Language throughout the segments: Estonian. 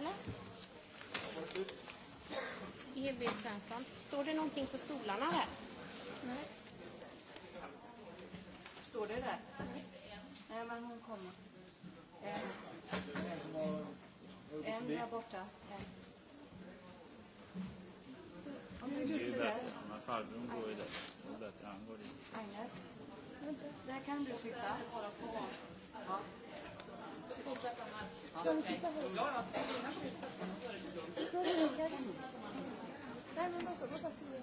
eller? E.B. Svensson. Står det någonting på stolarna här? Nej. Står det där? Nej, Nej men hon kommer. En, en där borta. En. Om du sitter där. Farbrorn går ju där. Det är bättre han går dit. Agnes. Där kan du sitta. Ja. Fortsätt här. Non, non, non, ça doit pas finir.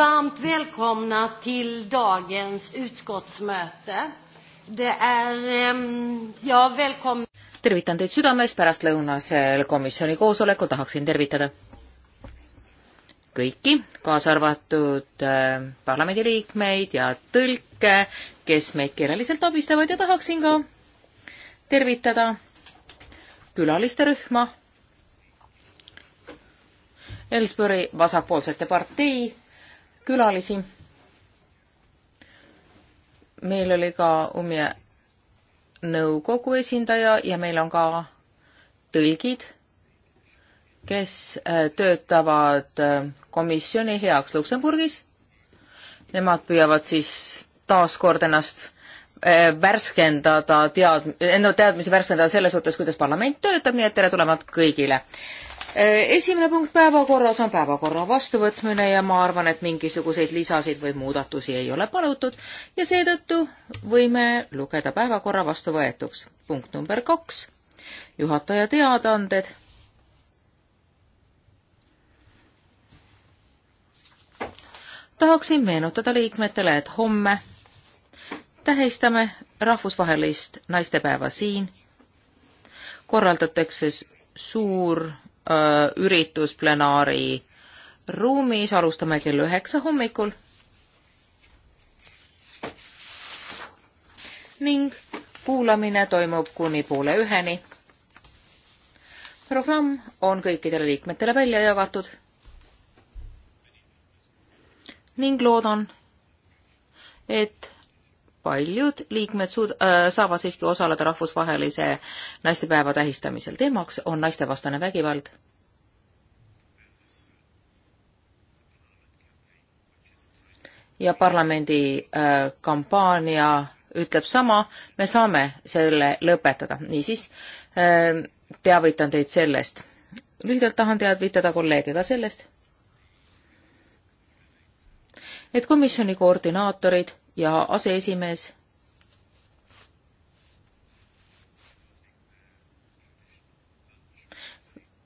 Varmt välkomna till dagens utskottsmöte. Det är, ehm, ja, välkomna. tervitan teid südames pärastlõunasel komisjoni koosolekul, tahaksin tervitada kõiki, kaasa arvatud äh, parlamendiliikmeid ja tõlke, kes meid kirjaliselt abistavad ja tahaksin ka tervitada külaliste rühma Ellsbury vasakpoolsete partei külalisi. meil oli ka Umje nõukogu esindaja ja meil on ka tõlgid, kes äh, töötavad äh, komisjoni heaks Luksemburgis. Nemad püüavad siis taaskord ennast äh, värskendada tead-, enda teadmisi värskendada selles suhtes, kuidas parlament töötab, nii et tere tulemast kõigile. Äh, esimene punkt päevakorras on päevakorra vastuvõtmine ja ma arvan, et mingisuguseid lisasid või muudatusi ei ole palutud ja seetõttu võime lugeda päevakorra vastuvõetuks. punkt number kaks, juhataja teadaanded. tahaksin meenutada liikmetele, et homme tähistame rahvusvahelist naistepäeva siin, korraldatakse suur Äh, üritus plenaari ruumis, alustame kell üheksa hommikul. ning kuulamine toimub kuni poole üheni. programm on kõikidele liikmetele välja jagatud. ning loodan, et paljud liikmed suud- äh,, saavad siiski osaleda rahvusvahelise naistepäeva tähistamisel. teemaks on naistevastane vägivald. ja parlamendi äh, kampaania ütleb sama, me saame selle lõpetada. niisiis äh, teavitan teid sellest. lühidalt tahan teavitada kolleege ka sellest, et komisjoni koordinaatorid ja aseesimees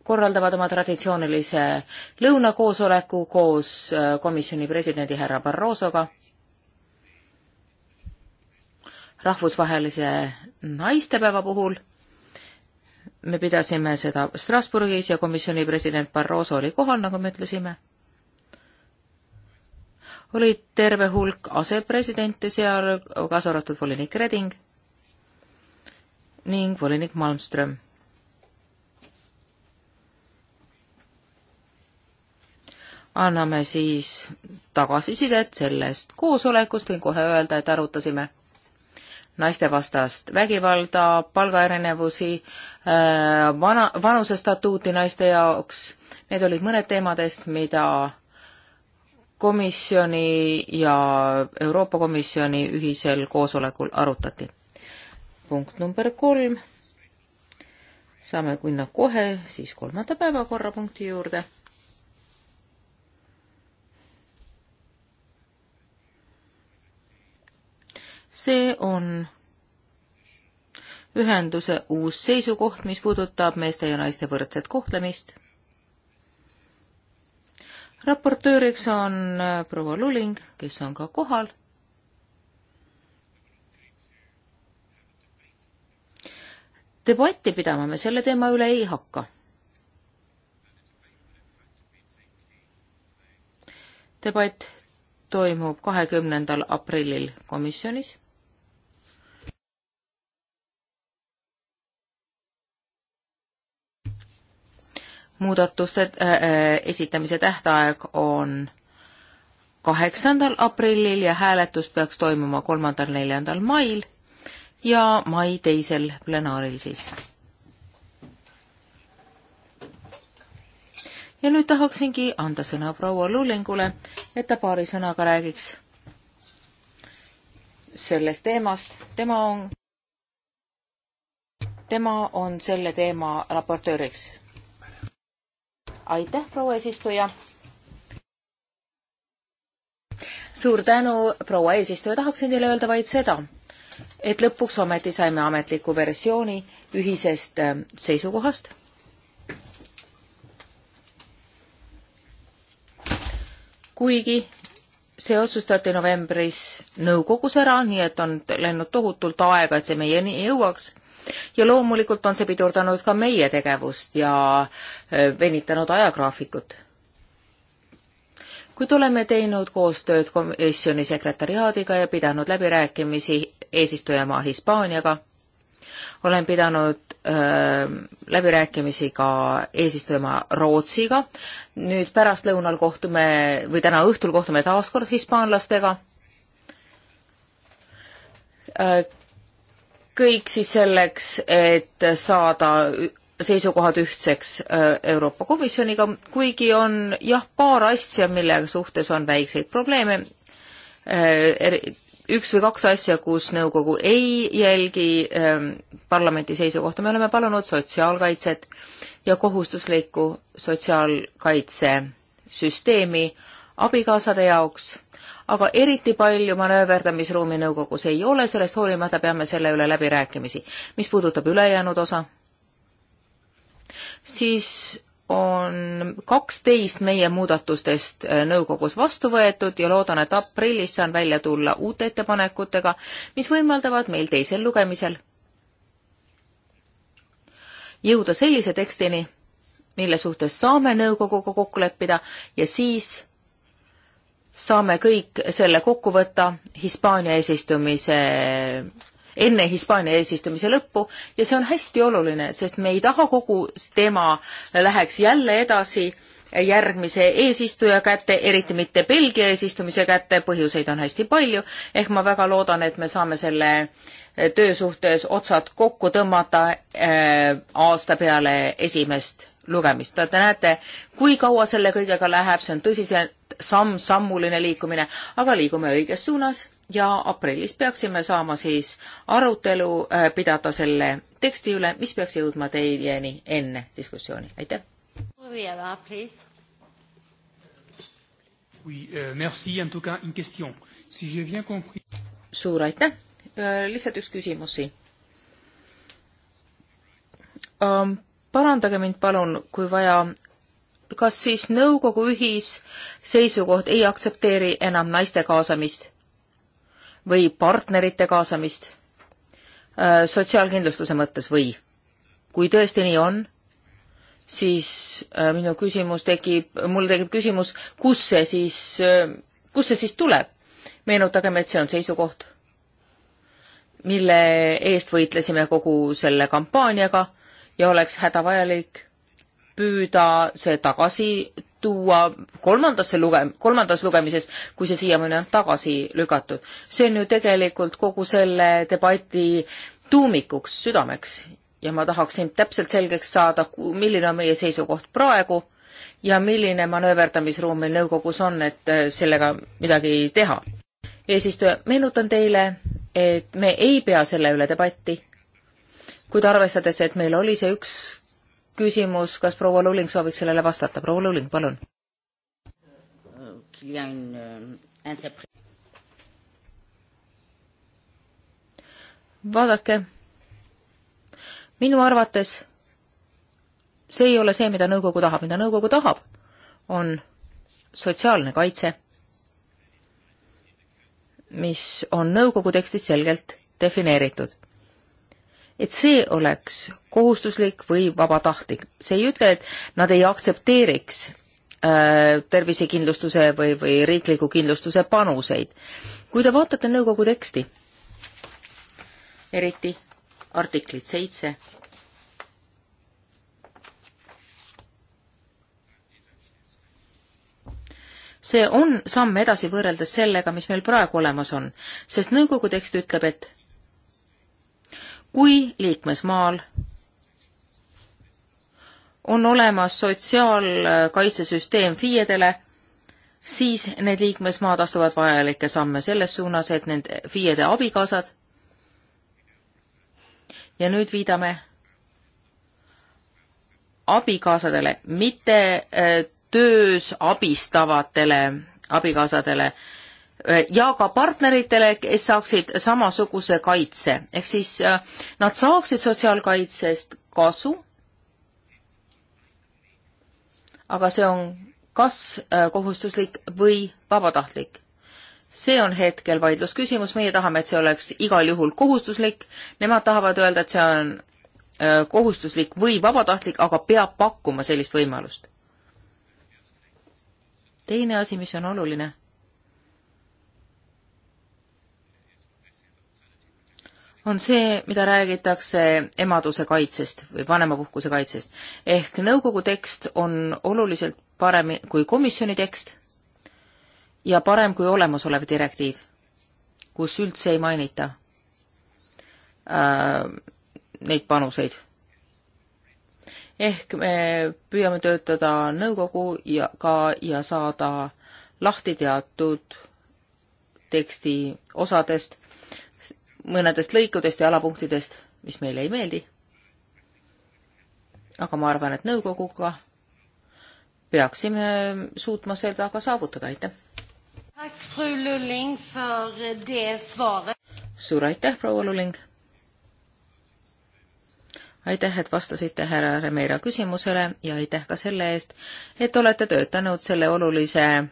korraldavad oma traditsioonilise lõunakoosoleku koos äh, komisjoni presidendi härra Barrosoga, rahvusvahelise naistepäeva puhul me pidasime seda Strasbourgis ja komisjoni president Barroso oli kohal, nagu me ütlesime oli terve hulk asepresidente seal, kaasa arvatud volinik Reding ning volinik Malmström. anname siis tagasisidet sellest koosolekust, võin kohe öelda, et arutasime naistevastast vägivalda, palgaerinevusi, äh, vana, vanusestatuuti naiste jaoks, need olid mõned teemadest, mida komisjoni ja Euroopa Komisjoni ühisel koosolekul arutati. punkt number kolm, saame minna kohe siis kolmanda päevakorrapunkti juurde. see on ühenduse uus seisukoht, mis puudutab meeste ja naiste võrdset kohtlemist raportööriks on äh, proua Luling, kes on ka kohal. debatti pidama me selle teema üle ei hakka. debatt toimub kahekümnendal aprillil komisjonis muudatuste äh, äh, esitamise tähtaeg on kaheksandal aprillil ja hääletus peaks toimuma kolmandal, neljandal mail ja mai teisel plenaaril siis. ja nüüd tahaksingi anda sõna proua Lullingule, et ta paari sõnaga räägiks sellest teemast. tema on, tema on selle teema raportööriks aitäh, proua eesistuja. suur tänu, proua eesistuja, tahaksin teile öelda vaid seda, et lõpuks ometi saime ametliku versiooni ühisest ähm, seisukohast. kuigi see otsustati novembris nõukogus ära, nii et on läinud tohutult aega, et see meieni jõuaks ja loomulikult on see pidurdanud ka meie tegevust ja äh, venitanud ajagraafikut. kuid oleme teinud koostööd komisjoni sekretariaadiga ja pidanud läbirääkimisi eesistujamaa Hispaaniaga. olen pidanud öö, äh, läbirääkimisi ka eesistujamaa Rootsiga. nüüd pärastlõunal kohtume või täna õhtul kohtume taas kord hispaanlastega äh, kõik siis selleks, et saada seisukohad ühtseks äh, Euroopa Komisjoniga, kuigi on jah, paar asja, mille suhtes on väikseid probleeme, äh, üks või kaks asja, kus nõukogu ei jälgi ähm, parlamendi seisukohta, me oleme palunud sotsiaalkaitset ja kohustuslikku sotsiaalkaitsesüsteemi abikaasade jaoks aga eriti palju manööverdamisruumi nõukogus ei ole, sellest hoolimata peame selle üle läbirääkimisi. mis puudutab ülejäänud osa, siis on kaksteist meie muudatustest äh, nõukogus vastu võetud ja loodan, et aprillis saan välja tulla uute ettepanekutega, mis võimaldavad meil teisel lugemisel jõuda sellise tekstini, mille suhtes saame nõukoguga kokku leppida ja siis saame kõik selle kokku võtta Hispaania eesistumise, enne Hispaania eesistumise lõppu ja see on hästi oluline, sest me ei taha kogu teema läheks jälle edasi järgmise eesistuja kätte, eriti mitte Belgia eesistumise kätte, põhjuseid on hästi palju, ehk ma väga loodan, et me saame selle töö suhtes otsad kokku tõmmata äh, aasta peale esimest lugemist. Te näete, kui kaua selle kõigega läheb, see on tõsise pidevalt samm-sammuline liikumine, aga liigume õiges suunas ja aprillis peaksime saama siis arutelu äh, pidada selle teksti üle, mis peaks jõudma teieni enne diskussiooni, aitäh. Euh, suur aitäh, äh, lihtsalt üks küsimus siin um, parandage mind palun, kui vaja, kas siis nõukogu ühisseisukoht ei aktsepteeri enam naiste kaasamist või partnerite kaasamist äh, sotsiaalkindlustuse mõttes või? kui tõesti nii on, siis äh, minu küsimus tekib, mul tekib küsimus, kus see siis, äh, kust see siis tuleb? meenutagem, et see on seisukoht, mille eest võitlesime kogu selle kampaaniaga ja oleks hädavajalik püüda see tagasi tuua kolmandasse lugem-, kolmandas lugemises, kui see siiamaani on tagasi lükatud. see on ju tegelikult kogu selle debati tuumikuks, südameks ja ma tahaksin täpselt selgeks saada, milline on meie seisukoht praegu ja milline manööverdamisruum meil nõukogus on, et äh, sellega midagi teha. eesistuja, meenutan teile, et me ei pea selle üle debatti, kuid arvestades, et meil oli see üks küsimus, kas proua Luling sooviks sellele vastata? proua Luling, palun. vaadake, minu arvates see ei ole see, mida nõukogu tahab, mida nõukogu tahab, on sotsiaalne kaitse, mis on nõukogu tekstis selgelt defineeritud et see oleks kohustuslik või vabatahtlik. see ei ütle, et nad ei aktsepteeriks äh, tervisekindlustuse või, või riikliku kindlustuse panuseid. kui te vaatate nõukogu teksti, eriti artiklit seitse, see on samm edasi võrreldes sellega, mis meil praegu olemas on, sest nõukogu tekst ütleb, et kui liikmesmaal on olemas sotsiaalkaitsesüsteem FIE-dele, siis need liikmesmaad astuvad vajalikke samme selles suunas, et need FIE-de abikaasad ja nüüd viidame abikaasadele, mitte äh, töös abistavatele abikaasadele äh, Äh, ja ka partneritele, kes saaksid samasuguse kaitse, ehk siis äh, nad saaksid sotsiaalkaitsest kasu. aga see on kas äh, kohustuslik või vabatahtlik. see on hetkel vaidlusküsimus, meie tahame, et see oleks igal juhul kohustuslik, nemad tahavad öelda, et see on kohustuslik või vabatahtlik, aga peab pakkuma sellist võimalust. teine asi, mis on oluline on see, mida räägitakse emaduse kaitsest või vanemapuhkuse kaitsest. ehk nõukogu tekst on oluliselt parem kui komisjoni tekst ja parem kui olemasolev direktiiv, kus üldse ei mainita äh, neid panuseid. ehk me püüame töötada nõukogu ja ka ja saada lahti teatud teksti osadest mõnedest lõikudest ja alapunktidest, mis meile ei meeldi. aga ma arvan, et nõukoguga peaksime suutma seda ka saavutada, aitäh. Eh, suur aitäh, proua Luling. aitäh, et vastasite härra Remeira küsimusele ja aitäh ka selle eest, et olete töötanud selle olulise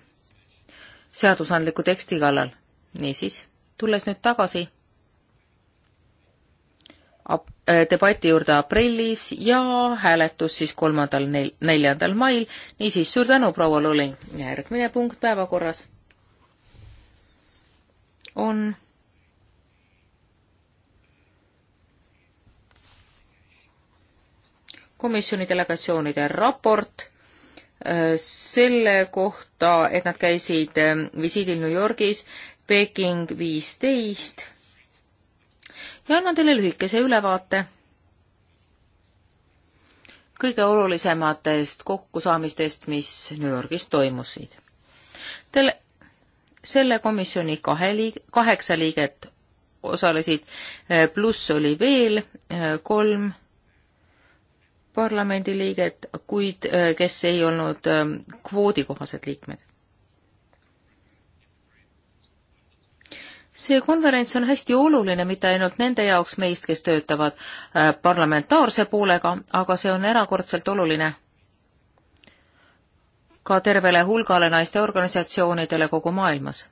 seadusandliku teksti kallal. niisiis, tulles nüüd tagasi Äh, debati juurde aprillis ja hääletus siis kolmandal, neljandal mail. niisiis, suur tänu, proua Luling. järgmine punkt päevakorras on komisjoni delegatsioonide raport äh, selle kohta, et nad käisid äh, visiidil New Yorgis, Peking viisteist ja annan teile lühikese ülevaate kõige olulisematest kokkusaamistest, mis New Yorgis toimusid. Tele-, selle komisjoni kahe liig-, kaheksa liiget osalesid, pluss oli veel eh, kolm parlamendiliiget, kuid eh, kes ei olnud eh, kvoodikohased liikmed. see konverents on hästi oluline mitte ainult nende jaoks meist, kes töötavad äh, parlamentaarse poolega, aga see on erakordselt oluline ka tervele hulgale naiste organisatsioonidele kogu maailmas.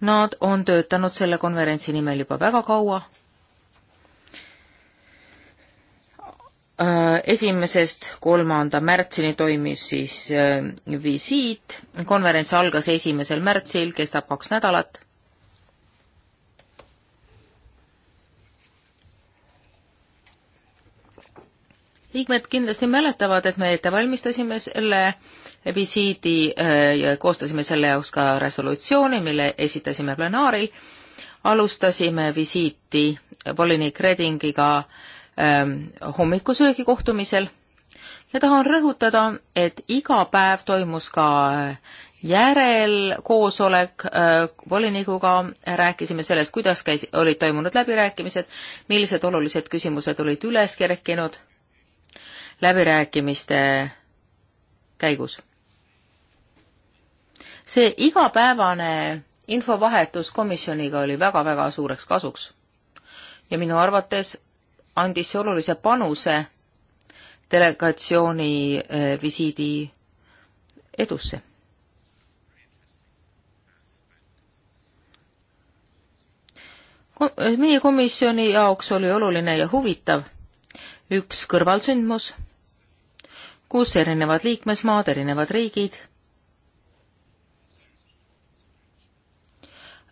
Nad on töötanud selle konverentsi nimel juba väga kaua Äh, esimesest kolmanda märtsini toimis siis äh, visiit, konverents algas esimesel märtsil, kestab kaks nädalat. liikmed kindlasti mäletavad, et me ette valmistasime selle visiidi äh, ja koostasime selle jaoks ka resolutsiooni, mille esitasime plenaaril. alustasime visiiti volinik Redingiga äh, Ähm, hommikusöögi kohtumisel ja tahan rõhutada, et iga päev toimus ka äh, järelkoosolek äh, volinikuga, rääkisime sellest, kuidas käis, olid toimunud läbirääkimised, millised olulised küsimused olid üles kerkinud läbirääkimiste käigus. see igapäevane infovahetus komisjoniga oli väga-väga suureks kasuks ja minu arvates andis olulise panuse delegatsiooni eh, visiidi edusse. Eh, meie komisjoni jaoks oli oluline ja huvitav üks kõrvalsündmus, kus erinevad liikmesmaad, erinevad riigid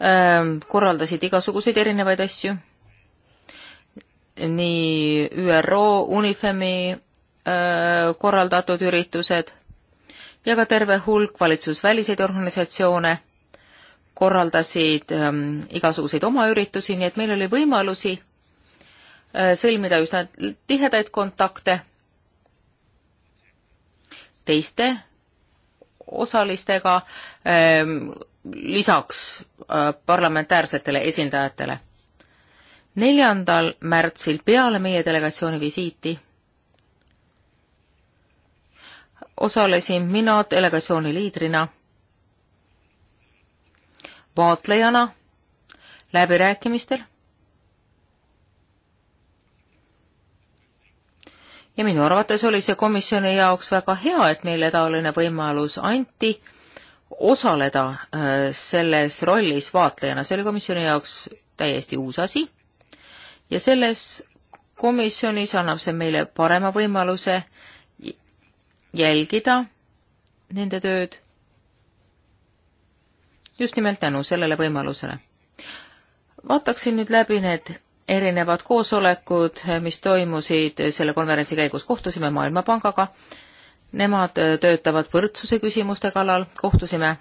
ehm, korraldasid igasuguseid erinevaid asju nii ÜRO UNIFEM-i äh, korraldatud üritused ja ka terve hulk valitsusväliseid organisatsioone korraldasid ähm, igasuguseid oma üritusi, nii et meil oli võimalusi äh, sõlmida üsna tihedaid kontakte teiste osalistega ähm, lisaks äh, parlamentäärsetele esindajatele neljandal märtsil peale meie delegatsiooni visiiti osalesin mina delegatsiooni liidrina, vaatlejana läbirääkimistel ja minu arvates oli see komisjoni jaoks väga hea, et meile taoline võimalus anti osaleda äh, selles rollis vaatlejana, see oli komisjoni jaoks täiesti uus asi ja selles komisjonis annab see meile parema võimaluse jälgida nende tööd just nimelt tänu sellele võimalusele. vaataksin nüüd läbi need erinevad koosolekud, mis toimusid selle konverentsi käigus, kohtusime Maailmapangaga, nemad töötavad võrdsuse küsimuste kallal, kohtusime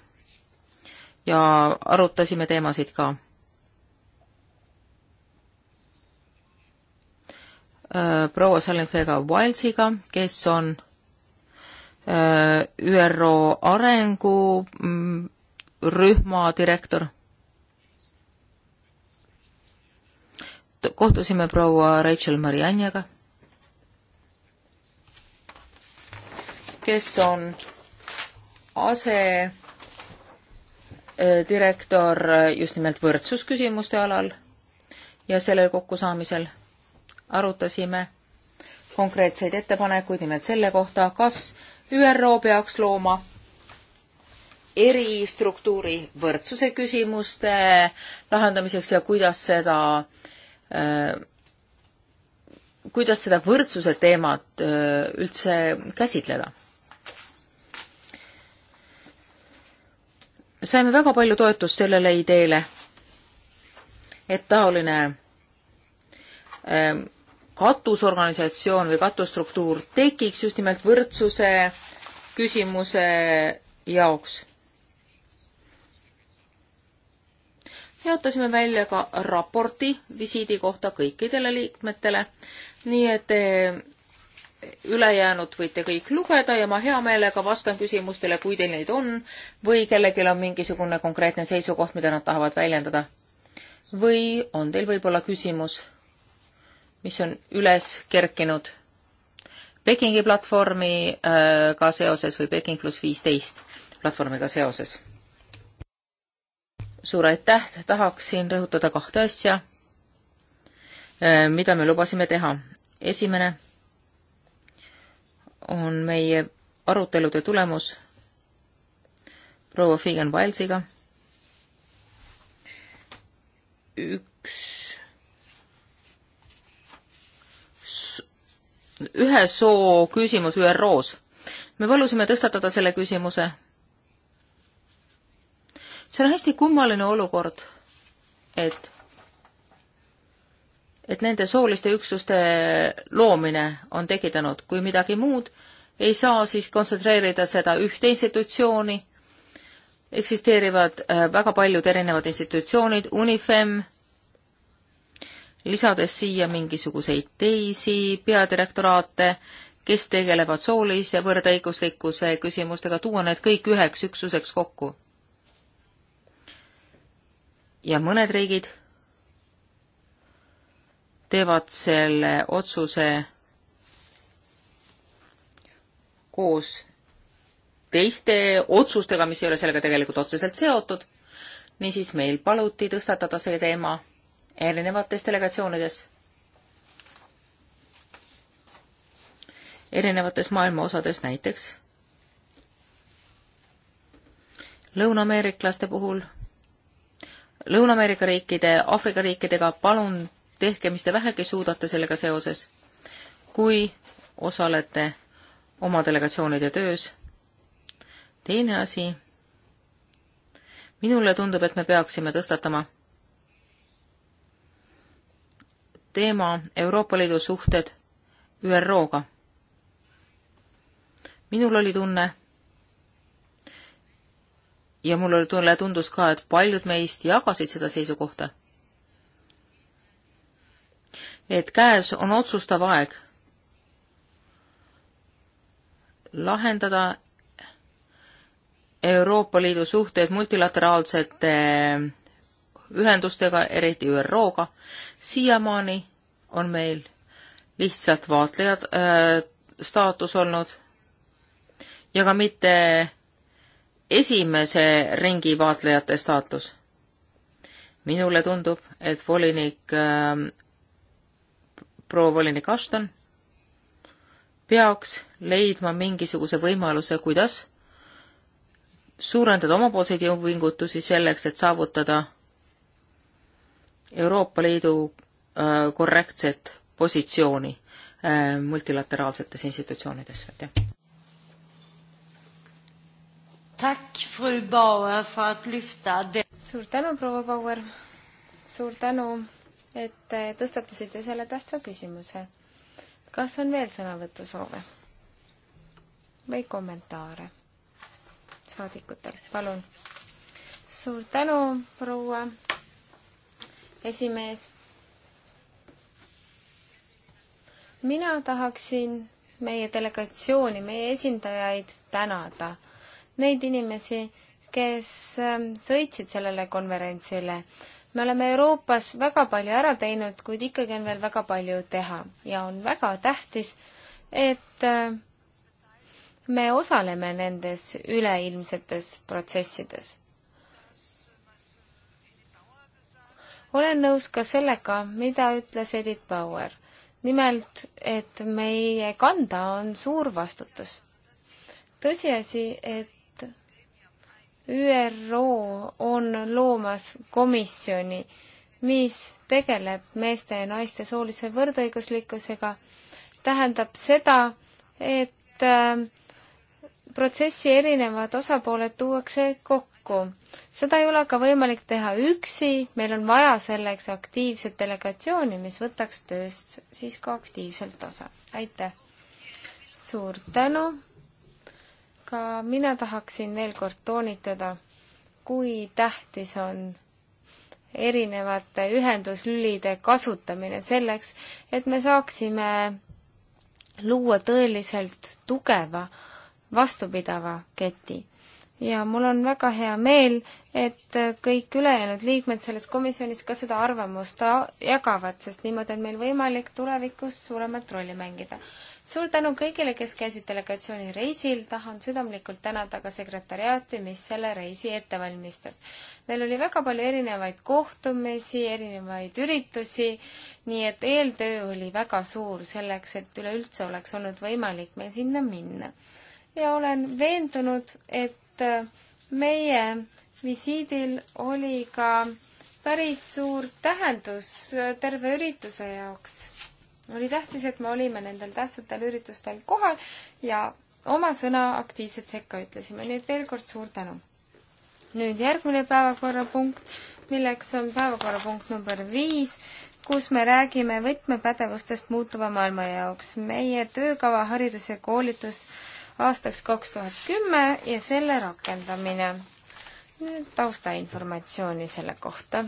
ja arutasime teemasid ka Äh, proua Salenfega Wilesiga, kes on äh, ÜRO arengurühma mm, direktor. kohtusime proua Rachel Marianiaga, kes on asedirektor äh, just nimelt võrdsusküsimuste alal ja sellel kokkusaamisel arutasime konkreetseid ettepanekuid nimelt selle kohta, kas ÜRO peaks looma eristruktuuri võrdsuse küsimuste lahendamiseks ja kuidas seda, äh, kuidas seda võrdsuse teemat äh, üldse käsitleda. saime väga palju toetust sellele ideele, et taoline äh, katusorganisatsioon või katustruktuur tekiks just nimelt võrdsuse küsimuse jaoks. jaotasime välja ka raporti visiidi kohta kõikidele liikmetele, nii et te eh, ülejäänut võite kõik lugeda ja ma hea meelega vastan küsimustele, kui teil neid on või kellelgi on mingisugune konkreetne seisukoht, mida nad tahavad väljendada. või on teil võib-olla küsimus mis on üles kerkinud Pekingi platvormiga äh, seoses või Peking pluss viisteist platvormiga seoses. suur aitäh, tahaksin rõhutada kahte asja, äh, mida me lubasime teha. esimene on meie arutelude tulemus proua Figan Wilesiga. üks ühe soo küsimus ÜRO-s. me palusime tõstatada selle küsimuse. see on hästi kummaline olukord, et, et nende sooliste üksuste loomine on tekitanud, kui midagi muud, ei saa siis kontsentreerida seda ühte institutsiooni, eksisteerivad äh, väga paljud erinevad institutsioonid, UNIFEM, lisades siia mingisuguseid teisi peadirektoraate, kes tegelevad soolise võrdõiguslikkuse küsimustega, tuua need kõik üheks üksuseks kokku. ja mõned riigid teevad selle otsuse koos teiste otsustega, mis ei ole sellega tegelikult otseselt seotud, niisiis meil paluti tõstatada see teema erinevates delegatsioonides, erinevates maailma osades näiteks. Lõuna-ameeriklaste puhul, Lõuna-Ameerika riikide, Aafrika riikidega, palun tehke, mis te vähegi suudate sellega seoses. kui osalete oma delegatsioonide töös. teine asi, minule tundub, et me peaksime tõstatama teema Euroopa Liidu suhted ÜRO-ga. minul oli tunne ja mul oli tunne, tundus ka, et paljud meist jagasid seda seisukohta, et käes on otsustav aeg lahendada Euroopa Liidu suhted multilateraalsete ühendustega, eriti ÜRO-ga. siiamaani on meil lihtsalt vaatlejad äh, staatus olnud ja ka mitte esimese ringi vaatlejate staatus. minule tundub, et volinik äh,, proua volinik Ashton peaks leidma mingisuguse võimaluse, kuidas suurendada omapoolseid jõupingutusi selleks, et saavutada Euroopa Liidu äh, korrektset positsiooni äh, multilateraalsetes institutsioonides, aitäh. suur tänu, proua Bauer, suur tänu, et tõstatasite selle tähtsa küsimuse. kas on veel sõnavõtusoove või kommentaare saadikutel, palun? suur tänu, proua esimees. mina tahaksin meie delegatsiooni, meie esindajaid tänada, neid inimesi, kes ähm, sõitsid sellele konverentsile. me oleme Euroopas väga palju ära teinud, kuid ikkagi on veel väga palju teha ja on väga tähtis, et äh, me osaleme nendes üleilmsetes protsessides. olen nõus ka sellega, mida ütles Edith Bauer. nimelt, et meie kanda on suur vastutus. tõsiasi, et ÜRO on loomas komisjoni, mis tegeleb meeste ja naiste soolise võrdõiguslikkusega, tähendab seda, et äh, protsessi erinevad osapooled tuuakse kokku kokku. seda ei ole ka võimalik teha üksi, meil on vaja selleks aktiivset delegatsiooni, mis võtaks tööst siis ka aktiivselt osa. aitäh! suur tänu! ka mina tahaksin veel kord toonitada, kui tähtis on erinevate ühenduslülide kasutamine selleks, et me saaksime luua tõeliselt tugeva vastupidava keti ja mul on väga hea meel, et kõik ülejäänud liikmed selles komisjonis ka seda arvamust jagavad, sest niimoodi on meil võimalik tulevikus suuremat rolli mängida. suur tänu kõigile, kes käisid delegatsiooni reisil, tahan südamlikult tänada ka sekretäriaati, mis selle reisi ette valmistas. meil oli väga palju erinevaid kohtumisi, erinevaid üritusi, nii et eeltöö oli väga suur selleks, et üleüldse oleks olnud võimalik meil sinna minna ja olen veendunud, et et äh, meie visiidil oli ka päris suur tähendus äh, terve ürituse jaoks. oli tähtis, et me olime nendel tähtsatel üritustel kohal ja oma sõna aktiivselt sekka ütlesime, nii et veel kord suur tänu. nüüd järgmine päevakorrapunkt, milleks on päevakorrapunkt number viis, kus me räägime võtmepädevustest muutuva maailma jaoks. meie töökava haridus ja koolitus äh, aastaks kaks tuhat kümme ja selle rakendamine. nüüd taustainformatsiooni selle kohta.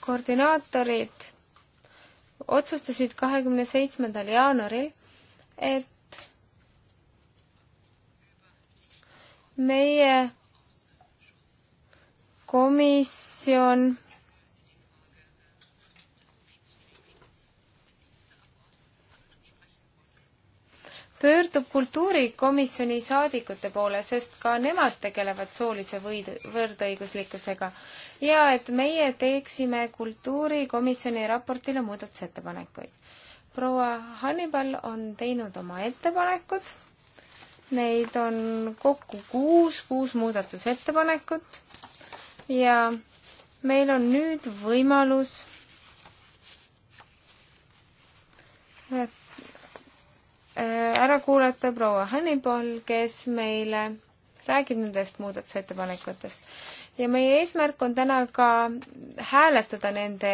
koordinaatorid otsustasid kahekümne seitsmendal jaanuaril, et meie komisjon pöördub kultuurikomisjoni saadikute poole, sest ka nemad tegelevad soolise võid-, võrdõiguslikkusega. ja et meie teeksime kultuurikomisjoni raportile muudatusettepanekuid. proua Hannibal on teinud oma ettepanekud, neid on kokku kuus, kuus muudatusettepanekut ja meil on nüüd võimalus Äh, ära kuulata proua Hannibal, kes meile räägib nendest muudatusettepanekutest. ja meie eesmärk on täna ka hääletada nende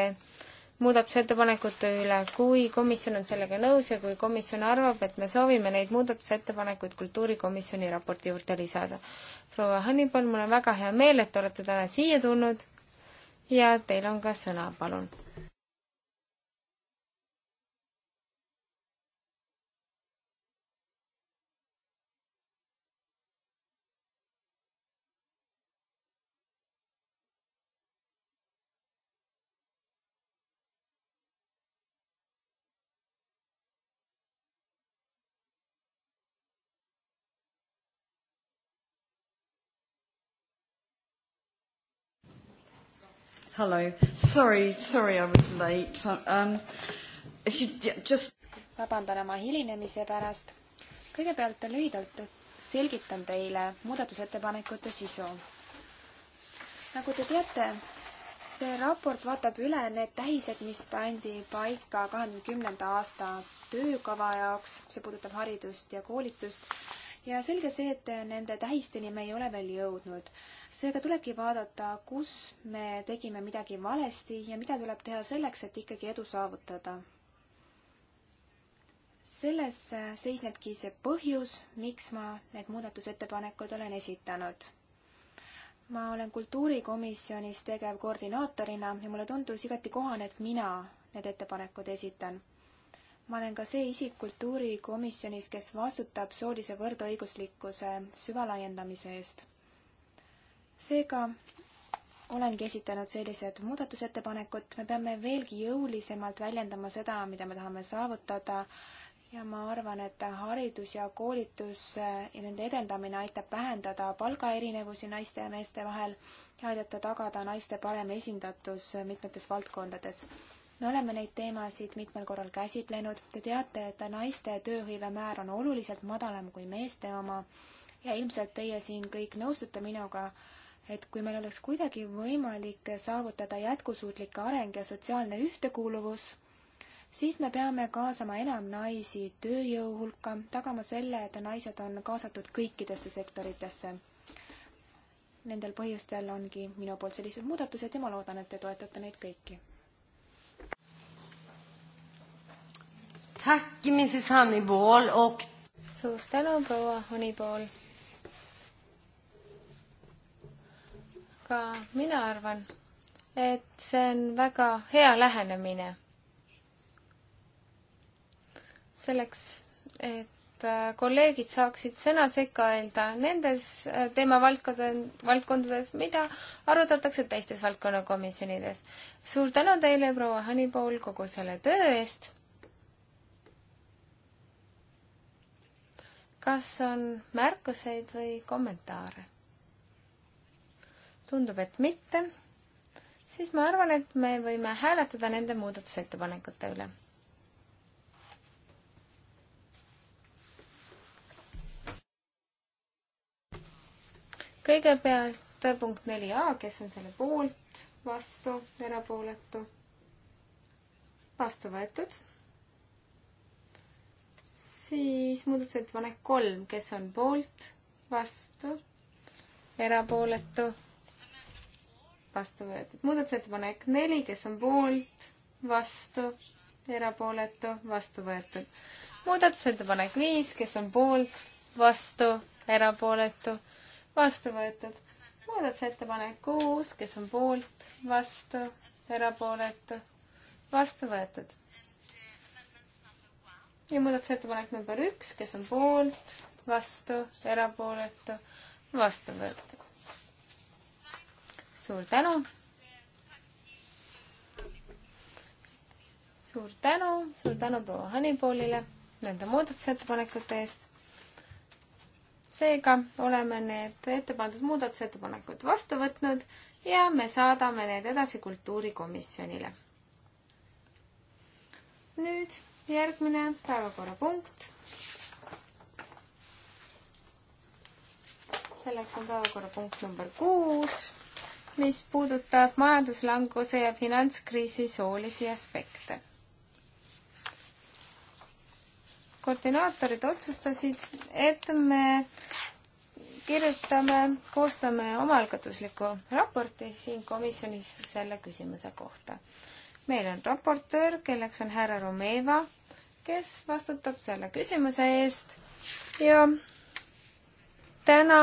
muudatusettepanekute üle, kui komisjon on sellega nõus ja kui komisjon arvab, et me soovime neid muudatusettepanekuid kultuurikomisjoni raporti juurde lisada. proua Hannibal, mul on väga hea meel, et te olete täna siia tulnud ja teil on ka sõna, palun Hello. Sorry, sorry I was late. Um, if you just... vabandan oma hilinemise pärast. kõigepealt lühidalt selgitan teile muudatusettepanekute sisu. nagu te teate, see raport vaatab üle need tähised, mis pandi paika kahe tuhande kümnenda aasta töökava jaoks, see puudutab haridust ja koolitust ja selge see, et nende tähisteni me ei ole veel jõudnud. seega tulebki vaadata, kus me tegime midagi valesti ja mida tuleb teha selleks, et ikkagi edu saavutada selles seisnebki see põhjus, miks ma need muudatusettepanekud olen esitanud. ma olen kultuurikomisjonis tegev koordinaatorina ja mulle tundus igati kohane, et mina need ettepanekud esitan ma olen ka see isik kultuurikomisjonis, kes vastutab soolise võrdõiguslikkuse süvalaiendamise eest. seega olengi esitanud sellised muudatusettepanekud, me peame veelgi jõulisemalt väljendama seda, mida me tahame saavutada ja ma arvan, et haridus ja koolitus ja nende edendamine aitab vähendada palgaerinevusi naiste ja meeste vahel ja aidata tagada naiste parem esindatus mitmetes valdkondades me oleme neid teemasid mitmel korral käsitlenud, te teate, et naiste tööhõive määr on oluliselt madalam kui meeste oma ja ilmselt teie siin kõik nõustute minuga, et kui meil oleks kuidagi võimalik saavutada jätkusuutlik areng ja sotsiaalne ühtekuuluvus, siis me peame kaasama enam naisi tööjõu hulka, tagama selle, et naised on kaasatud kõikidesse sektoritesse nendel põhjustel ongi minu poolt sellised muudatused ja ma loodan, et te toetate neid kõiki. Tack, Mrs Honeyball och... Suur tänu, proua Honeyball. Ka mina arvan, et see on väga hea lähenemine. Selleks, et äh, kolleegid saaksid sõna sekka öelda nendes äh, teemavaldkondades, mida arutatakse teistes valdkonnakomisjonides. Suur tänu teile, proua Honeyball, kogu selle töö eest kas on märkuseid või kommentaare? tundub, et mitte. siis ma arvan, et me võime hääletada nende muudatusettepanekute üle. kõigepealt punkt neli A, kes on selle poolt, vastu, erapooletu, vastu võetud siis muudatusettepanek kolm, kes on poolt, vastu, erapooletu, vastu võetud. muudatusettepanek neli, kes on poolt, vastu, erapooletu, vastu võetud. muudatusettepanek viis, kes on poolt, vastu, erapooletu, vastu võetud. muudatusettepanek kuus, kes on poolt, vastu, erapooletu, vastu võetud ja muudatusettepanek number üks, kes on poolt, vastu, erapooletu, vastu võetud. suur tänu. suur tänu, suur tänu proua Hanipoolile nende muudatusettepanekute eest. seega oleme need ette pandud muudatusettepanekud vastu võtnud ja me saadame need edasi kultuurikomisjonile. nüüd järgmine päevakorrapunkt. selleks on päevakorrapunkt number kuus, mis puudutab majanduslanguse ja finantskriisi soolisi aspekte. koordinaatorid otsustasid, et me kirjutame, koostame omaalgatusliku raporti siin komisjonis selle küsimuse kohta. meil on raportöör, kelleks on härra Romeva kes vastutab selle küsimuse eest ja täna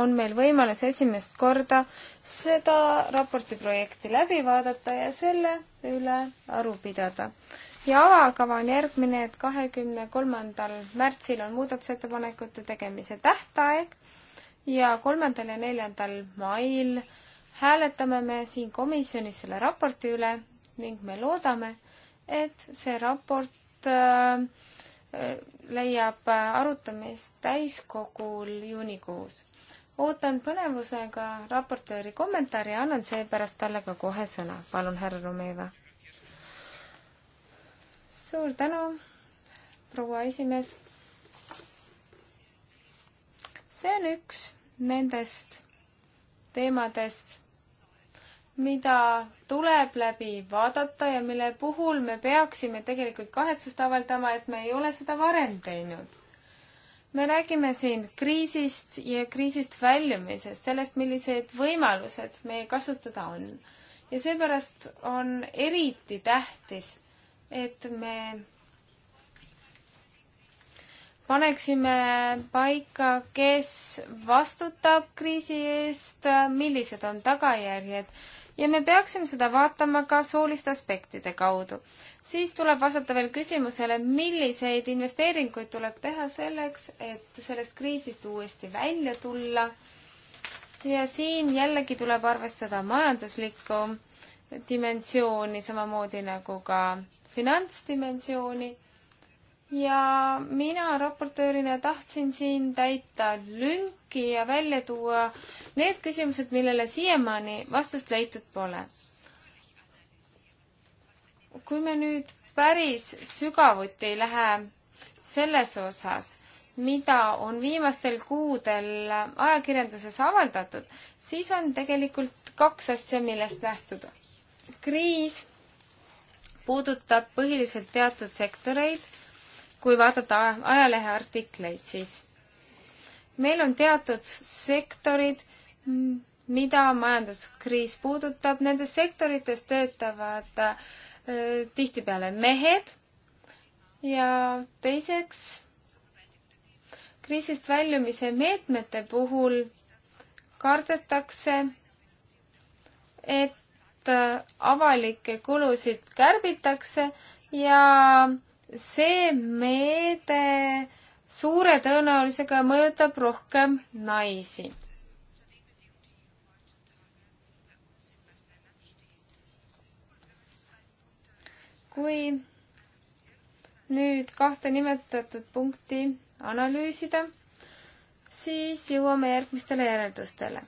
on meil võimalus esimest korda seda raporti projekti läbi vaadata ja selle üle aru pidada. ja avakava on järgmine, et kahekümne kolmandal märtsil on muudatusettepanekute tegemise tähtaeg ja kolmandal ja neljandal mail hääletame me siin komisjonis selle raporti üle ning me loodame, et see raport Äh, leiab arutamist täiskogul juunikuus. ootan põnevusega raportööri kommentaari ja annan seepärast talle ka kohe sõna. palun, härra Romeva. suur tänu, proua esimees. see on üks nendest teemadest, mida tuleb läbi vaadata ja mille puhul me peaksime tegelikult kahetsust avaldama, et me ei ole seda varem teinud. me räägime siin kriisist ja kriisist väljumisest, sellest, millised võimalused meie kasutada on. ja seepärast on eriti tähtis, et me paneksime paika, kes vastutab kriisi eest, millised on tagajärjed ja me peaksime seda vaatama ka sooliste aspektide kaudu. siis tuleb vastata veel küsimusele, milliseid investeeringuid tuleb teha selleks, et sellest kriisist uuesti välja tulla. ja siin jällegi tuleb arvestada majanduslikku dimensiooni, samamoodi nagu ka finantsdimensiooni ja mina raportöörina tahtsin siin täita lünki ja välja tuua need küsimused, millele siiamaani vastust leitud pole. kui me nüüd päris sügavuti ei lähe selles osas, mida on viimastel kuudel ajakirjanduses avaldatud, siis on tegelikult kaks asja, millest lähtuda. kriis puudutab põhiliselt teatud sektoreid kui vaadata ajalehe artikleid, siis meil on teatud sektorid, mida majanduskriis puudutab, nendes sektorites töötavad äh, tihtipeale mehed ja teiseks kriisist väljumise meetmete puhul kardetakse, et äh, avalikke kulusid kärbitakse ja see meede suure tõenäolisega mõjutab rohkem naisi. kui nüüd kahte nimetatud punkti analüüsida, siis jõuame järgmistele järeldustele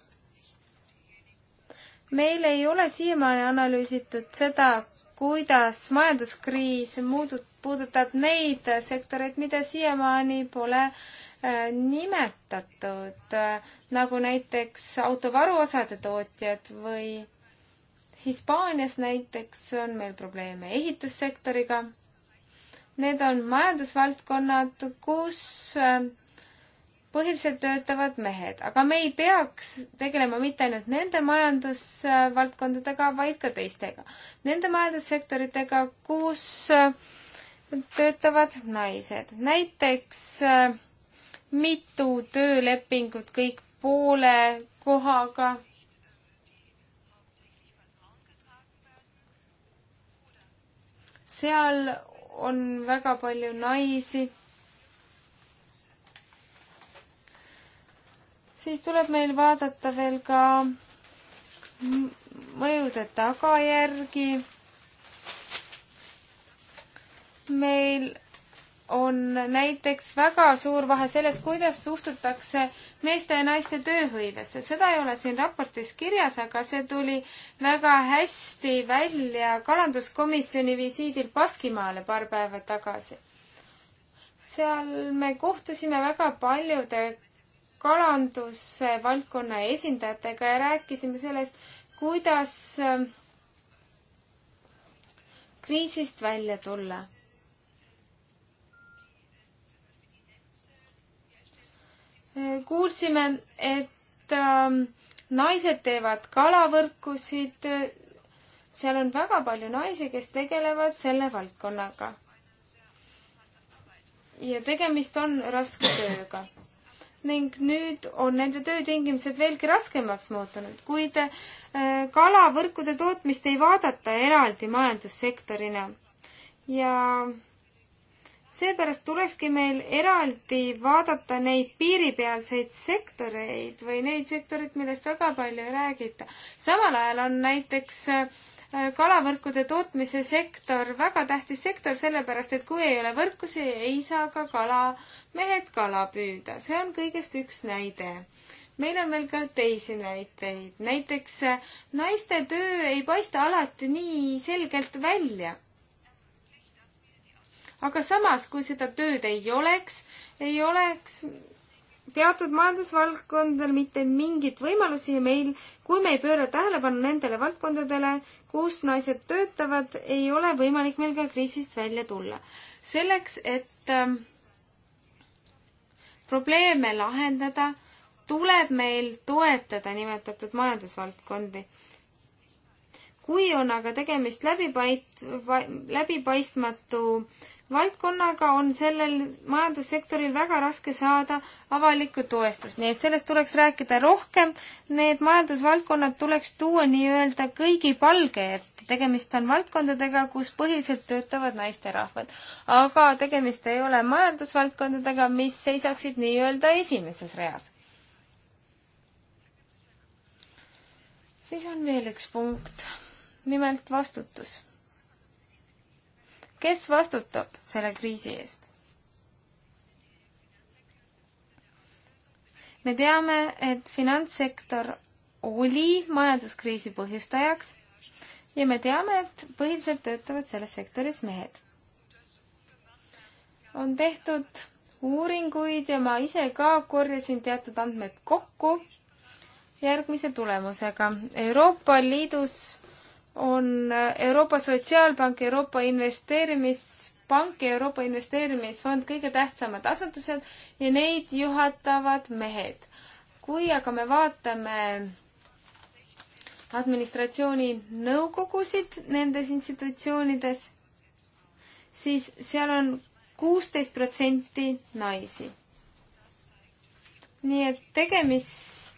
meil ei ole siiamaani analüüsitud seda, kuidas majanduskriis muudut-, puudutab neid sektoreid, mida siiamaani pole äh, nimetatud, äh, nagu näiteks autovaruosade tootjad või Hispaanias näiteks on meil probleeme ehitussektoriga. Need on majandusvaldkonnad, kus äh, põhiliselt töötavad mehed, aga me ei peaks tegelema mitte ainult nende majandusvaldkondadega, vaid ka teistega. Nende majandussektoritega, kus äh, töötavad naised, näiteks äh, mitu töölepingut kõik poole kohaga. seal on väga palju naisi siis tuleb meil vaadata veel ka mõjude tagajärgi. meil on näiteks väga suur vahe selles, kuidas suhtutakse meeste ja naiste tööhõivesse. seda ei ole siin raportis kirjas, aga see tuli väga hästi välja kalanduskomisjoni visiidil Baskimaale paar päeva tagasi. seal me kohtusime väga paljude kalandusvaldkonna esindajatega ja rääkisime sellest, kuidas ähm, kriisist välja tulla. kuulsime, et ähm, naised teevad kalavõrkusid, seal on väga palju naisi, kes tegelevad selle valdkonnaga. ja tegemist on raske tööga ning nüüd on nende töötingimused veelgi raskemaks muutunud, kuid äh, kalavõrkude tootmist ei vaadata eraldi majandussektorina. ja seepärast tulekski meil eraldi vaadata neid piiripealseid sektoreid või neid sektoreid, millest väga palju ei räägita. samal ajal on näiteks äh, kalavõrkude tootmise sektor väga tähtis sektor, sellepärast et kui ei ole võrkusi, ei saa ka kalamehed kala püüda. see on kõigest üks näide meil on veel ka teisi näiteid, näiteks eh, naiste töö ei paista alati nii selgelt välja. aga samas, kui seda tööd ei oleks, ei oleks teatud majandusvaldkondadel mitte mingit võimalusi ja meil, kui me ei pööra tähelepanu nendele valdkondadele, kus naised töötavad, ei ole võimalik meil ka kriisist välja tulla. selleks, et ähm, probleeme lahendada, tuleb meil toetada nimetatud majandusvaldkondi. kui on aga tegemist läbipaist-, läbipaistmatu äh, valdkonnaga on sellel majandussektoril väga raske saada avalikku toestust, nii et sellest tuleks rääkida rohkem. Need majandusvaldkonnad tuleks tuua nii-öelda kõigi palge ette, tegemist on valdkondadega, kus põhiliselt töötavad naisterahvad. aga tegemist ei ole majandusvaldkondadega, mis seisaksid nii-öelda esimeses reas. siis on veel üks punkt, nimelt vastutus kes vastutab selle kriisi eest? me teame, et finantssektor oli majanduskriisi põhjustajaks ja me teame, et põhiliselt töötavad selles sektoris mehed. on tehtud uuringuid ja ma ise ka korjasin teatud andmed kokku järgmise tulemusega. Euroopa Liidus on Euroopa Sotsiaalpank, Euroopa Investeerimispank ja Euroopa Investeerimisfond kõige tähtsamad asutused ja neid juhatavad mehed. kui aga me vaatame administratsiooni nõukogusid nendes institutsioonides, siis seal on kuusteist protsenti naisi. nii et tegemist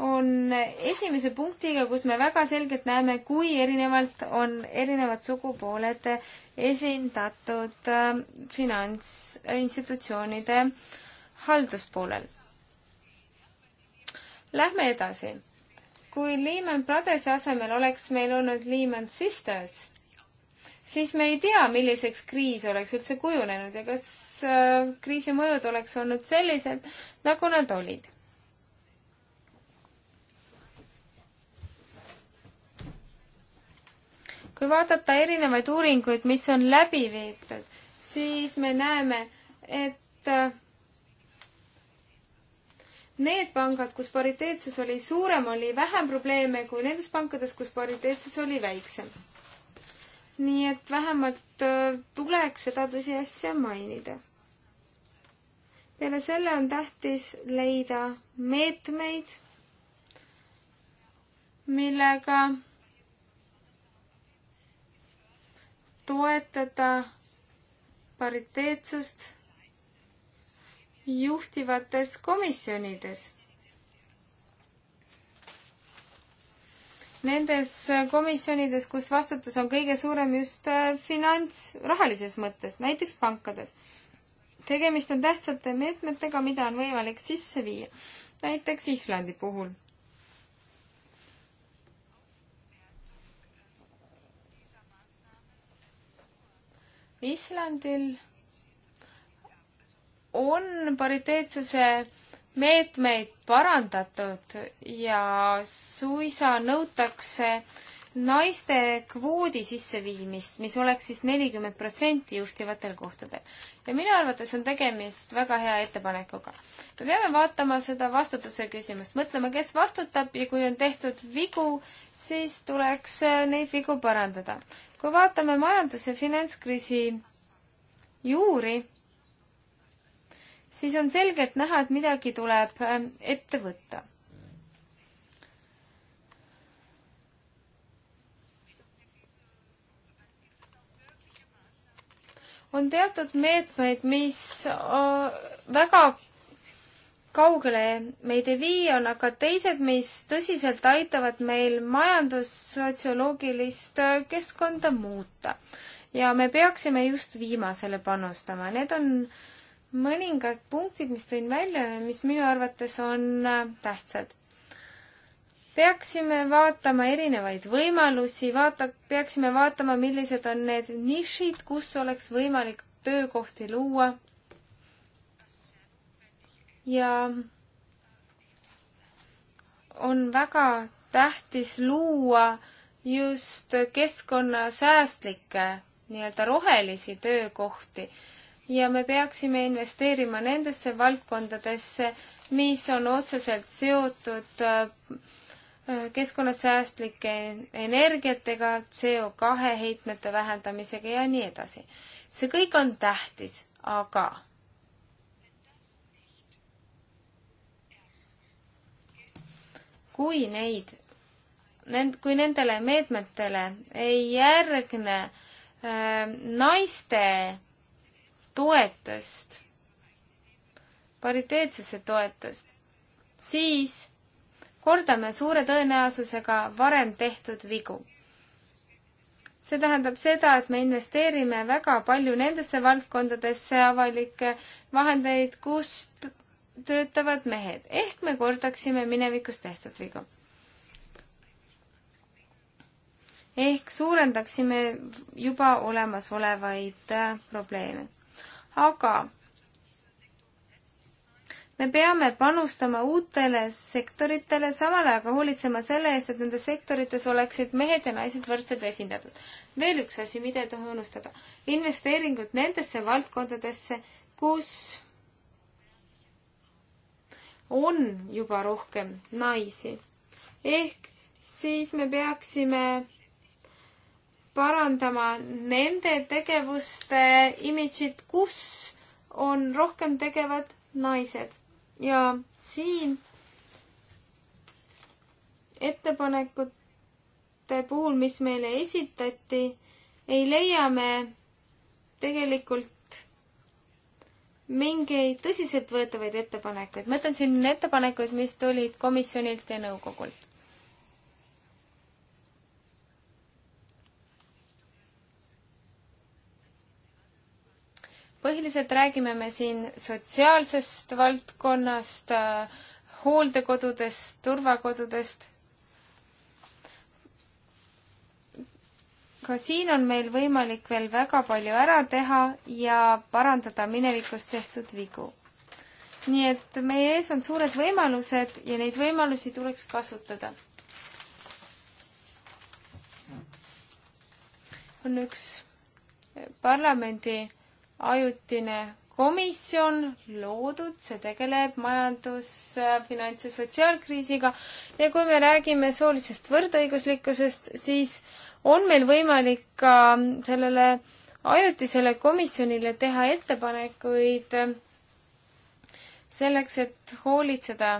on esimese punktiga, kus me väga selgelt näeme, kui erinevalt on erinevad sugupooled esindatud äh, finantsinstitutsioonide halduspoolel. Lähme edasi. kui Lehman Brothersi asemel oleks meil olnud Lehman Sisters, siis me ei tea, milliseks kriis oleks üldse kujunenud ja kas äh, kriisi mõjud oleks olnud sellised, nagu nad olid kui vaadata erinevaid uuringuid, mis on läbi viidud, siis me näeme, et äh, need pangad, kus pariteetsus oli suurem, oli vähem probleeme kui nendes pankades, kus pariteetsus oli väiksem. nii et vähemalt äh, tuleks seda tõsiasja mainida. peale selle on tähtis leida meetmeid, millega toetada pariteetsust juhtivates komisjonides. Nendes komisjonides, kus vastutus on kõige suurem just äh, finants, rahalises mõttes, näiteks pankades. tegemist on tähtsate meetmetega, mida on võimalik sisse viia, näiteks Islandi puhul Islandil on pariteetsuse meetmeid parandatud ja suisa nõutakse naiste kvoodi sisseviimist, mis oleks siis nelikümmend protsenti juhtivatel kohtadel. ja minu arvates on tegemist väga hea ettepanekuga. me peame vaatama seda vastutuse küsimust, mõtlema, kes vastutab ja kui on tehtud vigu, siis tuleks äh, neid vigu parandada. kui vaatame majandus- ja finantskriisi juuri, siis on selgelt näha, et midagi tuleb äh, ette võtta on teatud meetmeid, mis äh, väga kaugele meid ei vii, on aga teised, mis tõsiselt aitavad meil majandussotsioloogilist äh, keskkonda muuta. ja me peaksime just viimasele panustama, need on mõningad punktid, mis tõin välja ja mis minu arvates on äh, tähtsad peaksime vaatama erinevaid võimalusi, vaata, peaksime vaatama, millised on need nišid, kus oleks võimalik töökohti luua. ja on väga tähtis luua just keskkonnasäästlikke nii-öelda rohelisi töökohti ja me peaksime investeerima nendesse valdkondadesse, mis on otseselt seotud äh, keskkonnasäästlike energiatega, CO2 heitmete vähendamisega ja nii edasi. see kõik on tähtis, aga kui neid, nend-, kui nendele meetmetele ei järgne äh, naiste toetust, pariteetsuse toetust, siis kordame suure tõenäosusega varem tehtud vigu. see tähendab seda, et me investeerime väga palju nendesse valdkondadesse avalikke vahendeid, kus töötavad mehed, ehk me kordaksime minevikus tehtud vigu. ehk suurendaksime juba olemasolevaid äh, probleeme. aga me peame panustama uutele sektoritele, samal ajal aga hoolitsema selle eest, et nendes sektorites oleksid mehed ja naised võrdselt esindatud. veel üks asi, mida ei tohi unustada. investeeringud nendesse valdkondadesse, kus on juba rohkem naisi. ehk siis me peaksime parandama nende tegevuste imidžit, kus on rohkem tegevad naised ja siin ettepanekute puhul, mis meile esitati, ei leia me tegelikult mingeid tõsiseltvõetavaid ettepanekuid. ma ütlen siin ettepanekuid, mis tulid komisjonilt ja nõukogult. põhiliselt räägime me siin sotsiaalsest valdkonnast, hooldekodudest, turvakodudest. ka siin on meil võimalik veel väga palju ära teha ja parandada minevikus tehtud vigu. nii et meie ees on suured võimalused ja neid võimalusi tuleks kasutada. on üks parlamendi ajutine komisjon loodud, see tegeleb majandus, finants ja sotsiaalkriisiga ja kui me räägime soolisest võrdõiguslikkusest, siis on meil võimalik ka sellele ajutisele komisjonile teha ettepanekuid selleks, et hoolitseda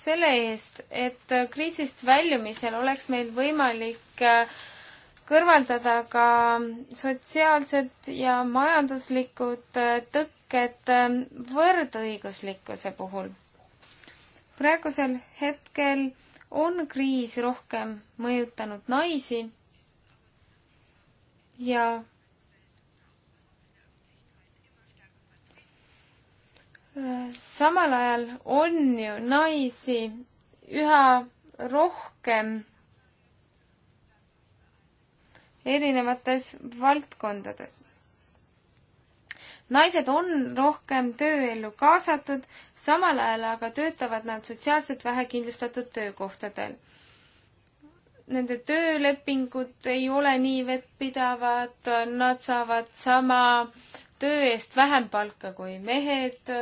selle eest, et kriisist väljumisel oleks meil võimalik kõrvaldada ka sotsiaalsed ja majanduslikud äh, tõkked äh, võrdõiguslikkuse puhul. praegusel hetkel on kriis rohkem mõjutanud naisi ja samal ajal on ju naisi üha rohkem erinevates valdkondades. naised on rohkem tööellu kaasatud, samal ajal aga töötavad nad sotsiaalselt vähekindlustatud töökohtadel. Nende töölepingud ei ole nii vettpidavad, nad saavad sama töö eest vähem palka kui mehed.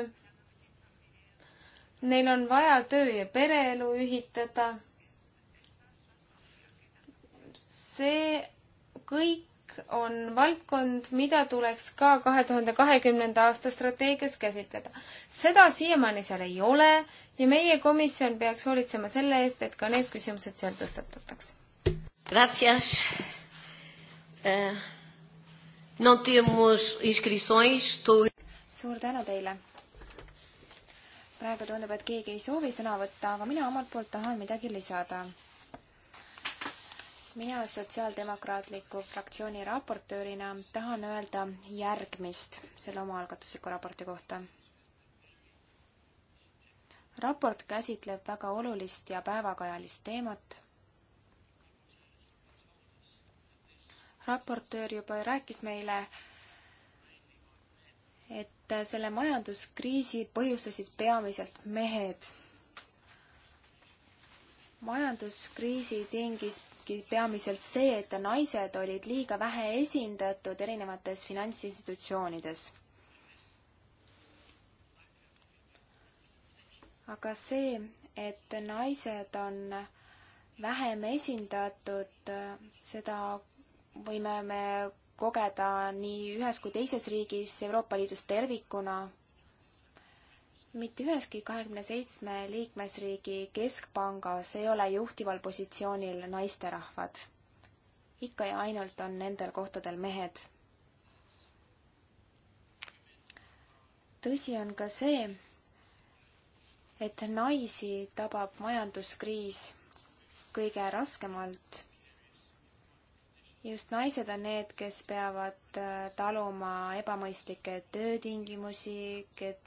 Neil on vaja töö ja pereelu ühitada. see kõik on valdkond, mida tuleks ka kahe tuhande kahekümnenda aasta strateegias käsitleda. seda siiamaani seal ei ole ja meie komisjon peaks hoolitsema selle eest, et ka need küsimused seal tõstatataks. Gracias eh,. No temos inscrições tu.... suur tänu teile. praegu tundub, et keegi ei soovi sõna võtta, aga mina omalt poolt tahan midagi lisada mina Sotsiaaldemokraatliku fraktsiooni raportöörina tahan öelda järgmist selle omaalgatusliku raporti kohta. raport käsitleb väga olulist ja päevakajalist teemat. raportöör juba rääkis meile, et selle majanduskriisi põhjustasid peamiselt mehed majanduskriisi tingis olnudki peamiselt see, et naised olid liiga vähe esindatud erinevates finantsinstitutsioonides. aga see, et naised on vähem esindatud, seda võime me kogeda nii ühes kui teises riigis Euroopa Liidus tervikuna mitte üheski kahekümne seitsme liikmesriigi keskpangas ei ole juhtival positsioonil naisterahvad. ikka ja ainult on nendel kohtadel mehed. tõsi on ka see, et naisi tabab majanduskriis kõige raskemalt just naised on need, kes peavad äh, taluma ebamõistlikke töötingimusi,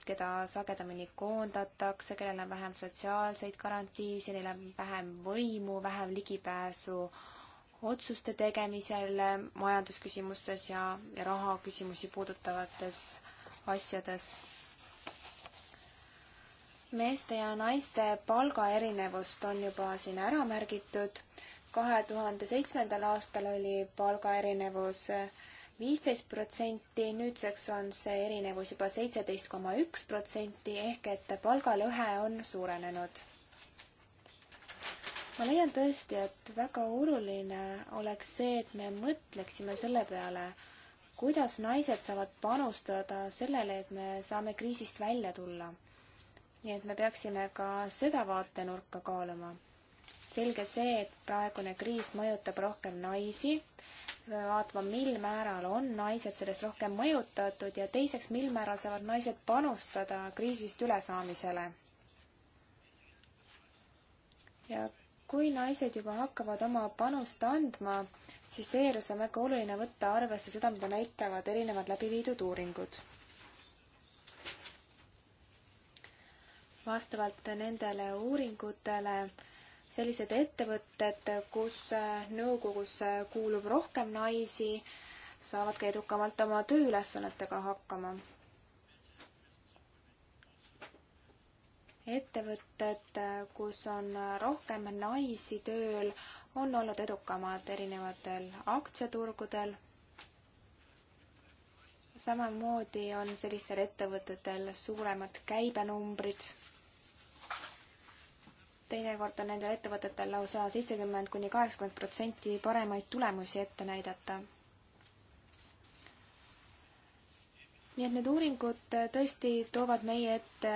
keda sagedamini koondatakse, kellel on vähem sotsiaalseid garantiisid, neil on vähem võimu, vähem ligipääsu otsuste tegemisel majandusküsimustes ja, ja rahaküsimusi puudutavates asjades meeste ja naiste palgaerinevust on juba siin ära märgitud kahe tuhande seitsmendal aastal oli palgaerinevus viisteist protsenti, nüüdseks on see erinevus juba seitseteist koma üks protsenti ehk et palgalõhe on suurenenud. ma leian tõesti, et väga oluline oleks see, et me mõtleksime selle peale, kuidas naised saavad panustada sellele, et me saame kriisist välja tulla. nii et me peaksime ka seda vaatenurka kaaluma selge see, et praegune kriis mõjutab rohkem naisi. me peame vaatama, mil määral on naised sellest rohkem mõjutatud ja teiseks, mil määral saavad naised panustada kriisist ülesaamisele. ja kui naised juba hakkavad oma panust andma, siis seejuures on väga oluline võtta arvesse seda, mida näitavad erinevad läbiviidud uuringud vastavalt nendele uuringutele sellised ettevõtted, kus äh, nõukogusse äh, kuulub rohkem naisi, saavad ka edukamalt oma tööülesannetega hakkama. ettevõtted, äh, kus on rohkem naisi tööl, on olnud edukamad erinevatel aktsiaturgudel. samamoodi on sellistel ettevõtetel suuremad käibenumbrid teinekord on nendel ettevõtetel lausa seitsekümmend kuni kaheksakümmend protsenti paremaid tulemusi ette näidata. nii et need uuringud tõesti toovad meie ette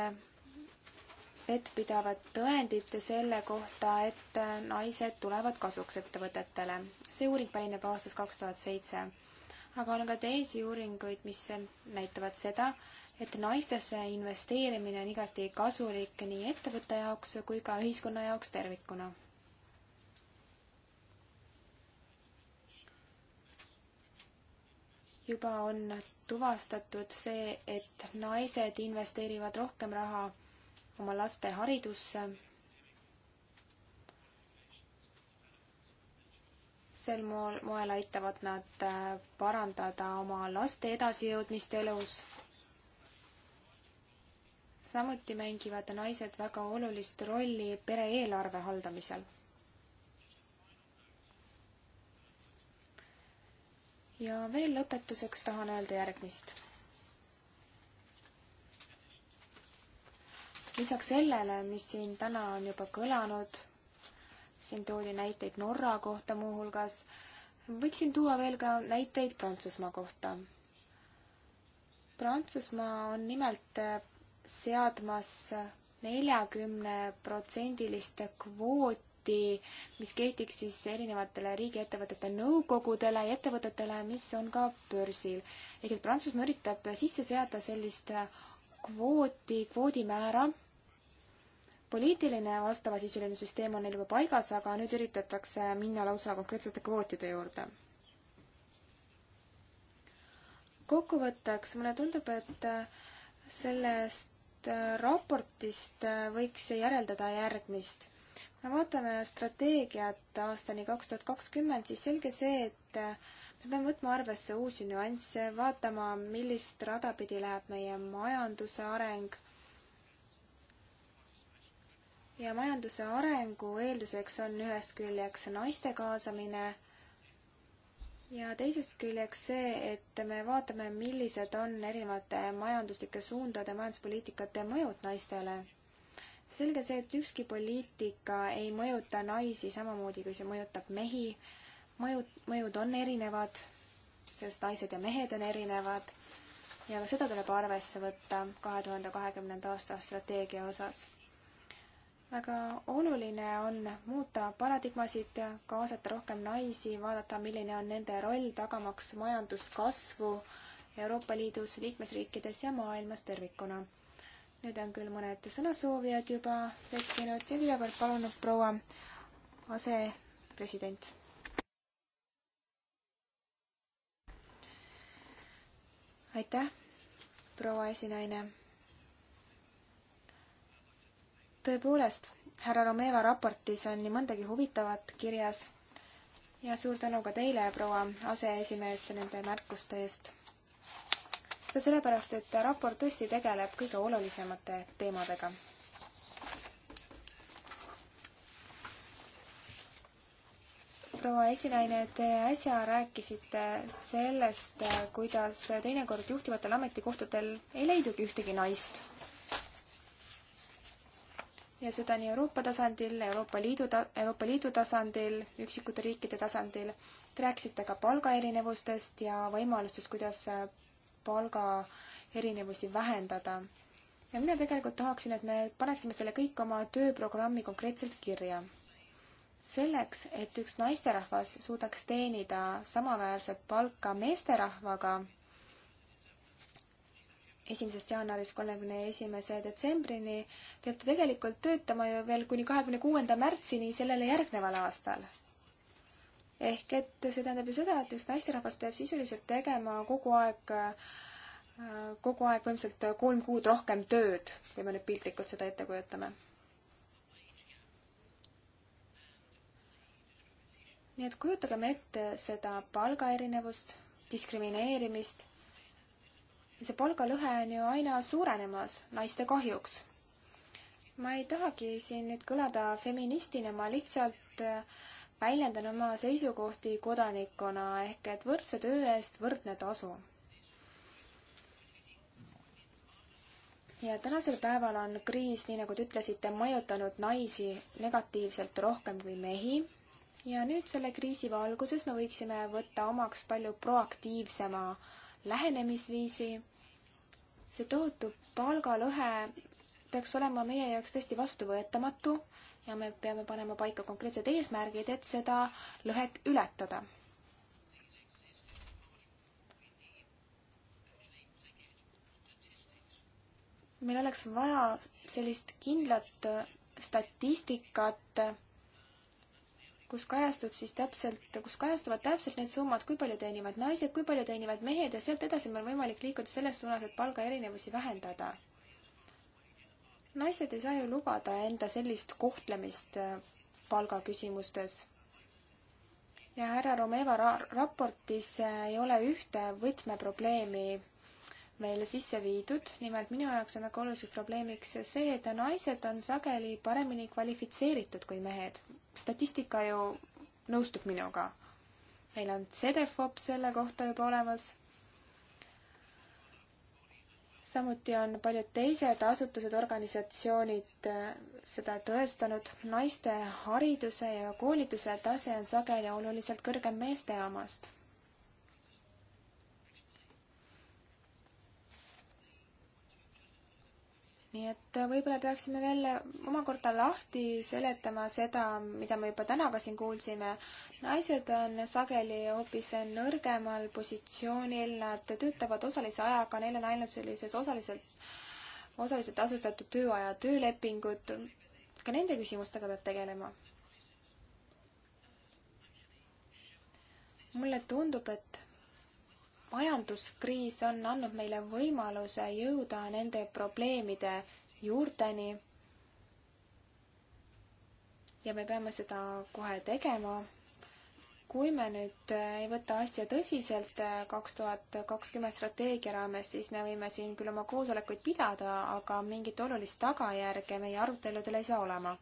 vettpidavad tõendid selle kohta, et naised tulevad kasuks ettevõtetele. see uuring pärineb aastast kaks tuhat seitse. aga on ka teisi uuringuid, mis näitavad seda, et naistesse investeerimine on igati kasulik nii ettevõtte jaoks kui ka ühiskonna jaoks tervikuna. juba on tuvastatud see, et naised investeerivad rohkem raha oma laste haridusse. sel moel, moel aitavad nad äh, parandada oma laste edasijõudmist elus samuti mängivad naised väga olulist rolli pere eelarve haldamisel. ja veel lõpetuseks tahan öelda järgmist. lisaks sellele, mis siin täna on juba kõlanud, siin toodi näiteid Norra kohta muuhulgas, võiksin tuua veel ka näiteid Prantsusmaa kohta. Prantsusmaa on nimelt seadmas neljakümneprotsendilist kvooti, mis kehtiks siis erinevatele riigiettevõtete nõukogudele ja ettevõtetele, mis on ka börsil. ehk et Prantsusmaa üritab sisse seada sellist kvooti, kvoodimäära, poliitiline vastavasisuline süsteem on neil juba paigas, aga nüüd üritatakse minna lausa konkreetsete kvootide juurde kokkuvõtteks mulle tundub, et sellest et äh, raportist äh, võiks järeldada järgmist. kui me vaatame strateegiat aastani kaks tuhat kakskümmend, siis selge see, et äh, me peame võtma arvesse uusi nüansse, vaatama, millist rada pidi läheb meie majanduse areng ja majanduse arengu eelduseks on ühest küljeks naiste kaasamine ja teisest küljest see, et me vaatame, millised on erinevate majanduslike suundade, majanduspoliitikate mõjud naistele. selge see, et ükski poliitika ei mõjuta naisi samamoodi, kui see mõjutab mehi. mõjud, mõjud on erinevad, sest naised ja mehed on erinevad ja ka seda tuleb arvesse võtta kahe tuhande kahekümnenda aasta strateegia osas väga oluline on muuta paradigmasid, kaasata rohkem naisi, vaadata, milline on nende roll tagamaks majanduskasvu Euroopa Liidus, liikmesriikides ja maailmas tervikuna. nüüd on küll mõned sõnasoovijad juba tekkinud ja kõigepealt palun proua asepresident. aitäh, proua esinaine tõepoolest, härra Romeva raportis on nii mõndagi huvitavat kirjas ja suur tänu ka teile, proua aseesimees, nende märkuste eest. seda sellepärast, et raport tõesti tegeleb kõige olulisemate teemadega. proua esinaine, te äsja rääkisite sellest, kuidas teinekord juhtivatel ametikohtadel ei leidugi ühtegi naist ja seda nii Euroopa tasandil, Euroopa Liidu ta-, Euroopa Liidu tasandil, üksikute riikide tasandil. Te rääkisite ka palgaerinevustest ja võimalustest, kuidas äh, palgaerinevusi vähendada. ja mina tegelikult tahaksin, et me paneksime selle kõik oma tööprogrammi konkreetselt kirja. selleks, et üks naisterahvas suudaks teenida samaväärset palka meesterahvaga esimesest jaanuarist kolmekümne esimese detsembrini, peab ta tegelikult töötama ju veel kuni kahekümne kuuenda märtsini sellele järgneval aastal. ehk et see tähendab ju seda, et üks naisterahvas peab sisuliselt tegema kogu aeg, äh, kogu aeg põhimõtteliselt kolm kuud rohkem tööd, kui me nüüd piltlikult seda ette kujutame. nii et kujutagem ette seda palgaerinevust, diskrimineerimist see palgalõhe on ju aina suurenemas naiste kahjuks. ma ei tahagi siin nüüd kõlada feministina, ma lihtsalt äh, väljendan oma seisukohti kodanikuna ehk et võrdse töö eest võrdne tasu. ja tänasel päeval on kriis, nii nagu te ütlesite, mõjutanud naisi negatiivselt rohkem kui mehi ja nüüd selle kriisi valguses me võiksime võtta omaks palju proaktiivsema äh, lähenemisviisi. see tohutu palgalõhe peaks olema meie jaoks tõesti vastuvõetamatu ja me peame panema paika konkreetsed eesmärgid, et seda lõhet ületada. meil oleks vaja sellist kindlat statistikat kus kajastub siis täpselt, kus kajastuvad täpselt need summad, kui palju teenivad naised, kui palju teenivad mehed ja sealt edasi meil on võimalik liikuda selles suunas, et palgaerinevusi vähendada. naised ei saa ju lubada enda sellist kohtlemist äh, palgaküsimustes ja härra Romeva ra raportis äh, ei ole ühte võtmeprobleemi meile sisse viidud, nimelt minu jaoks on väga oluliseks probleemiks see, et naised on sageli paremini kvalifitseeritud kui mehed statistika ju nõustub minuga. meil on CDFOP selle kohta juba olemas. samuti on paljud teised asutused, organisatsioonid äh, seda tõestanud. naiste hariduse ja koolituse tase on sageli oluliselt kõrgem meeste omast nii et äh, võib-olla peaksime veel äh, omakorda lahti seletama seda, mida me juba täna ka siin kuulsime. naised on sageli hoopis nõrgemal positsioonil, nad töötavad osalise ajaga, neil on ainult sellised osaliselt, osaliselt tasustatud tööaja töölepingud. ka nende küsimustega peab tegelema. mulle tundub, et majanduskriis on andnud meile võimaluse jõuda nende probleemide juurteni. ja me peame seda kohe tegema. kui me nüüd ei võta asja tõsiselt eh, kaks tuhat kakskümmend strateegia raames, siis me võime siin küll oma koosolekuid pidada, aga mingit olulist tagajärge meie aruteludel ei saa olema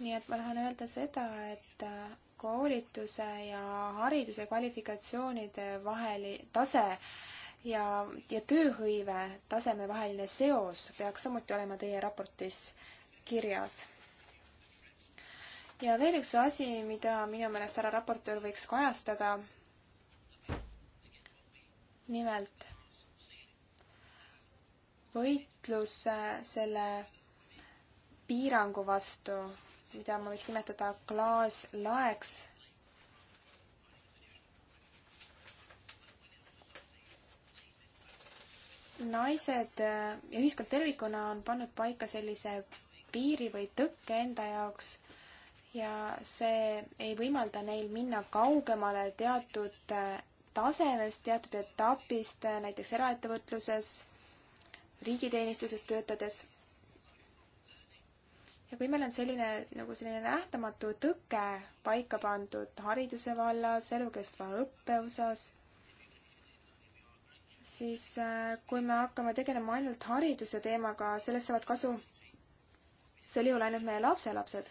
nii et ma tahan öelda seda, et eh, koolituse ja hariduse kvalifikatsioonide vaheli tase ja, ja tööhõive taseme vaheline seos peaks samuti olema teie raportis kirjas ja veel üks asi, mida minu meelest härra raportöör võiks kajastada. nimelt võitlus selle piirangu vastu, mida ma võiks nimetada klaaslaeks. naised äh, ja ühiskond tervikuna on pannud paika sellise piiri või tõkke enda jaoks ja see ei võimalda neil minna kaugemale teatud äh, tasemest, teatud etapist, äh, näiteks eraettevõtluses, riigiteenistuses töötades ja kui meil on selline nagu selline nähtamatu tõke paika pandud hariduse vallas, elukestva õppe osas, siis äh, kui me hakkame tegelema ainult hariduse teemaga, sellest saavad kasu sel juhul ainult meie lapselapsed.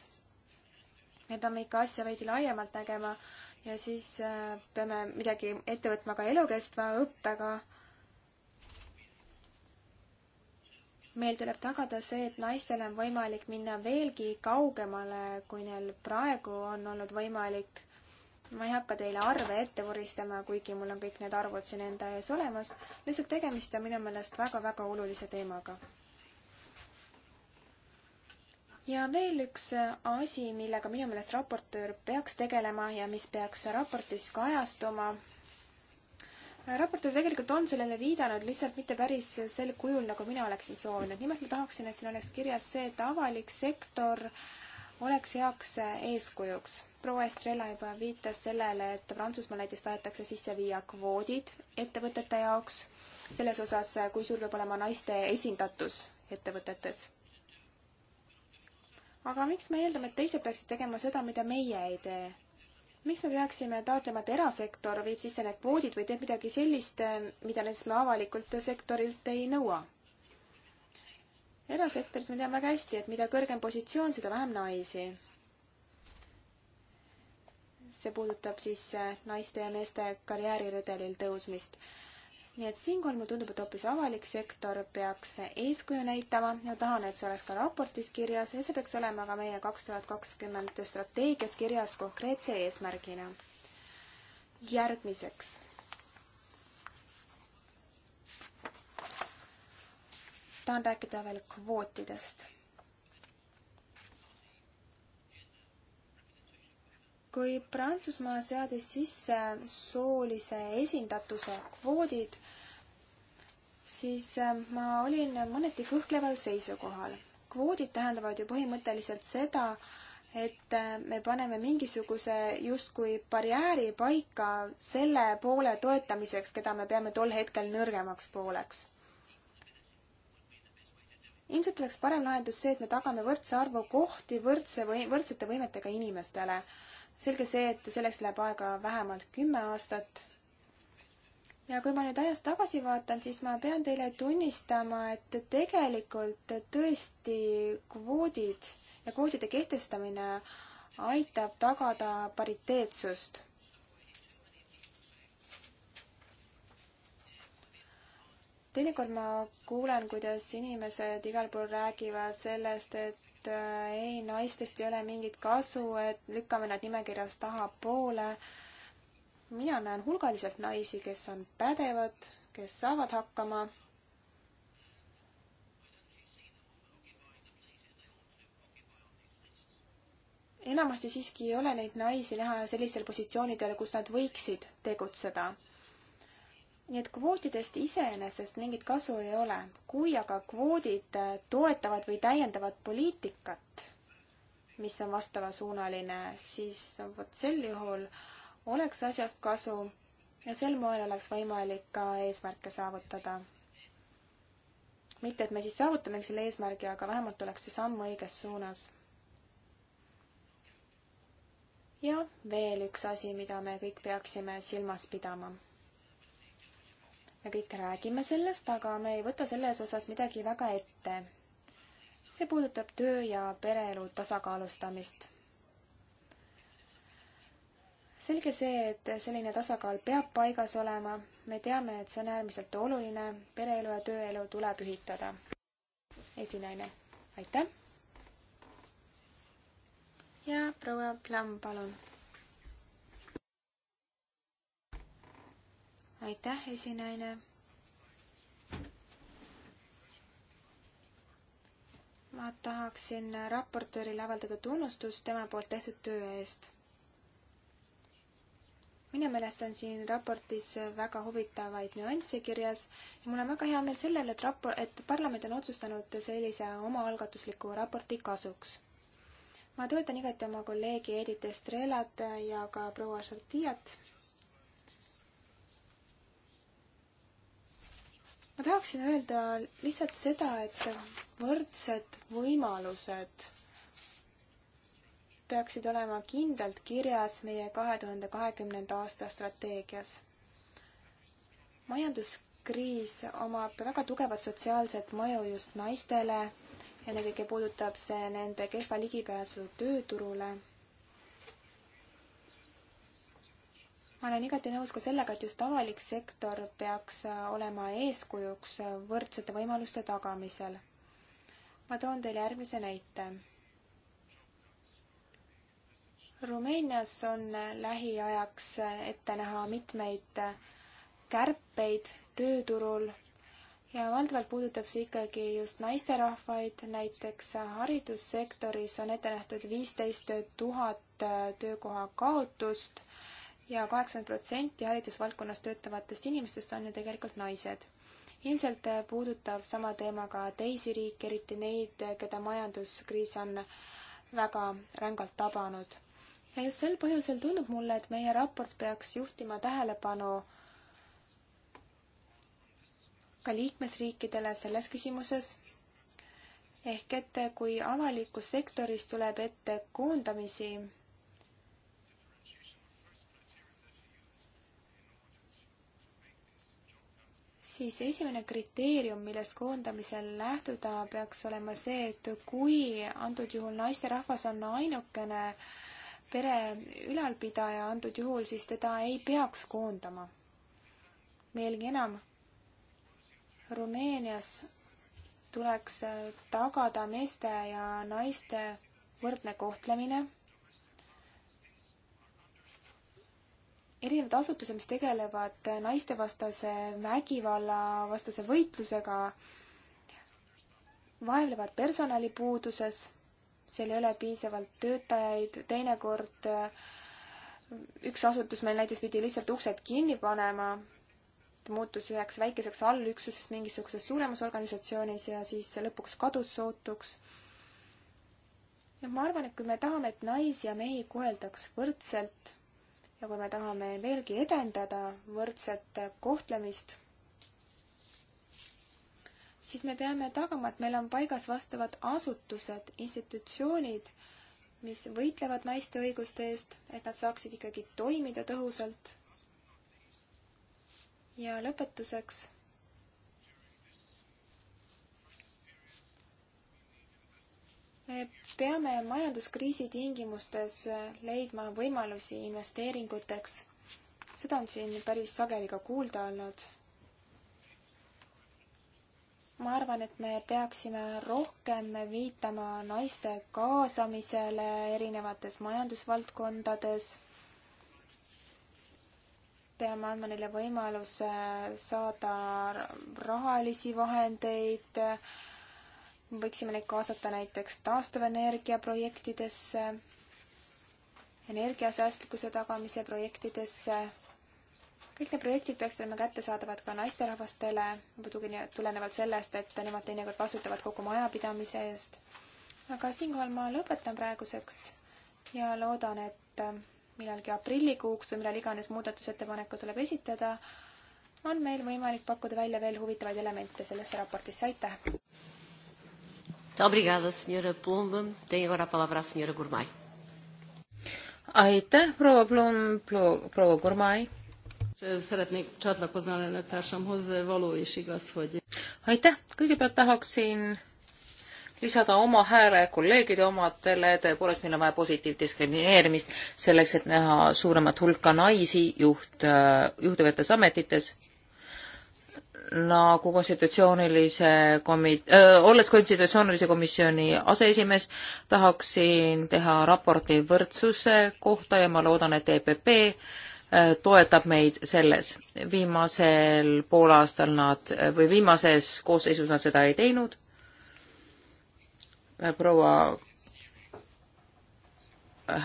me peame ikka asja veidi laiemalt nägema ja siis äh, peame midagi ette võtma ka elukestva õppega meil tuleb tagada see, et naistel on võimalik minna veelgi kaugemale, kui neil praegu on olnud võimalik. ma ei hakka teile arve ette vuristama, kuigi mul on kõik need arvud siin enda ees olemas, lihtsalt tegemist on minu meelest väga-väga olulise teemaga. ja veel üks asi, millega minu meelest raportöör peaks tegelema ja mis peaks raportis kajastuma ka raportöör tegelikult on sellele viidanud, lihtsalt mitte päris sel kujul, nagu mina oleksin soovinud. nimelt ma tahaksin, et siin oleks kirjas see, et avalik sektor oleks heaks eeskujuks. proua Estrela juba viitas sellele, et Prantsusmaal näiteks tahetakse sisse viia kvoodid ettevõtete jaoks selles osas, kui suur peab olema naiste esindatus ettevõtetes. aga miks me eeldame, et teised peaksid tegema seda, mida meie ei tee? miks me peaksime taotlema, et erasektor viib sisse need kvoodid või teeb midagi sellist, mida näiteks me avalikult sektorilt ei nõua? erasektoris me teame väga hästi, et mida kõrgem positsioon, seda vähem naisi. see puudutab siis naiste ja meeste karjääriredelil tõusmist nii et siinkohal mulle tundub, et hoopis avalik sektor peaks eeskuju näitama ja tahan, et see oleks ka raportis kirjas ja see peaks olema ka meie kaks tuhat kakskümmend strateegias kirjas konkreetse eesmärgina. järgmiseks tahan rääkida veel kvootidest. kui Prantsusmaa seadis sisse soolise esindatuse kvoodid, siis äh, ma olin mõneti kõhkleval seisukohal. kvoodid tähendavad ju põhimõtteliselt seda, et äh, me paneme mingisuguse justkui barjääri paika selle poole toetamiseks, keda me peame tol hetkel nõrgemaks pooleks ilmselt oleks parem lahendus see, et me tagame võrdse arvu kohti võrdse või võrdsete võimetega inimestele. selge see, et selleks läheb aega vähemalt kümme aastat ja kui ma nüüd ajas tagasi vaatan, siis ma pean teile tunnistama, et tegelikult tõesti kvoodid ja kvoodide kehtestamine aitab tagada pariteetsust. teinekord ma kuulen, kuidas inimesed igal pool räägivad sellest, et äh, ei, naistest ei ole mingit kasu, et lükkame nad nimekirjas tahapoole mina näen hulgaliselt naisi, kes on pädevad, kes saavad hakkama. enamasti siiski ei ole neid naisi näha sellistel positsioonidel, kus nad võiksid tegutseda. nii et kvootidest iseenesest mingit kasu ei ole, kui aga kvoodid toetavad või täiendavad poliitikat, mis on vastavasuunaline, siis vot sel juhul äh, oleks asjast kasu ja sel moel oleks võimalik ka eesmärke saavutada. mitte, et me siis saavutamegi selle eesmärgi, aga vähemalt oleks see samm õiges suunas. ja veel üks asi, mida me kõik peaksime silmas pidama. me kõik räägime sellest, aga me ei võta selles osas midagi väga ette. see puudutab töö ja pereelu tasakaalustamist selge see, et selline tasakaal peab paigas olema. me teame, et see on äärmiselt oluline, pereelu ja tööelu tuleb ühitada. esinaine, aitäh. ja proua Plamm, palun. aitäh, esinaine. ma tahaksin raportöörile avaldada tunnustust tema poolt tehtud töö eest minu meelest on siin raportis väga huvitavaid nüansse kirjas ja mul on väga hea meel sellele, et rapor-, et parlament on otsustanud sellise omaalgatusliku raporti kasuks. ma toetan igati oma kolleegi Edith Estrelat ja ka proua Šortijat. ma tahaksin öelda lihtsalt seda, et võrdsed võimalused peaksid olema kindlalt kirjas meie kahe tuhande kahekümnenda aasta strateegias. majanduskriis omab väga tugevat sotsiaalset mõju just naistele, ennekõike puudutab see nende kehva ligipääsu tööturule ma olen igati nõus ka sellega, et just avalik sektor peaks olema eeskujuks võrdsete võimaluste tagamisel. ma toon teile järgmise näite. Rumeenias on lähiajaks ette näha mitmeid kärpeid tööturul ja valdavalt puudutab see ikkagi just naisterahvaid, näiteks haridussektoris on ette nähtud viisteist tuhat töökoha kaotust ja kaheksakümmend protsenti haridusvaldkonnas töötavatest inimestest on ju tegelikult naised. ilmselt puudutab sama teema ka teisi riike, eriti neid, keda majanduskriis on väga rängalt tabanud ja just sel põhjusel tundub mulle, et meie raport peaks juhtima tähelepanu ka liikmesriikidele selles küsimuses. ehk et kui avalikus sektoris tuleb ette koondamisi, siis esimene kriteerium, millest koondamisel lähtuda, peaks olema see, et kui antud juhul naisterahvas on ainukene äh, pere ülalpidaja antud juhul, siis teda ei peaks koondama. veelgi enam, Rumeenias tuleks äh, tagada meeste ja naiste võrdne kohtlemine. erinevad asutused, mis tegelevad naistevastase vägivalla vastase võitlusega, vaevlevad personalipuuduses seal ei ole piisavalt töötajaid, teinekord äh, üks asutus meil näiteks pidi lihtsalt uksed kinni panema, ta muutus üheks väikeseks allüksusest mingisuguses suuremas organisatsioonis ja siis lõpuks kadus sootuks. ja ma arvan, et kui me tahame, et naisi ja mehi koheldaks võrdselt ja kui me tahame veelgi edendada võrdset kohtlemist, siis me peame tagama, et meil on paigas vastavad asutused, institutsioonid, mis võitlevad naiste õiguste eest, et nad saaksid ikkagi toimida tõhusalt. ja lõpetuseks me peame majanduskriisi tingimustes leidma võimalusi investeeringuteks. seda on siin päris sageli ka kuulda olnud ma arvan, et me peaksime rohkem viitama naiste kaasamisele erinevates majandusvaldkondades. peame andma neile võimaluse saada rahalisi vahendeid. võiksime neid kaasata näiteks taastuvenergia projektidesse, energiasäästlikkuse tagamise projektidesse kõik need projektid peaks olema kättesaadavad ka naisterahvastele, muidugi tulenevalt sellest, et nemad teinekord vastutavad kogu majapidamise eest. aga siinkohal ma lõpetan praeguseks ja loodan, et äh, millalgi aprillikuuks või millal iganes muudatusettepanekud tuleb esitada, on meil võimalik pakkuda välja veel huvitavaid elemente sellesse raportisse, aitäh! aitäh, proua Blum, proua Gurmai! aitäh, kõigepealt tahaksin lisada oma hääle kolleegide omadele, tõepoolest meil on vaja positiivt diskrimineerimist selleks, et näha suuremat hulka naisi juht, äh, juhtivates ametites nagu konstitutsioonilise komi-, äh, olles konstitutsioonilise komisjoni aseesimees, tahaksin teha raporti võrdsuse kohta ja ma loodan, et EPP Äh, toetab meid selles. viimasel poolaastal nad äh, või viimases koosseisus nad seda ei teinud. Äh, proua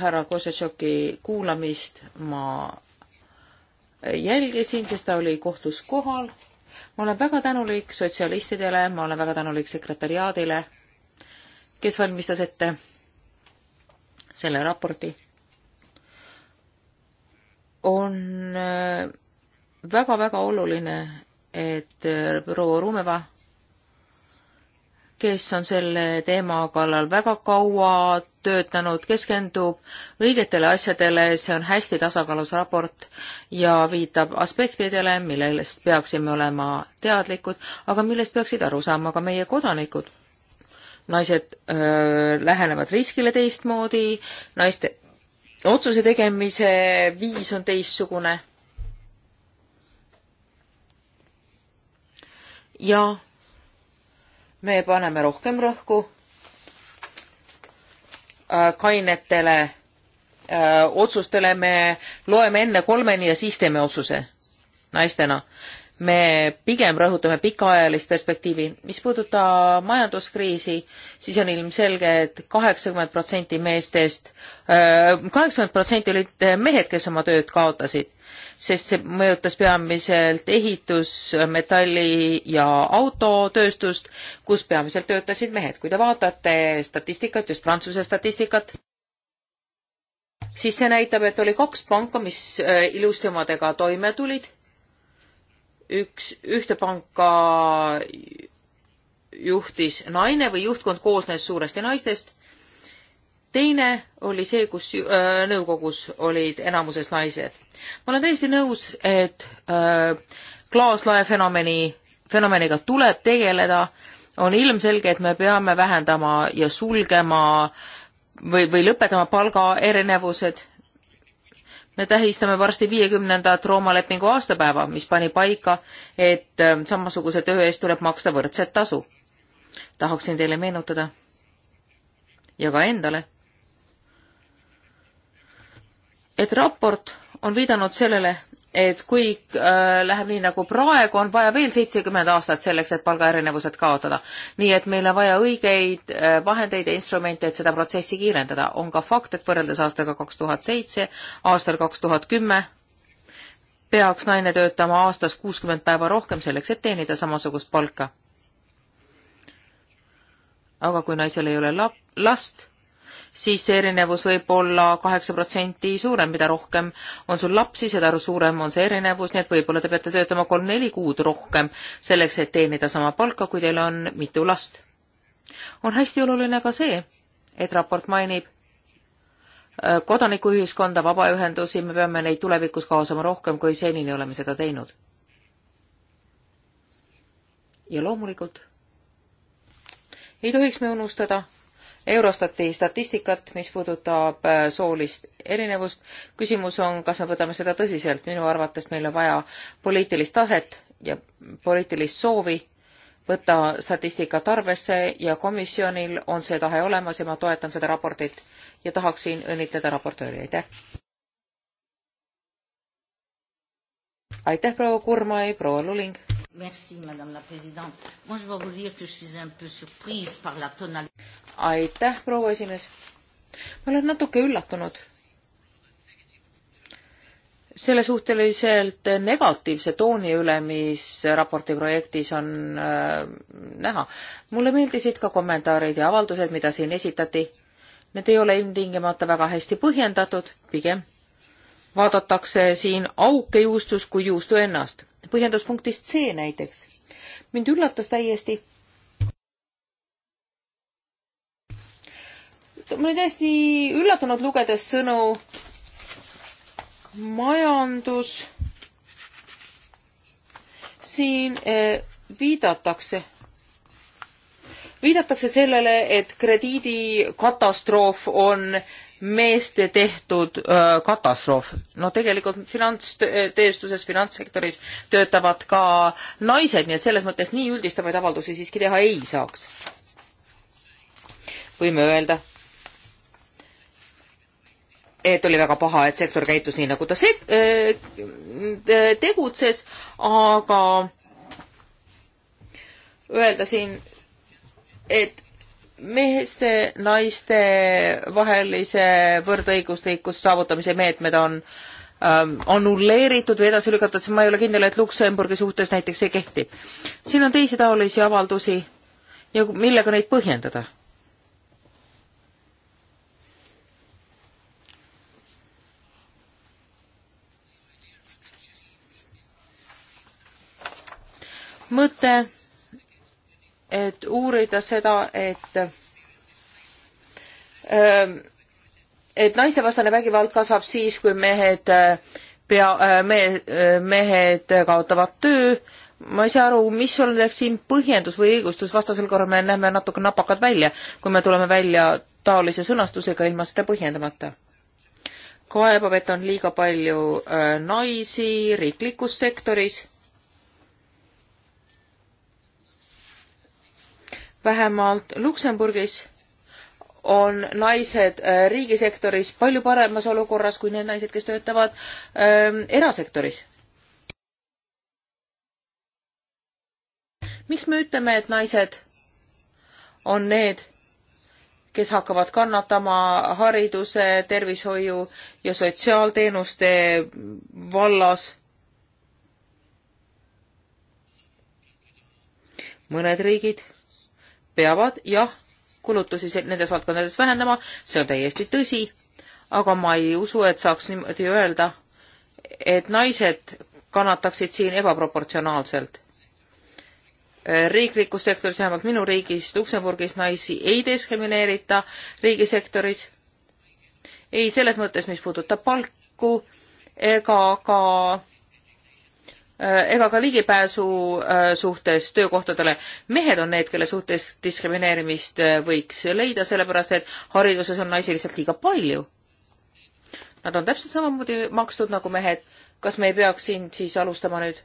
härra Kosetšoki kuulamist ma jälgisin, sest ta oli kohtus kohal. ma olen väga tänulik sotsialistidele, ma olen väga tänulik sekretäriaadile, kes valmistas ette selle raporti on väga-väga äh, oluline, et äh, proua Rumeva, kes on selle teema kallal väga kaua töötanud, keskendub õigetele asjadele, see on hästi tasakaalus raport ja viitab aspektidele, millest peaksime olema teadlikud, aga millest peaksid aru saama ka meie kodanikud. naised öö, äh, lähenevad riskile teistmoodi, naiste otsuse tegemise viis on teistsugune. ja me paneme rohkem rõhku äh, kainetele äh, otsustele, me loeme enne kolmeni ja siis teeme otsuse naistena me pigem rõhutame pikaajalist perspektiivi. mis puudutab majanduskriisi, siis on ilmselge et, et kaheksakümmend protsenti meestest, äh, kaheksakümmend protsenti olid mehed, kes oma tööd kaotasid, sest see mõjutas peamiselt ehitus, metalli ja autotööstust, kus peamiselt töötasid mehed. kui te vaatate statistikat, just Prantsuse statistikat, siis see näitab, et oli kaks panka, mis äh, ilusti omadega toime tulid üks, ühte panka juhtis naine või juhtkond koosnes suuresti naistest. teine oli see, kus öö, äh, nõukogus olid enamuses naised. ma olen täiesti nõus, et öö, äh, klaaslae fenomeni, fenomeniga tuleb tegeleda. on ilmselge, et me peame vähendama ja sulgema või, või lõpetama palgaerinevused me tähistame varsti viiekümnendat Rooma lepingu aastapäeva, mis pani paika, et ähm, samasuguse töö eest tuleb maksta võrdset tasu. tahaksin teile meenutada ja ka endale, et raport on viidanud sellele, et kui äh, läheb nii nagu praegu, on vaja veel seitsekümmend aastat selleks, et palgaerinevused kaotada. nii et meil on vaja õigeid äh, vahendeid ja instrumente, et seda protsessi kiirendada. on ka fakt, et võrreldes aastaga kaks tuhat seitse, aastal kaks tuhat kümme peaks naine töötama aastas kuuskümmend päeva rohkem selleks, et teenida samasugust palka. aga kui naisel ei ole lap-, last, siis see erinevus võib olla kaheksa protsenti suurem, mida rohkem on sul lapsi, seda suurem on see erinevus, nii et võib-olla te peate töötama kolm-neli kuud rohkem selleks, et teenida sama palka, kui teil on mitu last. on hästi oluline ka see, et raport mainib äh, kodanikuühiskonda, vabaühendusi, me peame neid tulevikus kaasama rohkem, kui senini oleme seda teinud. ja loomulikult ei tohiks me unustada Eurostati statistikat, mis puudutab äh, soolist erinevust. küsimus on, kas me võtame seda tõsiselt. minu arvates meil on vaja poliitilist tahet ja poliitilist soovi võtta statistikat arvesse ja komisjonil on see tahe olemas ja ma toetan seda raportit ja tahaksin õnnitleda raportööri, aitäh! aitäh, proua Kurmai, proua Luling! Merci, madame la présidente. Moi, je vais vous dire que je suis un peu surprise par la tonali-. aitäh, proua esimees. ma olen natuke üllatunud selle suhteliselt negatiivse tooni üle, mis raporti projektis on äh, näha. mulle meeldisid ka kommentaarid ja avaldused, mida siin esitati. Need ei ole ilmtingimata väga hästi põhjendatud, pigem vaadatakse siin auke juustus kui juustu ennast põhjenduspunktist C näiteks. mind üllatas täiesti. ma olin täiesti üllatunud lugedes sõnu majandus. siin eh, viidatakse viidatakse sellele, et krediidikatastroof on meeste tehtud öö, katastroof. no tegelikult finantstööstuses, finantssektoris töötavad ka naised, nii et selles mõttes nii üldistavaid avaldusi siiski teha ei saaks. võime öelda, et oli väga paha, et sektor käitus nii, nagu ta se-, tegutses, aga öelda siin, et meeste, naiste vahelise võrdõiguslikkuse saavutamise meetmed on annulleeritud ähm, või edasi lükatud, siis ma ei ole kindel, et Luksemburgi suhtes näiteks see kehtib. siin on teisi taolisi avaldusi ja millega neid põhjendada? mõte et uurida seda, et ähm, et naistevastane vägivald kasvab siis, kui mehed äh, pea, äh, me, äh, mehed kaotavad töö. ma ei saa aru, mis oleks siin põhjendus või õigustus, vastasel korral me näeme natuke napakad välja, kui me tuleme välja taolise sõnastusega ilma seda põhjendamata. kaebab, et on liiga palju naisi riiklikus sektoris vähemalt Luksemburgis on naised äh, riigisektoris palju paremas olukorras kui need naised, kes töötavad ähm, erasektoris. miks me ütleme, et naised on need, kes hakkavad kannatama hariduse, tervishoiu ja sotsiaalteenuste vallas. mõned riigid peavad jah, kulutusi nendes valdkondades vähendama, see on täiesti tõsi, aga ma ei usu, et saaks niimoodi öelda, et naised kannataksid siin ebaproportsionaalselt. riiklikus sektoris, vähemalt minu riigis, Luksemburgis naisi ei diskrimineerita riigisektoris, ei selles mõttes, mis puudutab palku ega ka, ka Äh, ega ka ligipääsu äh, suhtes töökohtadele. mehed on need, kelle suhtes diskrimineerimist äh, võiks leida, sellepärast et hariduses on naisi lihtsalt liiga palju. Nad on täpselt samamoodi makstud nagu mehed. kas me ei peaks siin siis alustama nüüd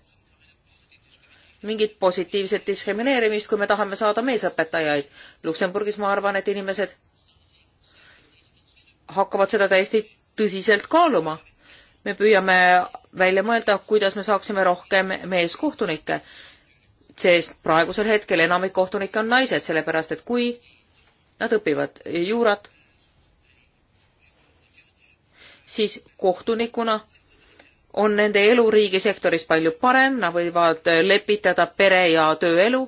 mingit positiivset diskrimineerimist, kui me tahame saada meesõpetajaid? Luksemburgis ma arvan, et inimesed hakkavad seda täiesti tõsiselt kaaluma me püüame välja mõelda, kuidas me saaksime rohkem meeskohtunikke, sest praegusel hetkel enamik kohtunikke on naised, sellepärast et kui nad õpivad juurat, siis kohtunikuna on nende elu riigisektoris palju parem, nad võivad lepitada pere ja tööelu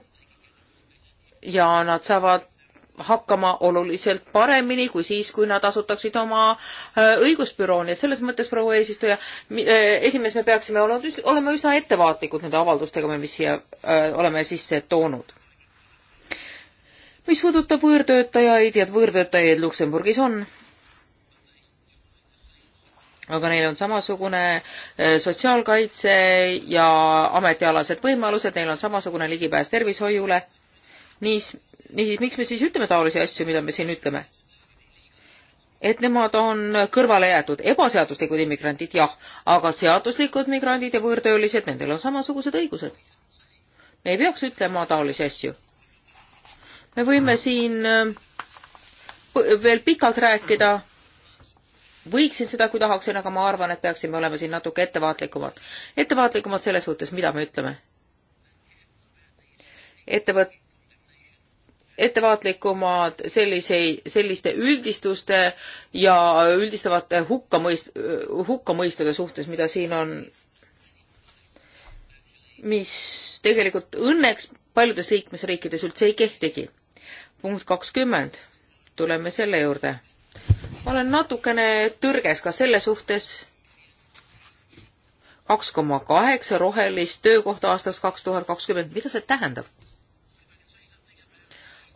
ja nad saavad hakkama oluliselt paremini kui siis, kui nad asutaksid oma äh, õigusbüroon ja selles mõttes, proua eesistuja, äh, esimees, me peaksime olnud, olema üsna ettevaatlikud nende avaldustega, mis siia äh, oleme sisse toonud. mis puudutab võõrtöötajaid ja võõrtöötajaid Luksemburgis on, aga neil on samasugune sotsiaalkaitse ja ametialased võimalused, neil on samasugune ligipääs tervishoiule, nii niisiis, miks me siis ütleme taolisi asju, mida me siin ütleme? et nemad on kõrvale jäetud, ebaseaduslikud immigrandid jah, aga seaduslikud migrandid ja võõrtöölised, nendel on samasugused õigused. me ei peaks ütlema taolisi asju. me võime siin äh, veel pikalt rääkida, võiksin seda, kui tahaksin, aga ma arvan, et peaksime olema siin natuke ettevaatlikumad. ettevaatlikumad selles suhtes, mida me ütleme ettevõt-, ettevaatlikumad selliseid, selliste üldistuste ja üldistavate hukkamõist-, hukkamõistude suhtes, mida siin on, mis tegelikult õnneks paljudes liikmesriikides üldse ei kehtigi. punkt kakskümmend, tuleme selle juurde. ma olen natukene tõrges ka selle suhtes, kaks koma kaheksa rohelist töökohta aastaks kaks tuhat kakskümmend, mida see tähendab?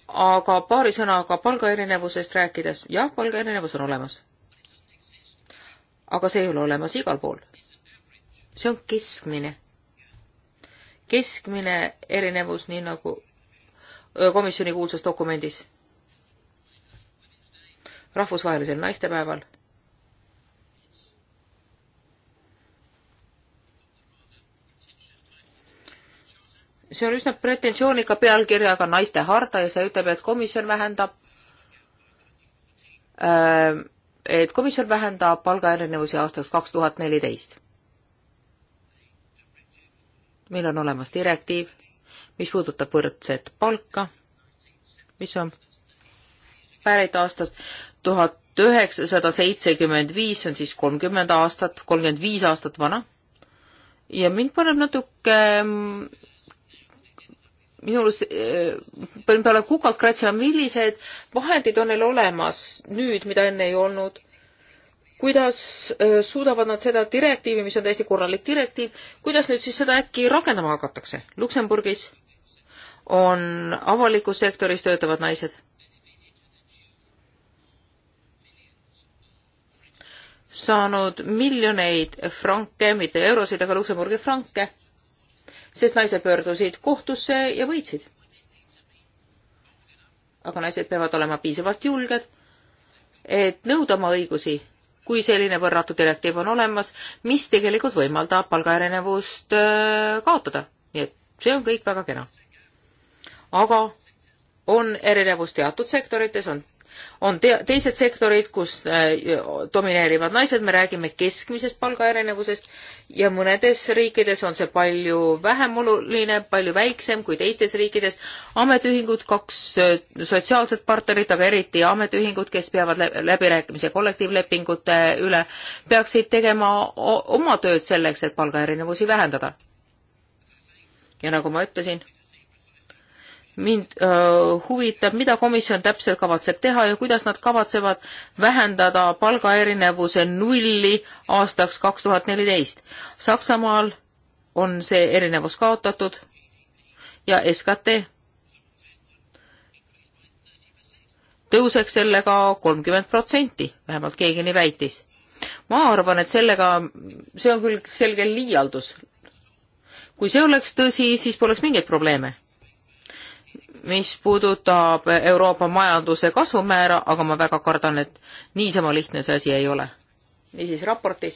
aga paari sõnaga palgaerinevusest rääkides, jah, palgaerinevus on olemas. aga see ei ole olemas igal pool. see on keskmine. keskmine erinevus, nii nagu komisjoni kuulsas dokumendis. rahvusvahelisel naistepäeval see on üsna pretensioonika pealkirjaga Naiste harta ja see ütleb, et komisjon vähendab ähm, et komisjon vähendab palgaerinevusi aastaks kaks tuhat neliteist. meil on olemas direktiiv, mis puudutab võrdset palka, mis on pärit aastast tuhat üheksasada seitsekümmend viis, see on siis kolmkümmend aastat, kolmkümmend viis aastat vana. ja mind paneb natuke mm, minul eh, panin peale kukalt kratsima, millised vahendid on neil olemas nüüd, mida enne ei olnud. kuidas eh, suudavad nad seda direktiivi, mis on täiesti korralik direktiiv, kuidas nüüd siis seda äkki rakendama hakatakse? Luksemburgis on avalikus sektoris töötavad naised. saanud miljoneid franke, mitte eurosid, aga Luksemburgi franke sest naised pöördusid kohtusse ja võitsid. aga naised peavad olema piisavalt julged, et nõuda oma õigusi, kui selline võrratu direktiiv on olemas, mis tegelikult võimaldab palgaerinevust äh, kaotada. nii et see on kõik väga kena. aga on erinevus teatud sektorites, on on te teised sektorid, kus äh, domineerivad naised, me räägime keskmisest palgaerinevusest ja mõnedes riikides on see palju vähem oluline, palju väiksem kui teistes riikides. ametiühingud, kaks äh, sotsiaalset partnerit, aga eriti ametiühingud, kes peavad läbirääkimise kollektiivlepingute üle, peaksid tegema oma tööd selleks, et palgaerinevusi vähendada. ja nagu ma ütlesin mind öö, huvitab, mida komisjon täpselt kavatseb teha ja kuidas nad kavatsevad vähendada palgaerinevuse nulli aastaks kaks tuhat neliteist. Saksamaal on see erinevus kaotatud ja SKT tõuseks sellega kolmkümmend protsenti, vähemalt keegi nii väitis. ma arvan, et sellega, see on küll selge liialdus. kui see oleks tõsi, siis poleks mingeid probleeme mis puudutab Euroopa majanduse kasvumäära, aga ma väga kardan, et niisama lihtne see asi ei ole. niisiis raportis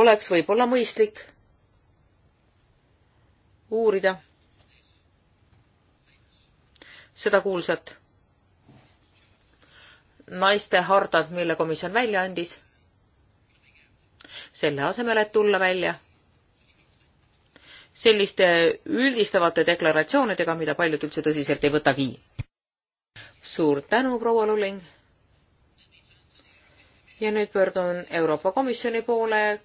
oleks võib-olla mõistlik uurida seda kuulsat naiste hardat, mille komisjon välja andis, selle asemel, et tulla välja selliste üldistavate deklaratsioonidega, mida paljud üldse tõsiselt ei võtagi. suur tänu, proua Luling. ja nüüd pöördun Euroopa Komisjoni poole.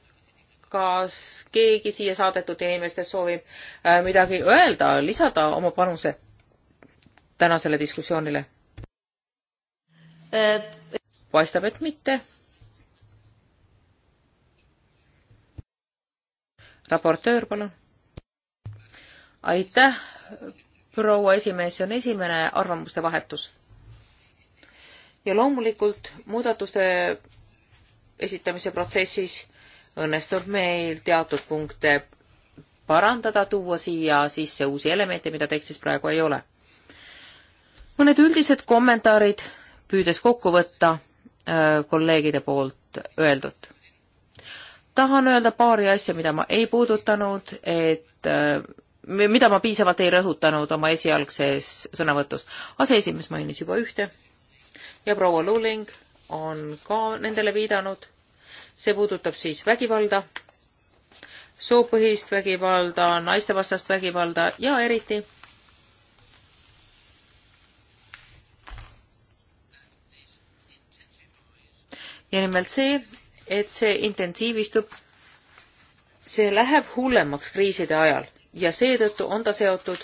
kas keegi siia saadetud inimestest soovib äh, midagi öelda, lisada oma panuse tänasele diskussioonile? Äh, paistab, et mitte raportöör, palun aitäh, proua esimees, see on esimene arvamuste vahetus. ja loomulikult muudatuste esitamise protsessis õnnestub meil teatud punkte parandada, tuua siia sisse uusi elemente, mida tekstis praegu ei ole. mõned üldised kommentaarid, püüdes kokku võtta äh, kolleegide poolt öeldut. tahan öelda paari asja, mida ma ei puudutanud, et äh, mida ma piisavalt ei rõhutanud oma esialgses sõnavõtus. aseesimees mainis juba ühte ja proua Luling on ka nendele viidanud. see puudutab siis vägivalda, soopõhist vägivalda, naistevastast vägivalda ja eriti ja nimelt see, et see intensiivistub, see läheb hullemaks kriiside ajal ja seetõttu on ta seotud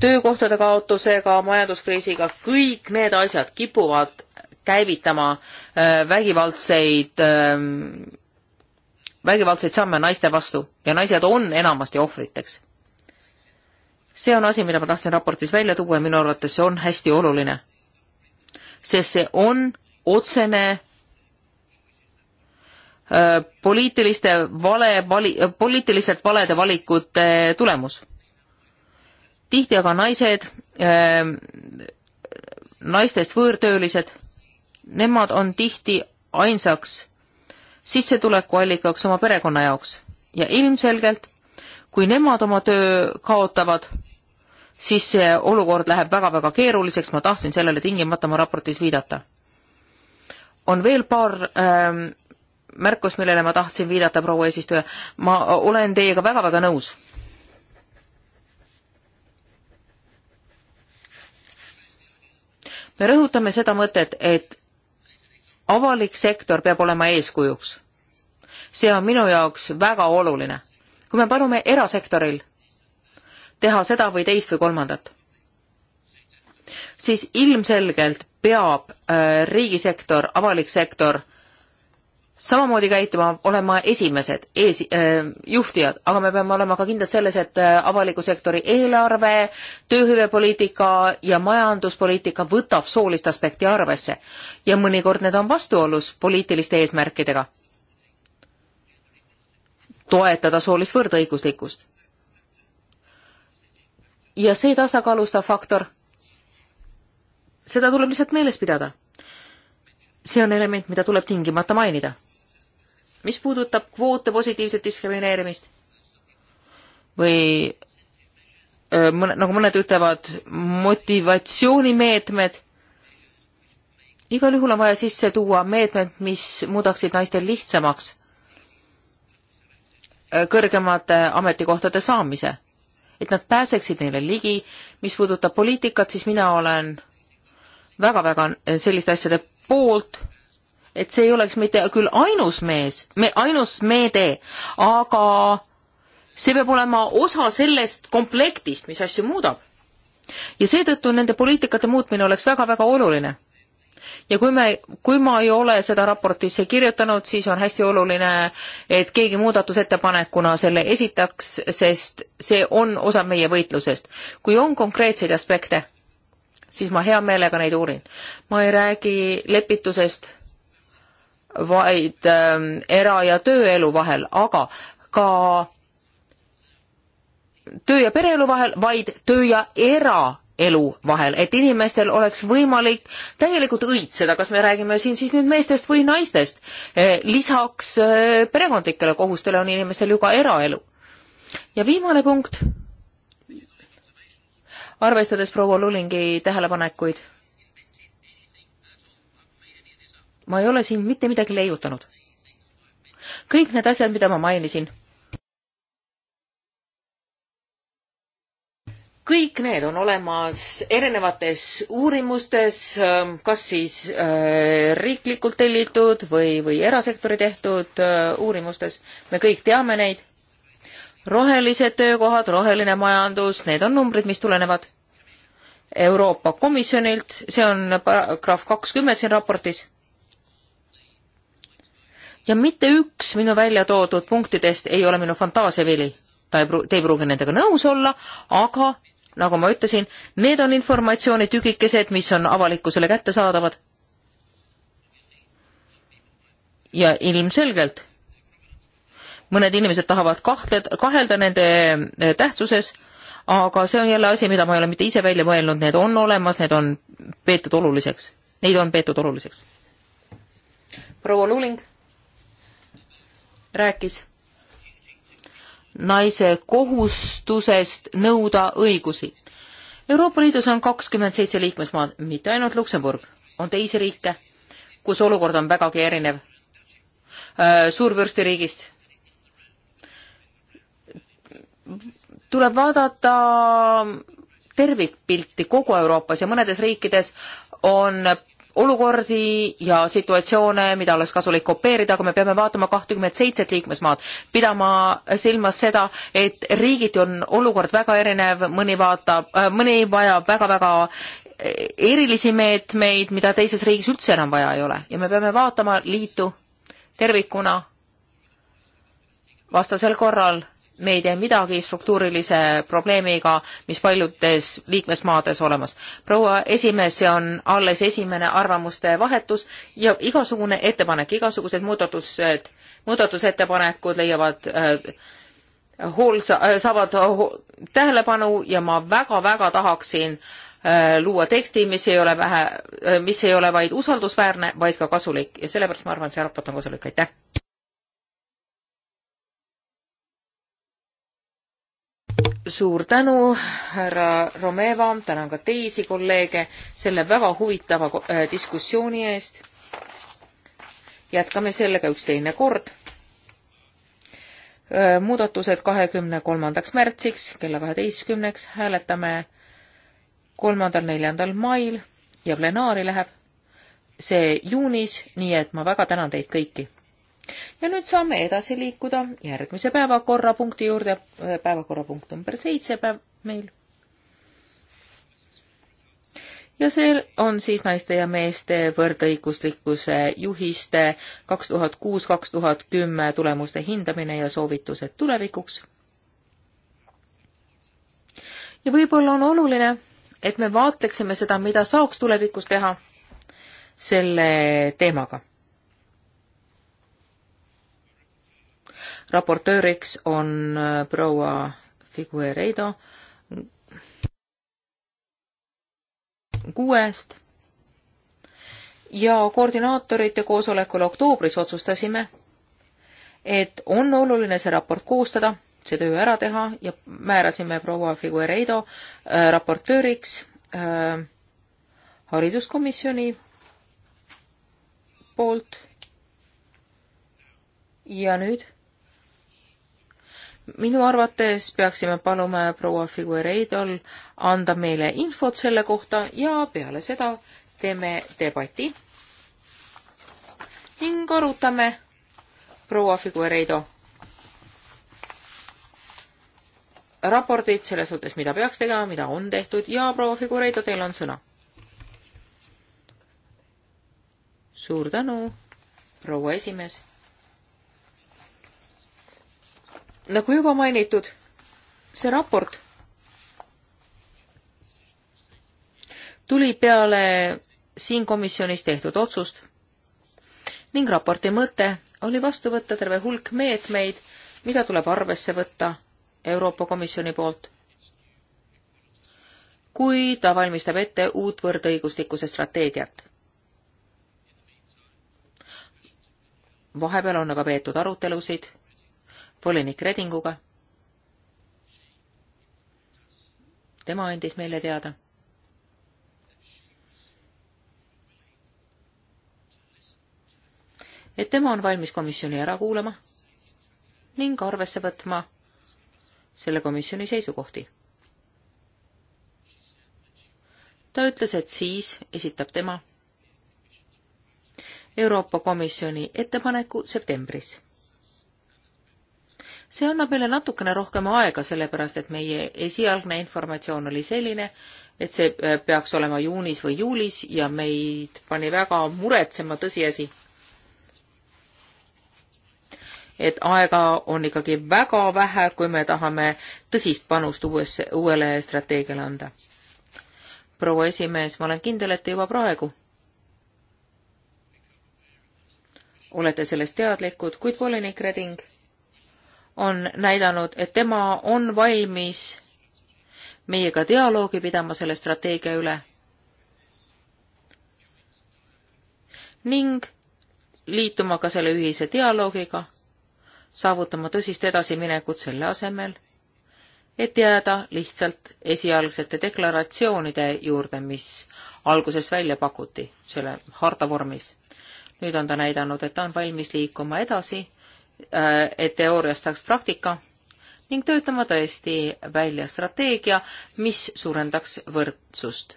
töökohtade kaotusega, majanduskriisiga, kõik need asjad kipuvad käivitama äh, vägivaldseid, ähm, vägivaldseid samme naiste vastu ja naised on enamasti ohvriteks. see on asi, mida ma tahtsin raportis välja tuua ja minu arvates see on hästi oluline. sest see on otsene Äh, poliitiliste vale, vali, äh, poliitiliselt valede valikute tulemus. tihti aga naised, ähm, naistest võõrtöölised, nemad on tihti ainsaks sissetulekuallikaks oma perekonna jaoks ja ilmselgelt, kui nemad oma töö kaotavad, siis see olukord läheb väga-väga keeruliseks, ma tahtsin sellele tingimata oma raportis viidata. on veel paar ähm, märkus, millele ma tahtsin viidata, proua eesistuja. ma olen teiega väga-väga nõus. me rõhutame seda mõtet, et avalik sektor peab olema eeskujuks. see on minu jaoks väga oluline. kui me palume erasektoril teha seda või teist või kolmandat, siis ilmselgelt peab äh, riigisektor, avalik sektor äh, samamoodi käituma, olema esimesed, ees äh,, juhtijad, aga me peame olema ka kindlad selles, et äh, avaliku sektori eelarve, tööhüvepoliitika ja majanduspoliitika võtab soolist aspekti arvesse. ja mõnikord need on vastuolus poliitiliste eesmärkidega. toetada soolist võrdõiguslikkust. ja see tasakaalustav faktor, seda tuleb lihtsalt meeles pidada see on element, mida tuleb tingimata mainida mis puudutab kvoote positiivset diskrimineerimist või mõne, nagu mõned ütlevad, motivatsioonimeetmed, igal juhul on vaja sisse tuua meetmed, mis muudaksid naistel lihtsamaks kõrgemate ametikohtade saamise, et nad pääseksid neile ligi. mis puudutab poliitikat, siis mina olen väga-väga selliste asjade poolt et see ei oleks mitte küll ainus mees, me, ainus meede, aga see peab olema osa sellest komplektist, mis asju muudab. ja seetõttu nende poliitikate muutmine oleks väga-väga oluline. ja kui me, kui ma ei ole seda raportisse kirjutanud, siis on hästi oluline, et keegi muudatusettepanekuna selle esitaks, sest see on osa meie võitlusest. kui on konkreetseid aspekte, siis ma hea meelega neid uurin. ma ei räägi lepitusest vaid ähm, era- ja tööelu vahel, aga ka töö ja pereelu vahel, vaid töö ja eraelu vahel, et inimestel oleks võimalik täielikult õitseda, kas me räägime siin siis nüüd meestest või naistest. Eh, lisaks eh, perekondlikele kohustele on inimestel ju ka eraelu. ja viimane punkt, arvestades proua Lulingi tähelepanekuid ma ei ole siin mitte midagi leiutanud. kõik need asjad, mida ma mainisin, kõik need on olemas erinevates uurimustes, ähm, kas siis äh, riiklikult tellitud või, või erasektori tehtud äh, uurimustes. me kõik teame neid. rohelised töökohad, roheline majandus, need on numbrid, mis tulenevad Euroopa Komisjonilt, see on paragrahv kakskümmend siin raportis ja mitte üks minu välja toodud punktidest ei ole minu fantaasiavili. ta ei pru-, te ei pruugi nendega nõus olla, aga nagu ma ütlesin, need on informatsioonitükikesed, mis on avalikkusele kättesaadavad. ja ilmselgelt mõned inimesed tahavad kahtled, kahelda nende eh, tähtsuses, aga see on jälle asi, mida ma ei ole mitte ise välja mõelnud, need on olemas, need on peetud oluliseks, neid on peetud oluliseks. proua Luling rääkis naise kohustusest nõuda õigusi. Euroopa Liidus on kakskümmend seitse liikmesmaad, mitte ainult Luksemburg, on teisi riike, kus olukord on vägagi erinev äh, suurvürstiriigist. tuleb vaadata tervikpilti kogu Euroopas ja mõnedes riikides on olukordi ja situatsioone, mida oleks kasulik kopeerida, aga me peame vaatama kahtekümmet seitset liikmesmaad, pidama silmas seda, et riigiti on olukord väga erinev, mõni vaatab, äh, mõni vajab väga-väga äh, erilisi meetmeid, mida teises riigis üldse enam vaja ei ole ja me peame vaatama liitu tervikuna. vastasel korral me ei tee midagi struktuurilise probleemiga, mis paljudes liikmesmaades olemas. proua esimees, see on alles esimene arvamuste vahetus ja igasugune ettepanek, igasugused muudatused, muudatusettepanekud leiavad äh, hool-, äh, saavad ho tähelepanu ja ma väga-väga tahaksin äh, luua teksti, mis ei ole vähe äh,, mis ei ole vaid usaldusväärne, vaid ka kasulik ja sellepärast ma arvan, et see raport on kasulik, aitäh! suur tänu, härra Romeva, tänan ka teisi kolleege selle väga huvitava äh, diskussiooni eest. jätkame sellega üks teine kord. Äh, muudatused kahekümne kolmandaks märtsiks kella kaheteistkümneks hääletame kolmandal-neljandal mail ja plenaari läheb see juunis, nii et ma väga tänan teid kõiki ja nüüd saame edasi liikuda järgmise päevakorrapunkti juurde, äh, päevakorrapunkt number seitse päev meil. ja see on siis naiste ja meeste võrdõiguslikkuse juhiste kaks tuhat kuus, kaks tuhat kümme tulemuste hindamine ja soovitused tulevikuks. ja võib-olla on oluline, et me vaatleksime seda, mida saaks tulevikus teha selle teemaga raportööriks on äh, proua Figuereido kuuest ja koordinaatorite koosolekul oktoobris otsustasime, et on oluline see raport koostada, see töö ära teha ja määrasime proua Figuereido äh, raportööriks äh, hariduskomisjoni poolt. ja nüüd minu arvates peaksime paluma proua Figuereidol anda meile infot selle kohta ja peale seda teeme debati ning arutame proua Figuereido raportit selles suhtes, mida peaks tegema, mida on tehtud ja proua Figuereido, teil on sõna. suur tänu, proua esimees nagu juba mainitud, see raport tuli peale siin komisjonis tehtud otsust ning raporti mõte oli vastu võtta terve hulk meetmeid, mida tuleb arvesse võtta Euroopa Komisjoni poolt, kui ta valmistab ette uut võrdõiguslikkuse strateegiat. vahepeal on aga peetud arutelusid volinik Redinguga. tema andis meile teada, et tema on valmis komisjoni ära kuulama ning arvesse võtma selle komisjoni seisukohti. ta ütles, et siis esitab tema Euroopa Komisjoni ettepaneku septembris see annab meile natukene rohkem aega, sellepärast et meie esialgne informatsioon oli selline, et see äh, peaks olema juunis või juulis ja meid pani väga muretsema tõsiasi, et aega on ikkagi väga vähe, kui me tahame tõsist panust uuesse, uuele strateegiale anda. proua esimees, ma olen kindel, et te juba praegu olete sellest teadlikud, kuid volinik Reding on näidanud, et tema on valmis meiega dialoogi pidama selle strateegia üle ning liituma ka selle ühise dialoogiga, saavutama tõsist edasiminekut selle asemel, et jääda lihtsalt esialgsete deklaratsioonide juurde, mis alguses välja pakuti selle harta vormis. nüüd on ta näidanud, et ta on valmis liikuma edasi Äh, et teooriast saaks praktika ning töötama tõesti välja strateegia, mis suurendaks võrdsust.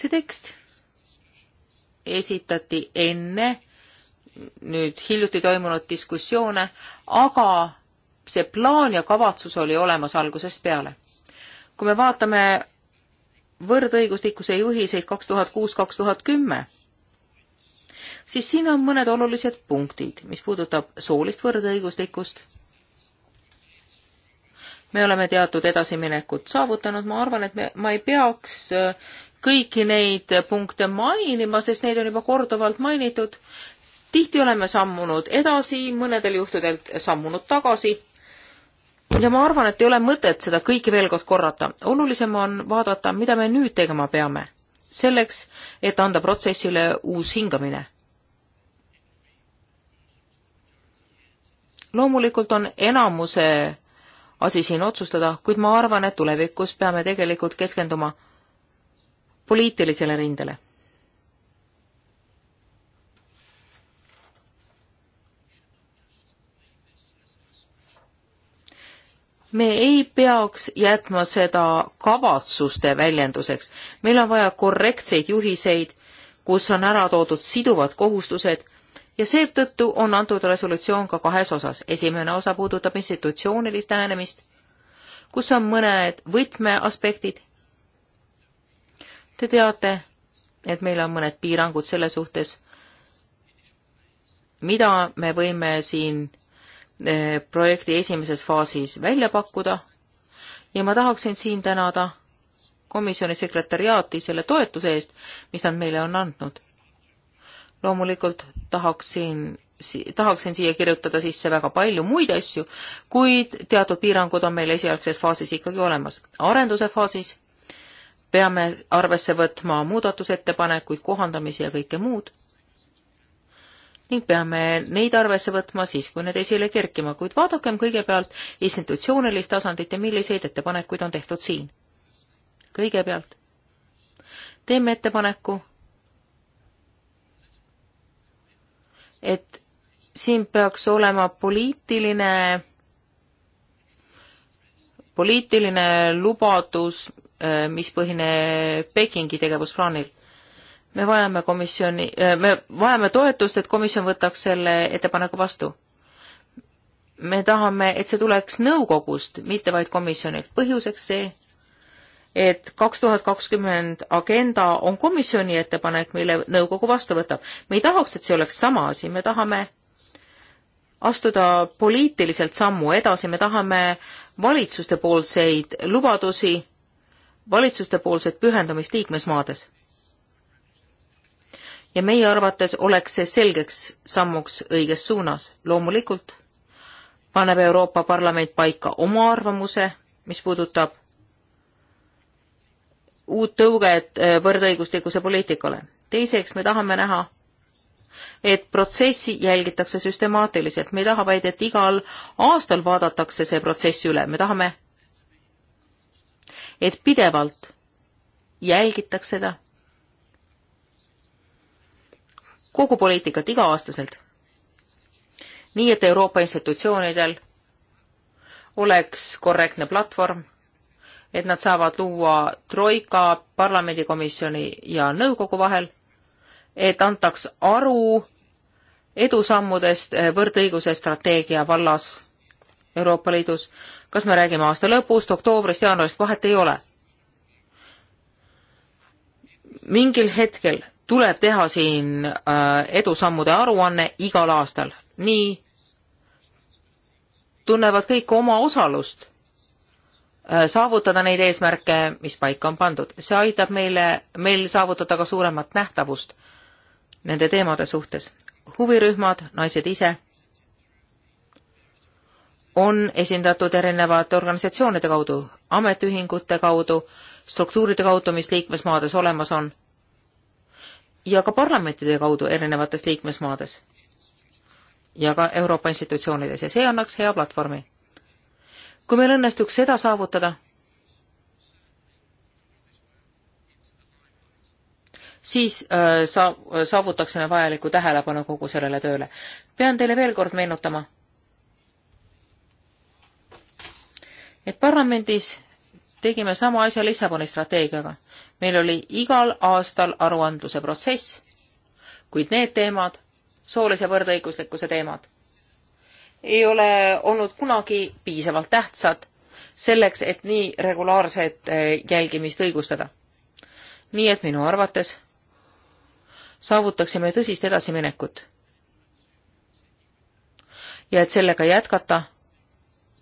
see tekst esitati enne nüüd hiljuti toimunud diskussioone, aga see plaan ja kavatsus oli olemas algusest peale. kui me vaatame võrdõiguslikkuse juhiseid kaks tuhat kuus, kaks tuhat kümme, siis siin on mõned olulised punktid, mis puudutab soolist võrdõiguslikkust. me oleme teatud edasiminekut saavutanud, ma arvan, et me, ma ei peaks äh, kõiki neid punkte mainima, sest neid on juba korduvalt mainitud. tihti oleme sammunud edasi, mõnedel juhtudel sammunud tagasi ja ma arvan, et ei ole mõtet seda kõike veel kord korrata. olulisem on vaadata, mida me nüüd tegema peame, selleks, et anda protsessile uus hingamine. loomulikult on enamuse asi siin otsustada, kuid ma arvan, et tulevikus peame tegelikult keskenduma poliitilisele rindele. me ei peaks jätma seda kavatsuste väljenduseks, meil on vaja korrektseid juhiseid, kus on ära toodud siduvad kohustused ja seetõttu on antud resolutsioon ka kahes osas. esimene osa puudutab institutsioonilist lähenemist, kus on mõned võtmeaspektid. Te teate, et meil on mõned piirangud selle suhtes, mida me võime siin eh, projekti esimeses faasis välja pakkuda ja ma tahaksin siin tänada komisjoni sekretariaati selle toetuse eest, mis nad meile on andnud loomulikult tahaksin tahaksin siia kirjutada sisse väga palju muid asju, kuid teatud piirangud on meil esialgses faasis ikkagi olemas. arenduse faasis peame arvesse võtma muudatusettepanekuid, kohandamisi ja kõike muud ning peame neid arvesse võtma siis, kui need esile kerkima, kuid vaadakem kõigepealt institutsioonilist tasandit ja milliseid ettepanekuid on tehtud siin. kõigepealt teeme ettepaneku et siin peaks olema poliitiline, poliitiline lubadus, äh, mis põhineb Pekingi tegevusplaanil. me vajame komisjoni, äh, me vajame toetust, et komisjon võtaks selle ettepaneku vastu. me tahame, et see tuleks nõukogust, mitte vaid komisjonilt. põhjuseks see, et kaks tuhat kakskümmend agenda on komisjoni ettepanek, mille nõukogu vastu võtab. me ei tahaks, et see oleks sama asi, me tahame astuda poliitiliselt sammu edasi, me tahame valitsustepoolseid lubadusi, valitsustepoolset pühendumist liikmesmaades ja meie arvates oleks see selgeks sammuks õiges suunas. loomulikult paneb Euroopa Parlament paika oma arvamuse, mis puudutab uut tõuget äh, võrdõiguslikkuse poliitikale. teiseks, me tahame näha, et protsessi jälgitakse süstemaatiliselt, me ei taha vaid, et igal aastal vaadatakse see protsess üle, me tahame, et pidevalt jälgitaks seda, kogu poliitikat iga-aastaselt. nii, et Euroopa institutsioonidel oleks korrektne platvorm et nad saavad luua troika parlamendikomisjoni ja nõukogu vahel, et antaks aru edusammudest võrdõiguse strateegia vallas Euroopa Liidus. kas me räägime aasta lõpust, oktoobrist, jaanuarist, vahet ei ole. mingil hetkel tuleb teha siin äh, edusammude aruanne igal aastal, nii tunnevad kõik oma osalust Äh, saavutada neid eesmärke, mis paika on pandud. see aitab meile, meil saavutada ka suuremat nähtavust nende teemade suhtes. huvirühmad, naised ise on esindatud erinevate organisatsioonide kaudu, ametiühingute kaudu, struktuuride kaudu, mis liikmesmaades olemas on, ja ka parlamentide kaudu erinevates liikmesmaades ja ka Euroopa institutsioonides ja see annaks hea platvormi kui meil õnnestuks seda saavutada, siis äh, saa-, saavutaksime vajaliku tähelepanu kogu sellele tööle. pean teile veel kord meenutama, et parlamendis tegime sama asja Lissaboni strateegiaga. meil oli igal aastal aruandluse protsess, kuid need teemad, soolise võrdõiguslikkuse teemad ei ole olnud kunagi piisavalt tähtsad selleks, et nii regulaarset eh, jälgimist õigustada. nii et minu arvates saavutaksime tõsist edasiminekut. ja et sellega jätkata,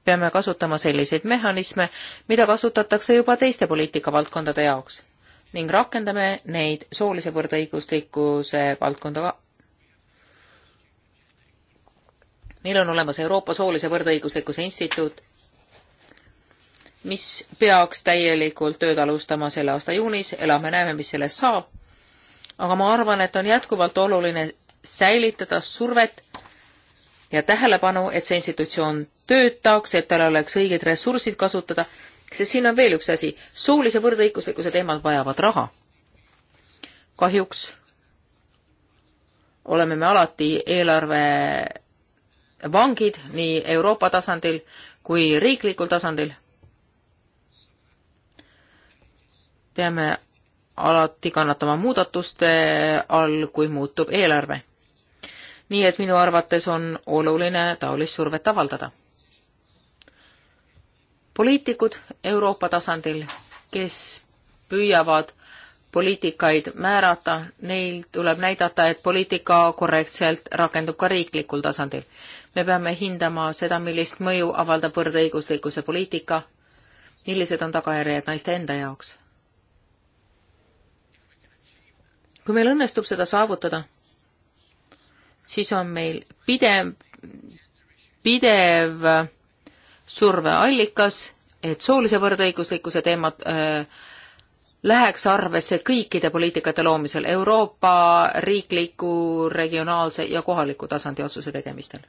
peame kasutama selliseid mehhanisme, mida kasutatakse juba teiste poliitikavaldkondade jaoks ning rakendame neid soolise võrdõiguslikkuse valdkonda meil on olemas Euroopa Soolise Võrdõiguslikkuse Instituut, mis peaks täielikult tööd alustama selle aasta juunis, elame-näeme, mis sellest saab. aga ma arvan, et on jätkuvalt oluline säilitada survet ja tähelepanu, et see institutsioon töötaks, et tal oleks õiged ressursid kasutada, sest siin on veel üks asi, soolise võrdõiguslikkuse teemad vajavad raha. kahjuks oleme me alati eelarve vangid nii Euroopa tasandil kui riiklikul tasandil. peame alati kannatama muudatuste all, kui muutub eelarve. nii et minu arvates on oluline taolist survet avaldada. poliitikud Euroopa tasandil, kes püüavad poliitikaid määrata, neil tuleb näidata, et poliitika korrektselt rakendub ka riiklikul tasandil. me peame hindama seda, millist mõju avaldab võrdõiguslikkuse poliitika, millised on tagajärjed naiste enda jaoks. kui meil õnnestub seda saavutada, siis on meil pidev, pidev surveallikas, et soolise võrdõiguslikkuse teemat öö, äh, läheks arvesse kõikide poliitikate loomisel Euroopa riikliku, regionaalse ja kohaliku tasandi otsuse tegemistel.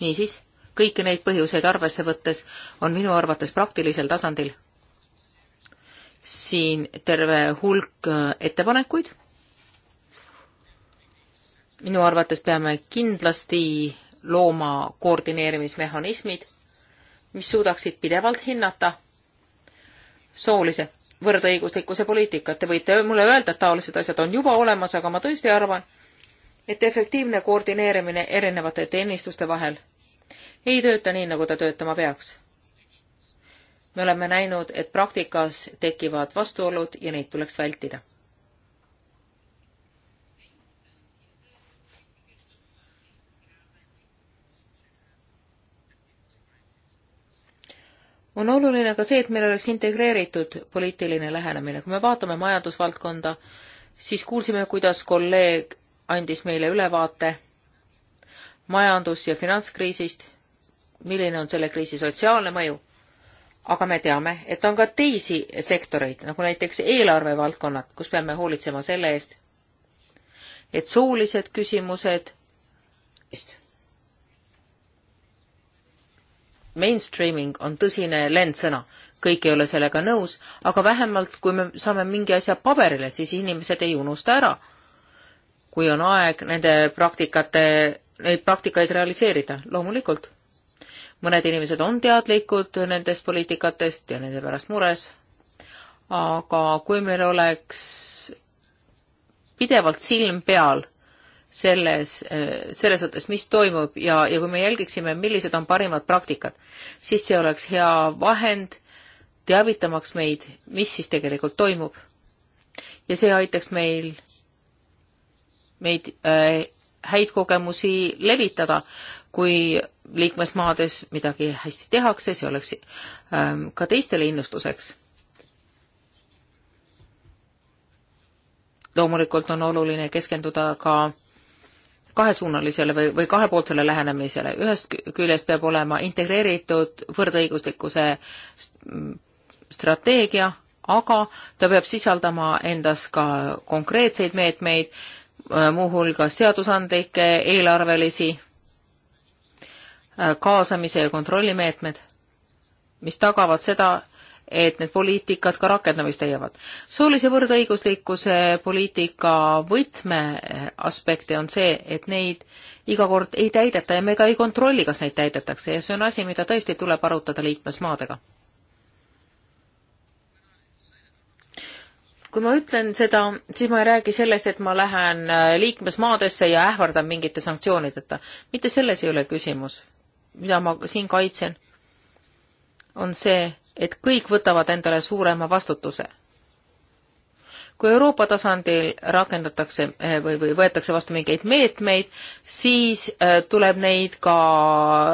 niisiis, kõiki neid põhjuseid arvesse võttes on minu arvates praktilisel tasandil siin terve hulk äh, ettepanekuid. minu arvates peame kindlasti looma koordineerimismehhanismid, mis suudaksid pidevalt hinnata soolise võrdõiguslikkuse poliitikat. Te võite mulle öelda, et taolised asjad on juba olemas, aga ma tõesti arvan, et efektiivne koordineerimine erinevate teenistuste vahel ei tööta nii, nagu ta töötama peaks. me oleme näinud, et praktikas tekivad vastuolud ja neid tuleks vältida on oluline ka see, et meil oleks integreeritud poliitiline lähenemine. kui me vaatame majandusvaldkonda, siis kuulsime, kuidas kolleeg andis meile ülevaate majandus- ja finantskriisist, milline on selle kriisi sotsiaalne mõju. aga me teame, et on ka teisi sektoreid, nagu näiteks eelarvevaldkonnad, kus peame hoolitsema selle eest, et soolised küsimused, mainstreaming on tõsine lendsõna, kõik ei ole sellega nõus, aga vähemalt kui me saame mingi asja paberile, siis inimesed ei unusta ära, kui on aeg nende praktikate, neid praktikaid realiseerida, loomulikult. mõned inimesed on teadlikud nendest poliitikatest ja nende pärast mures, aga kui meil oleks pidevalt silm peal selles, selles suhtes, mis toimub ja, ja kui me jälgiksime, millised on parimad praktikad, siis see oleks hea vahend teavitamaks meid, mis siis tegelikult toimub. ja see aitaks meil, meid äh, häid kogemusi levitada, kui liikmesmaades midagi hästi tehakse, see oleks ähm, ka teistele innustuseks. loomulikult on oluline keskenduda ka äh, kahesuunalisele või, või kahepoolsele lähenemisele. ühest küljest peab olema integreeritud võrdõiguslikkuse strateegia, aga ta peab sisaldama endas ka konkreetseid meetmeid, äh, muuhulgas seadusandlikke, eelarvelisi, äh, kaasamise ja kontrollimeetmed, mis tagavad seda, et need poliitikad ka rakendamist leiavad. soolise võrdõiguslikkuse poliitika võtmeaspekte on see, et neid iga kord ei täideta ja me ka ei kontrolli, kas neid täidetakse ja see on asi, mida tõesti tuleb arutada liikmesmaadega. kui ma ütlen seda, siis ma ei räägi sellest, et ma lähen liikmesmaadesse ja ähvardan mingite sanktsioonideta. mitte selles ei ole küsimus, mida ma siin kaitsen, on see, et kõik võtavad endale suurema vastutuse. kui Euroopa tasandil rakendatakse eh, või, või võetakse vastu mingeid meetmeid, siis eh, tuleb neid ka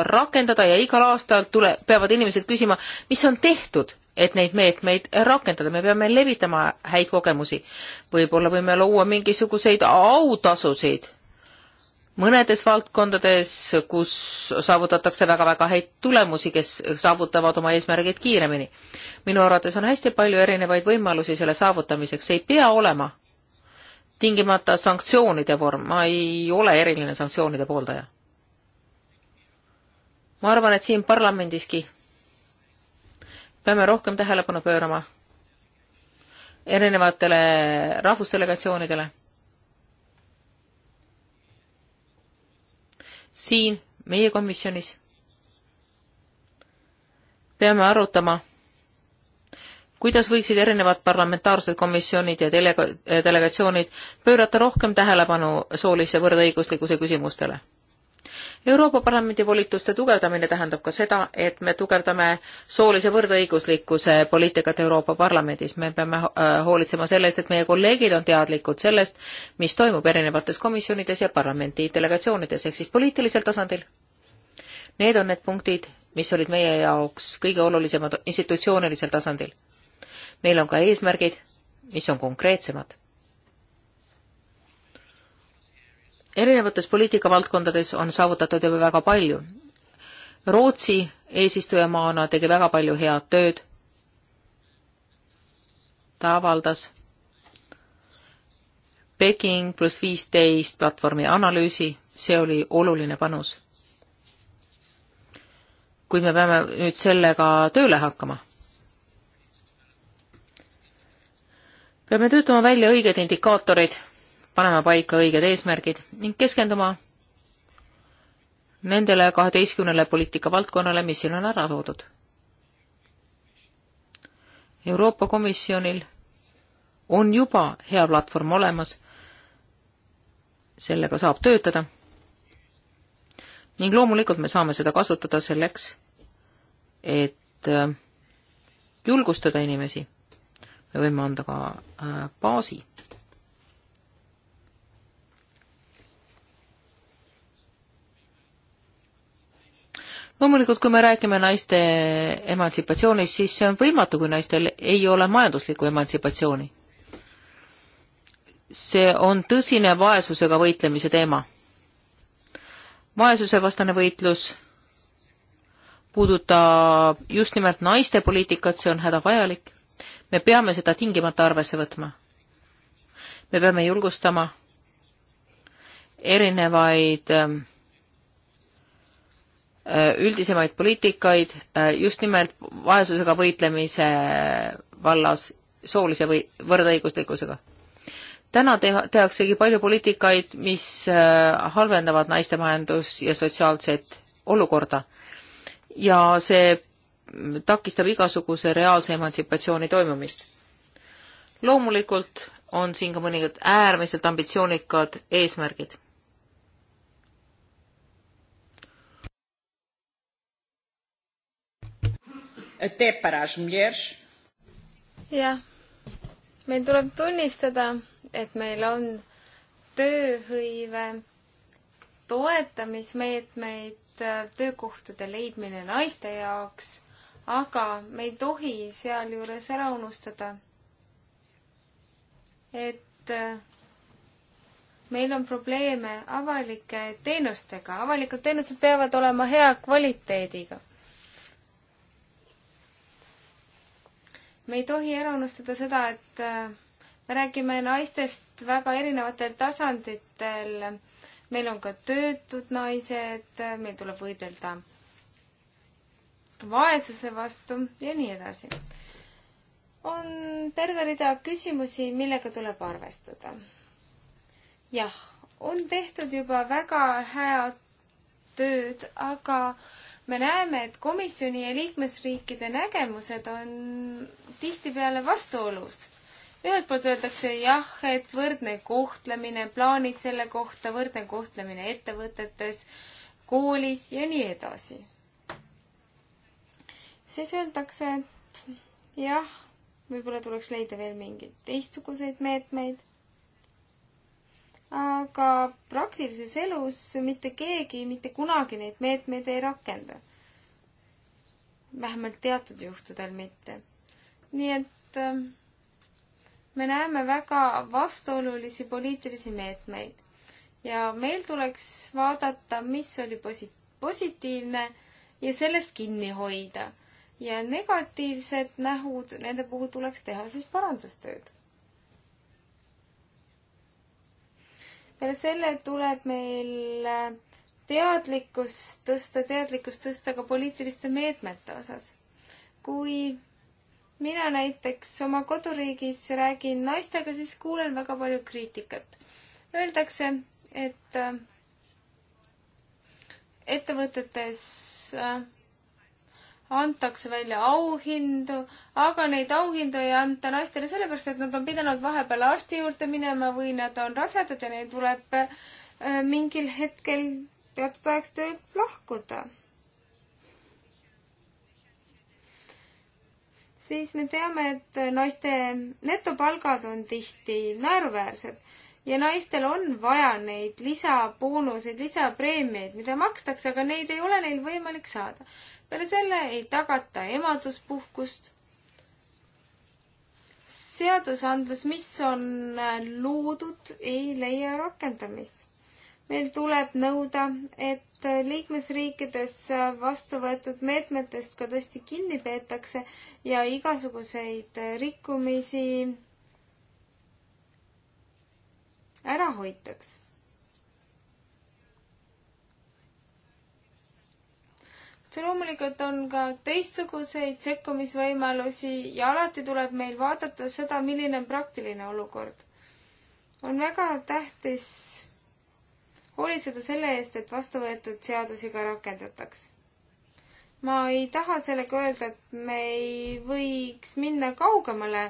rakendada ja igal aastal tule, peavad inimesed küsima, mis on tehtud, et neid meetmeid rakendada, me peame levitama häid kogemusi. võib-olla võime luua mingisuguseid autasusid mõnedes valdkondades, kus saavutatakse väga-väga häid tulemusi, kes saavutavad oma eesmärgid kiiremini. minu arvates on hästi palju erinevaid võimalusi selle saavutamiseks, ei pea olema tingimata sanktsioonide vorm, ma ei ole eriline sanktsioonide pooldaja. ma arvan, et siin parlamendiski peame rohkem tähelepanu pöörama erinevatele rahvusdelegatsioonidele siin meie komisjonis peame arutama, kuidas võiksid erinevad parlamentaarsed komisjonid ja delega-, delegatsioonid pöörata rohkem tähelepanu soolise võrdõiguslikkuse küsimustele Euroopa Parlamendi volituste tugevdamine tähendab ka seda, et me tugevdame soolise võrdõiguslikkuse poliitikat Euroopa Parlamendis. me peame äh, hoolitsema selle eest, et meie kolleegid on teadlikud sellest, mis toimub erinevates komisjonides ja parlamendi delegatsioonides, ehk siis poliitilisel tasandil. Need on need punktid, mis olid meie jaoks kõige olulisemad institutsioonilisel tasandil. meil on ka eesmärgid, mis on konkreetsemad erinevates poliitikavaldkondades on saavutatud juba väga palju. Rootsi eesistujamaana tegi väga palju head tööd. ta avaldas Peking pluss viisteist platvormi analüüsi, see oli oluline panus. kuid me peame nüüd sellega tööle hakkama. peame töötama välja õiged indikaatorid panema paika õiged eesmärgid ning keskenduma nendele kaheteistkümnele poliitikavaldkonnale, mis siin on ära toodud. Euroopa Komisjonil on juba hea platvorm olemas, sellega saab töötada ning loomulikult me saame seda kasutada selleks, et äh, julgustada inimesi. me võime anda ka äh, baasi äh, loomulikult, kui me räägime naiste emantsipatsioonist, siis see on võimatu, kui naistel ei ole majanduslikku emantsipatsiooni. see on tõsine vaesusega võitlemise teema. vaesusevastane võitlus puudutab just nimelt naiste poliitikat, see on hädavajalik. me peame seda tingimata arvesse võtma. me peame julgustama erinevaid ähm, Äh, üldisemaid poliitikaid äh, just nimelt vaesusega võitlemise vallas soolise või võrdõiguslikkusega. täna teha, tehaksegi palju poliitikaid, mis äh, halvendavad naiste majandus- ja sotsiaalset olukorda. ja see takistab igasuguse reaalse emantsipatsiooni toimumist. loomulikult on siin ka mõningad äärmiselt ambitsioonikad eesmärgid até para as mulheres. jah, meil tuleb tunnistada, et meil on tööhõive toetamismeetmeid, töökohtade leidmine naiste jaoks, aga me ei tohi sealjuures ära unustada, et äh, meil on probleeme avalike teenustega, avalikud teenused peavad olema hea kvaliteediga. me ei tohi ära unustada seda, et äh, me räägime naistest väga erinevatel tasanditel. meil on ka töötud naised, äh, meil tuleb võidelda vaesuse vastu ja nii edasi. on terve rida küsimusi, millega tuleb arvestada. jah, on tehtud juba väga head tööd, aga me näeme, et komisjoni ja liikmesriikide nägemused on tihtipeale vastuolus. ühelt poolt öeldakse jah, et võrdne kohtlemine, plaanid selle kohta, võrdne kohtlemine ettevõtetes, koolis ja nii edasi. siis öeldakse, et jah, võib-olla tuleks leida veel mingeid teistsuguseid meetmeid aga praktilises elus mitte keegi mitte kunagi neid meetmeid ei rakenda. vähemalt teatud juhtudel mitte. nii et ähm, me näeme väga vastuolulisi poliitilisi meetmeid ja meil tuleks vaadata, mis oli posi-, positiivne ja sellest kinni hoida. ja negatiivsed nähud, nende puhul tuleks teha siis parandustööd. peale selle tuleb meil äh, teadlikkust tõsta, teadlikkust tõsta ka poliitiliste meetmete osas. kui mina näiteks oma koduriigis räägin naistega, siis kuulen väga palju kriitikat. Öeldakse, et äh, ettevõtetes äh, antakse välja auhindu, aga neid auhindu ei anta naistele sellepärast, et nad on pidanud vahepeal arsti juurde minema või nad on rasedad ja neil tuleb äh, mingil hetkel teatud ajaks töölt lahkuda. siis me teame, et naiste netopalgad on tihti naeruväärsed ja naistel on vaja neid lisaboonuseid, lisapreemiaid, mida makstakse, aga neid ei ole neil võimalik saada peale selle ei tagata emaduspuhkust. seadusandlus, mis on äh, loodud, ei leia rakendamist. meil tuleb nõuda, et äh, liikmesriikides äh, vastu võetud meetmetest ka tõesti kinni peetakse ja igasuguseid rikkumisi ära hoitaks see loomulikult on ka teistsuguseid sekkumisvõimalusi ja alati tuleb meil vaadata seda, milline on praktiline olukord. on väga tähtis hoolitseda selle eest, et vastu võetud seadusi ka rakendataks. ma ei taha sellega öelda, et me ei võiks minna kaugemale.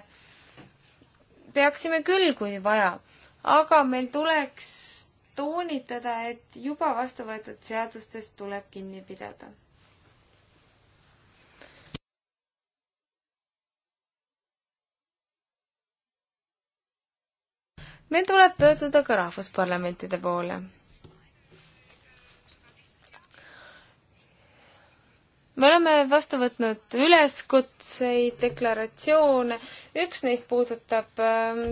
peaksime küll, kui vaja, aga meil tuleks toonitada, et juba vastu võetud seadustest tuleb kinni pidada. meil tuleb pöörduda ka rahvusparlamentide poole. me oleme vastu võtnud üleskutseid, deklaratsioone, üks neist puudutab ähm,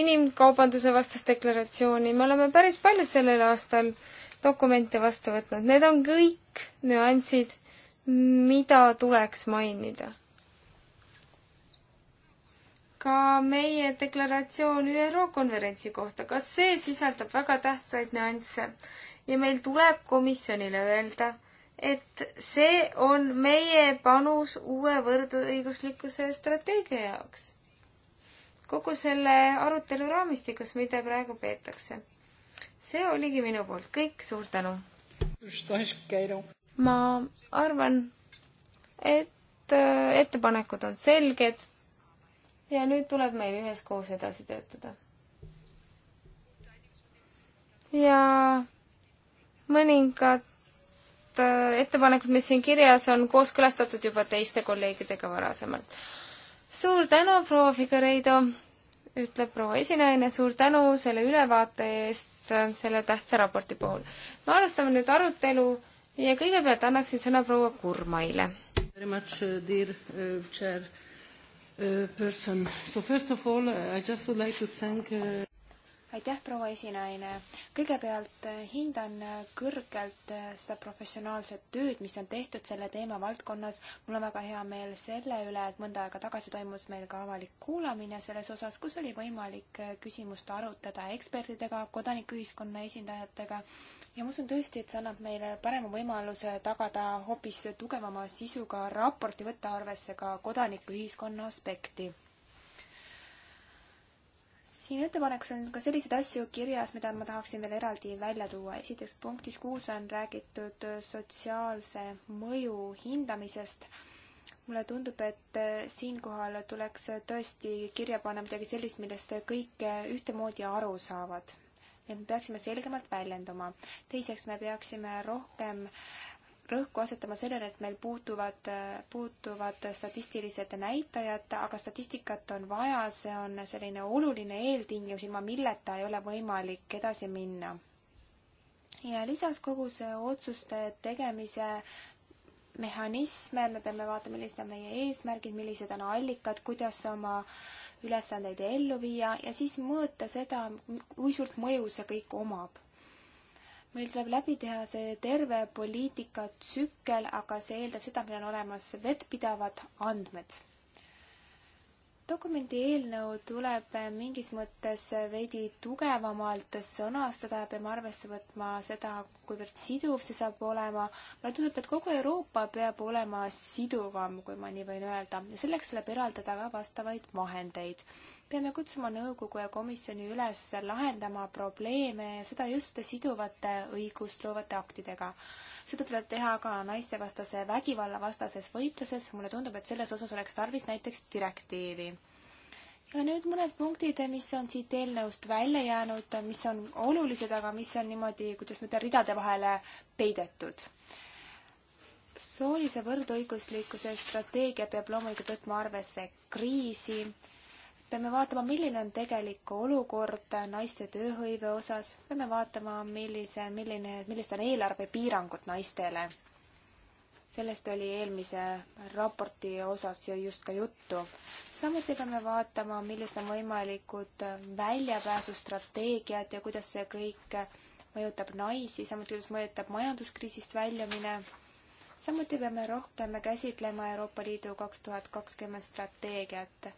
inimkaubanduse vastast deklaratsiooni, me oleme päris palju sellel aastal dokumente vastu võtnud, need on kõik nüansid, mida tuleks mainida ka meie deklaratsioon ÜRO konverentsi kohta, ka see sisaldab väga tähtsaid nüansse ja meil tuleb komisjonile öelda, et see on meie panus uue võrdõiguslikkuse strateegia jaoks. kogu selle arutelu raamistikus, mida praegu peetakse. see oligi minu poolt kõik, suur tänu! ma arvan, et äh, ettepanekud on selged ja nüüd tuleb meil üheskoos edasi töötada. ja mõningad äh, ettepanekud, mis siin kirjas on, kooskõlastatud juba teiste kolleegidega varasemalt. suur tänu, proua Figueiredo, ütleb proua esinaine, suur tänu selle ülevaate eest äh, selle tähtsa raporti puhul. me alustame nüüd arutelu ja kõigepealt annaksin sõna proua Kurmaile. Very much, uh, dear uh, chair Uh, person. So first of all uh, I just would like to thank uh, aitäh, proua esinaine. kõigepealt hindan kõrgelt seda professionaalset tööd, mis on tehtud selle teema valdkonnas. mul on väga hea meel selle üle, et mõnda aega tagasi toimus meil ka avalik kuulamine selles osas, kus oli võimalik küsimust arutada ekspertidega, kodanikuühiskonna esindajatega ja ma usun tõesti, et see annab meile parema võimaluse tagada hoopis tugevama sisuga raporti, võtta arvesse ka kodanikuühiskonna aspekti. siin ettepanekus on ka selliseid asju kirjas, mida ma tahaksin veel eraldi välja tuua. esiteks punktis kuus on räägitud sotsiaalse mõju hindamisest mulle tundub, et siinkohal tuleks tõesti kirja panna midagi sellist, millest kõik ühtemoodi aru saavad et me peaksime selgemalt väljenduma. teiseks, me peaksime rohkem rõhku asetama sellele, et meil puutuvad, puutuvad statistilised näitajad, aga statistikat on vaja, see on selline oluline eeltingimus, ilma milleta ei ole võimalik edasi minna. ja lisas kogu see otsuste tegemise mehhanisme, me peame vaatama, millised on meie eesmärgid, millised on allikad, kuidas oma ülesandeid ellu viia ja siis mõõta seda, kui suurt mõju see kõik omab. meil tuleb läbi teha see terve poliitikatsükkel, aga see eeldab seda, et meil on olemas vettpidavad andmed dokumendi eelnõu tuleb mingis mõttes veidi tugevamalt sõnastada ja peame arvesse võtma seda, kuivõrd siduv see saab olema. mulle tundub, et kogu Euroopa peab olema siduvam, kui ma nii võin öelda ja selleks tuleb eraldada ka vastavaid vahendeid peame kutsuma nõukogu ja komisjoni üles lahendama probleeme ja seda just siduvate õigustloovate aktidega. seda tuleb teha ka naistevastase vägivalla vastases võitluses, mulle tundub, et selles osas oleks tarvis näiteks direktiivi ja nüüd mõned punktid, mis on siit eelnõust välja jäänud, mis on olulised, aga mis on niimoodi, kuidas ma ütlen, ridade vahele peidetud. soolise võrdõiguslikkuse strateegia peab loomulikult võtma arvesse kriisi, peame vaatama, milline on tegelik olukord naiste tööhõive osas, peame vaatama, millise, milline, millised on eelarvepiirangud naistele. sellest oli eelmise raporti osas ju just ka juttu. samuti peame vaatama, millised on võimalikud väljapääsustrateegiad ja kuidas see kõik mõjutab naisi, samuti kuidas mõjutab majanduskriisist väljumine. samuti peame rohkem käsitlema Euroopa Liidu kaks tuhat kakskümmend strateegiat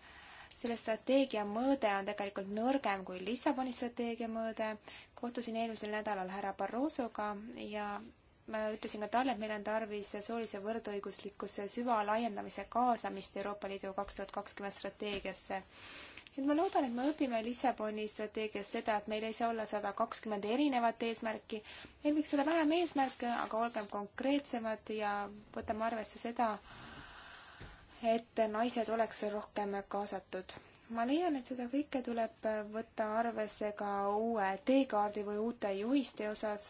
selle strateegia mõõde on tegelikult nõrgem kui Lissaboni strateegia mõõde. kohtusin eelmisel nädalal härra Barrosoga ja ma ütlesin ka talle, et meil on tarvis soolise võrdõiguslikkuse süvalaiendamise kaasamist Euroopa Liidu kaks tuhat kakskümmend strateegiasse et ma loodan, et me õpime Lissaboni strateegias seda, et meil ei saa olla sada kakskümmend erinevat eesmärki. meil võiks olla vähem eesmärke, aga olgem konkreetsemad ja võtame arvesse seda, et naised oleks rohkem kaasatud. ma leian, et seda kõike tuleb võtta arvesse ka uue teekaardi või uute juhiste osas.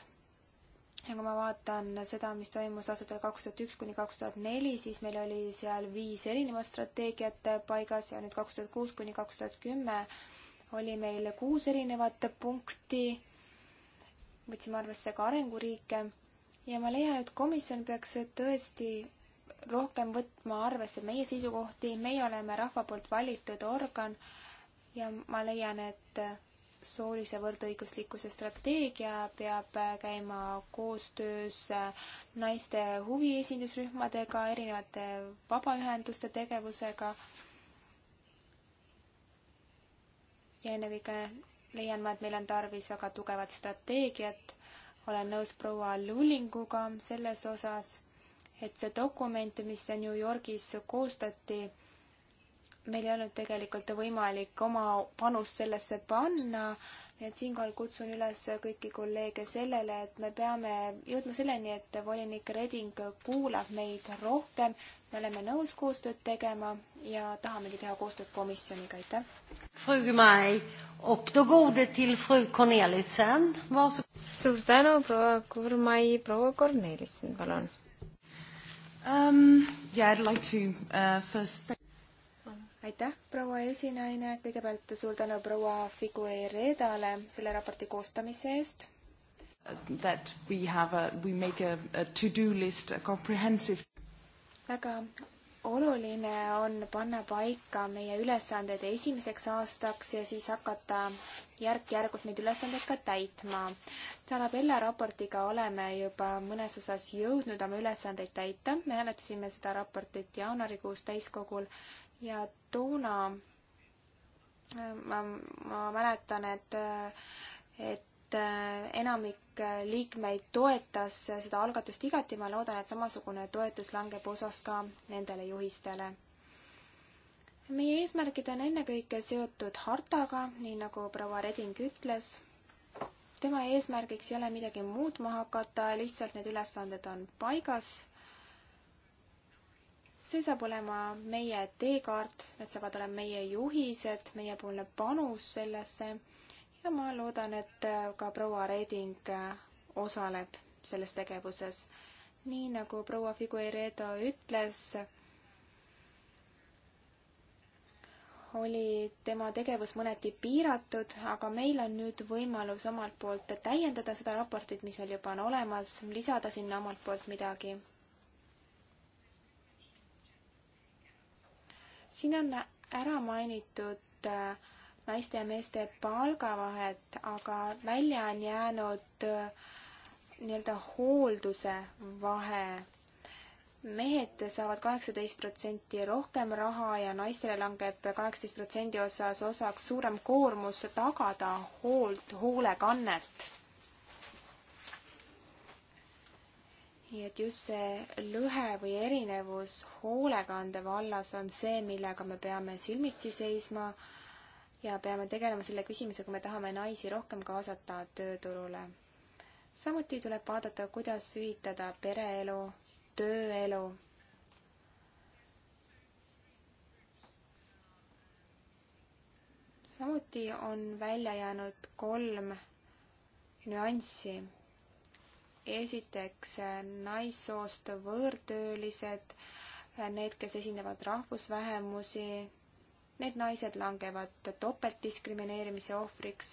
ja kui ma vaatan seda, mis toimus aastatel kaks tuhat üks kuni kaks tuhat neli, siis meil oli seal viis erinevat strateegiat paigas ja nüüd kaks tuhat kuus kuni kaks tuhat kümme oli meil kuus erinevat punkti, võtsime arvesse ka arenguriike ja ma leian, et komisjon peaks tõesti rohkem võtma arvesse meie seisukohti, meie oleme rahva poolt valitud organ ja ma leian, et soolise võrdõiguslikkuse strateegia peab käima koostöös naiste huviesindusrühmadega, erinevate vabaühenduste tegevusega. ja ennekõike leian ma, et meil on tarvis väga tugevat strateegiat. olen nõus proua Lullinguga selles osas et see dokument, mis New Yorgis koostati, meil ei olnud tegelikult võimalik oma panust sellesse panna, nii et siinkohal kutsun üles kõiki kolleege sellele, et me peame jõudma selleni, et volinik Reding kuulab meid rohkem, me oleme nõus koostööd tegema ja tahamegi teha koostööd komisjoniga, aitäh! suur tänu, proua Kurmai, proua Kornelissen, palun! um,? Yeah, I'd like to uh, first aitäh, proua esinaine, kõigepealt suur tänu proua Figueredale selle raporti koostamise eest. That we have a, we make a, a to do list, a comprehensive. väga oluline on panna paika meie ülesanded esimeseks aastaks ja siis hakata järk-järgult neid ülesandeid ka täitma. Tarabella raportiga oleme juba mõnes osas jõudnud oma ülesandeid täita, me hääletasime seda raportit jaanuarikuus täiskogul ja toona äh, ma, ma mäletan, et, et äh, enamik liikmeid toetas seda algatust igati, ma loodan, et samasugune toetus langeb osas ka nendele juhistele. meie eesmärgid on ennekõike seotud hartaga, nii nagu proua Reding ütles. tema eesmärgiks ei ole midagi muutma hakata, lihtsalt need ülesanded on paigas. see saab olema meie teekaart, need saavad olema meie juhised, meiepoolne panus sellesse ja ma loodan, et äh, ka proua Reding äh, osaleb selles tegevuses. nii nagu proua Figueredo ütles, oli tema tegevus mõneti piiratud, aga meil on nüüd võimalus omalt poolt täiendada seda raportit, mis meil juba on olemas, lisada sinna omalt poolt midagi. siin on ära mainitud äh, naiste ja meeste palgavahet, aga välja on jäänud äh, nii-öelda hoolduse vahe. mehed saavad kaheksateist protsenti rohkem raha ja naistele langeb kaheksateist protsendi osas osaks suurem koormus tagada hoolt, hoolekannet. nii et just see lõhe või erinevus hoolekande vallas on see, millega me peame silmitsi seisma ja peame tegelema selle küsimusega, me tahame naisi rohkem kaasata tööturule. samuti tuleb vaadata, kuidas ühitada pereelu, tööelu. samuti on välja jäänud kolm nüanssi. esiteks naissoost võõrtöölised, need, kes esindavad rahvusvähemusi Need naised langevad topeltdiskrimineerimise ohvriks.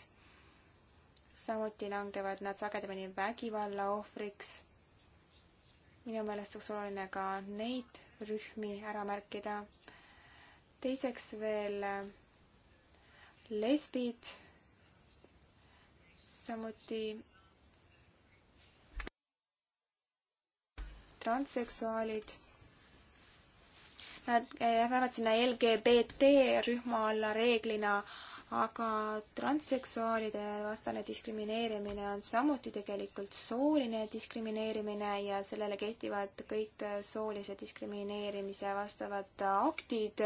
samuti langevad nad sagedamini vägivalla ohvriks. minu meelest oleks oluline ka neid rühmi ära märkida. teiseks veel äh, lesbid, samuti transseksuaalid Nad jäävad sinna LGBT rühma alla reeglina, aga transseksuaalide vastane diskrimineerimine on samuti tegelikult sooline diskrimineerimine ja sellele kehtivad kõik soolise diskrimineerimise vastavad aktid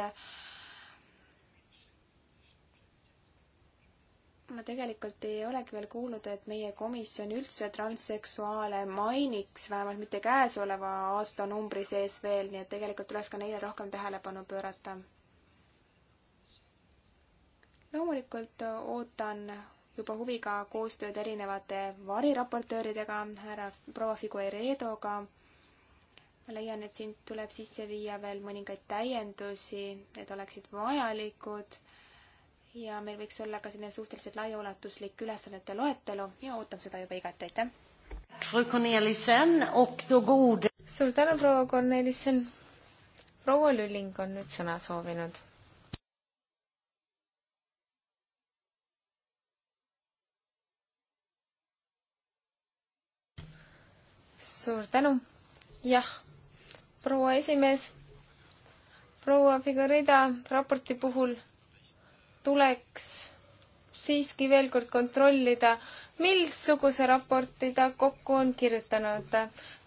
ma tegelikult ei olegi veel kuulnud, et meie komisjon üldse transseksuaale mainiks, vähemalt mitte käesoleva aastanumbri sees veel, nii et tegelikult tuleks ka neile rohkem tähelepanu pöörata. loomulikult ootan juba huviga koostööd erinevate variraportööridega, härra proua Figueredoga. ma leian, et siin tuleb sisse viia veel mõningaid täiendusi, need oleksid vajalikud ja meil võiks olla ka selline suhteliselt laiaulatuslik ülesannete loetelu ja ootan seda juba igati, aitäh! suur tänu, proua Kornelissen! proua Lüling on nüüd sõna soovinud. suur tänu! jah, proua esimees, proua Figurida raporti puhul tuleks siiski veel kord kontrollida, missuguse raporti ta kokku on kirjutanud.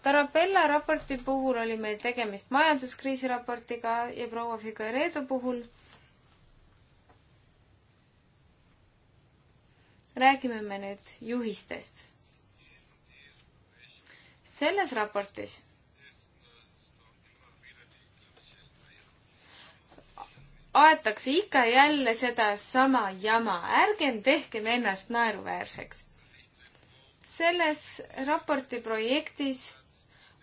Tarabella raporti puhul oli meil tegemist majanduskriisi raportiga ja proua Figueredo puhul räägime me nüüd juhistest. selles raportis aetakse ikka jälle sedasama jama. ärgem tehkem ennast naeruväärseks. selles raporti projektis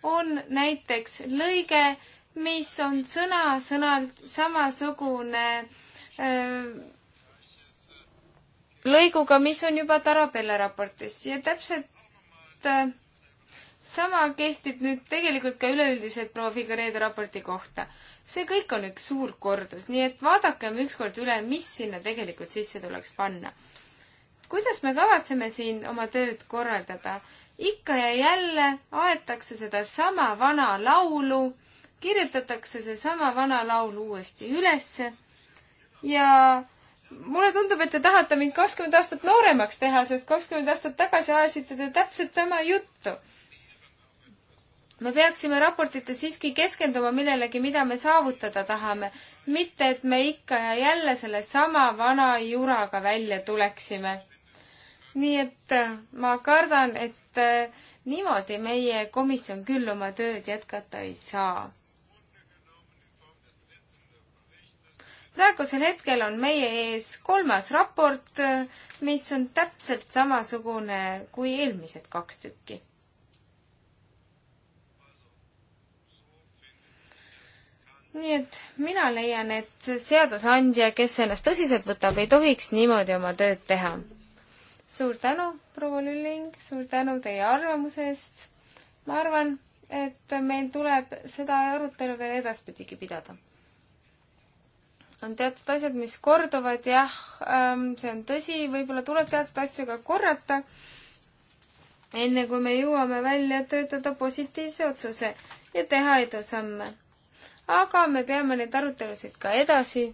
on näiteks lõige, mis on sõna-sõnalt samasugune öö, lõiguga, mis on juba Tarabella raportis ja täpselt öö, sama kehtib nüüd tegelikult ka üleüldiselt proua Figureede raporti kohta. see kõik on üks suur kordus, nii et vaadakem ükskord üle, mis sinna tegelikult sisse tuleks panna. kuidas me kavatseme siin oma tööd korraldada? ikka ja jälle aetakse sedasama vana laulu, kirjutatakse seesama vana laul uuesti ülesse ja mulle tundub, et te tahate mind kakskümmend aastat nooremaks teha, sest kakskümmend aastat tagasi ajasite te täpselt sama juttu me peaksime raportites siiski keskenduma millelegi, mida me saavutada tahame, mitte et me ikka ja jälle sellesama vana juraga välja tuleksime. nii et äh, ma kardan, et äh, niimoodi meie komisjon küll oma tööd jätkata ei saa. praegusel hetkel on meie ees kolmas raport, äh, mis on täpselt samasugune kui eelmised kaks tükki nii et mina leian, et seadusandja, kes ennast tõsiselt võtab, ei tohiks niimoodi oma tööd teha. suur tänu, proua Lülling, suur tänu teie arvamuse eest. ma arvan, et meil tuleb seda arutelu veel edaspidigi pidada. on teatud asjad, mis korduvad, jah, ähm, see on tõsi, võib-olla tuleb teatud asju ka korrata, enne kui me jõuame välja töötada positiivse otsuse ja teha edusamme aga me peame neid arutelusid ka edasi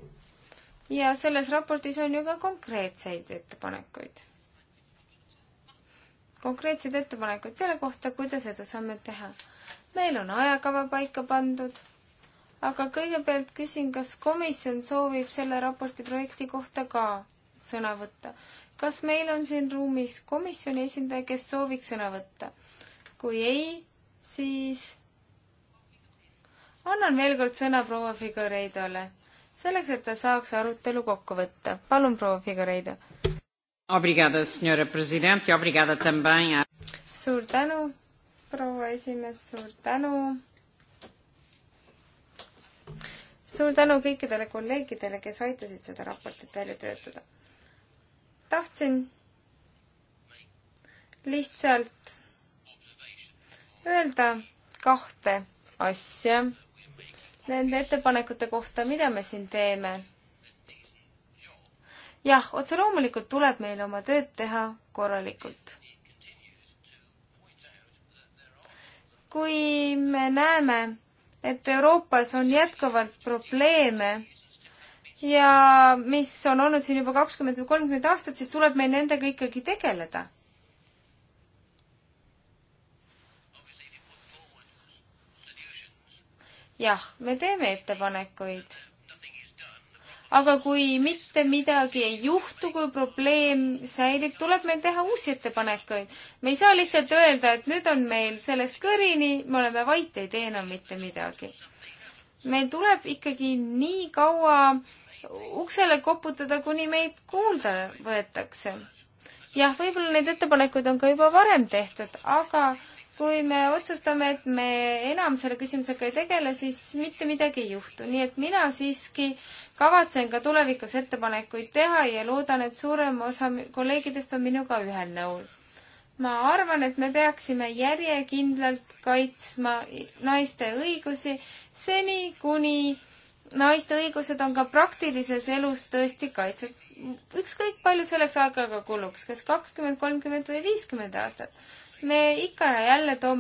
ja selles raportis on ju ka konkreetseid ettepanekuid. konkreetseid ettepanekuid selle kohta, kuidas edusamme teha. meil on ajakava paika pandud, aga kõigepealt küsin, kas komisjon soovib selle raporti projekti kohta ka sõna võtta. kas meil on siin ruumis komisjoni esindaja, kes sooviks sõna võtta? kui ei, siis annan veel kord sõna proua Figureidole, selleks et ta saaks arutelu kokku võtta. palun, proua Figureido. E suur tänu, proua esimees, suur tänu. suur tänu kõikidele kolleegidele, kes aitasid seda raportit välja töötada. tahtsin lihtsalt öelda kahte asja nende ettepanekute kohta, mida me siin teeme. jah, otse loomulikult tuleb meil oma tööd teha korralikult. kui me näeme, et Euroopas on jätkuvalt probleeme ja mis on olnud siin juba kakskümmend või kolmkümmend aastat, siis tuleb meil nendega ikkagi tegeleda jah, me teeme ettepanekuid. aga kui mitte midagi ei juhtu, kui probleem säilib, tuleb meil teha uusi ettepanekuid. me ei saa lihtsalt öelda, et nüüd on meil sellest kõrini, me oleme vait, ei tee enam mitte midagi. meil tuleb ikkagi nii kaua uksele koputada, kuni meid kuulda võetakse. jah, võib-olla neid ettepanekuid on ka juba varem tehtud, aga kui me otsustame, et me enam selle küsimusega ei tegele, siis mitte midagi ei juhtu, nii et mina siiski kavatsen ka tulevikus ettepanekuid teha ja loodan, et suurem osa kolleegidest on minuga ühel nõul. ma arvan, et me peaksime järjekindlalt kaitsma naiste õigusi seni, kuni naiste õigused on ka praktilises elus tõesti kaitset-, ükskõik palju selleks aega ka kuluks, kas kakskümmend, kolmkümmend või viiskümmend aastat me ikka ja jälle toome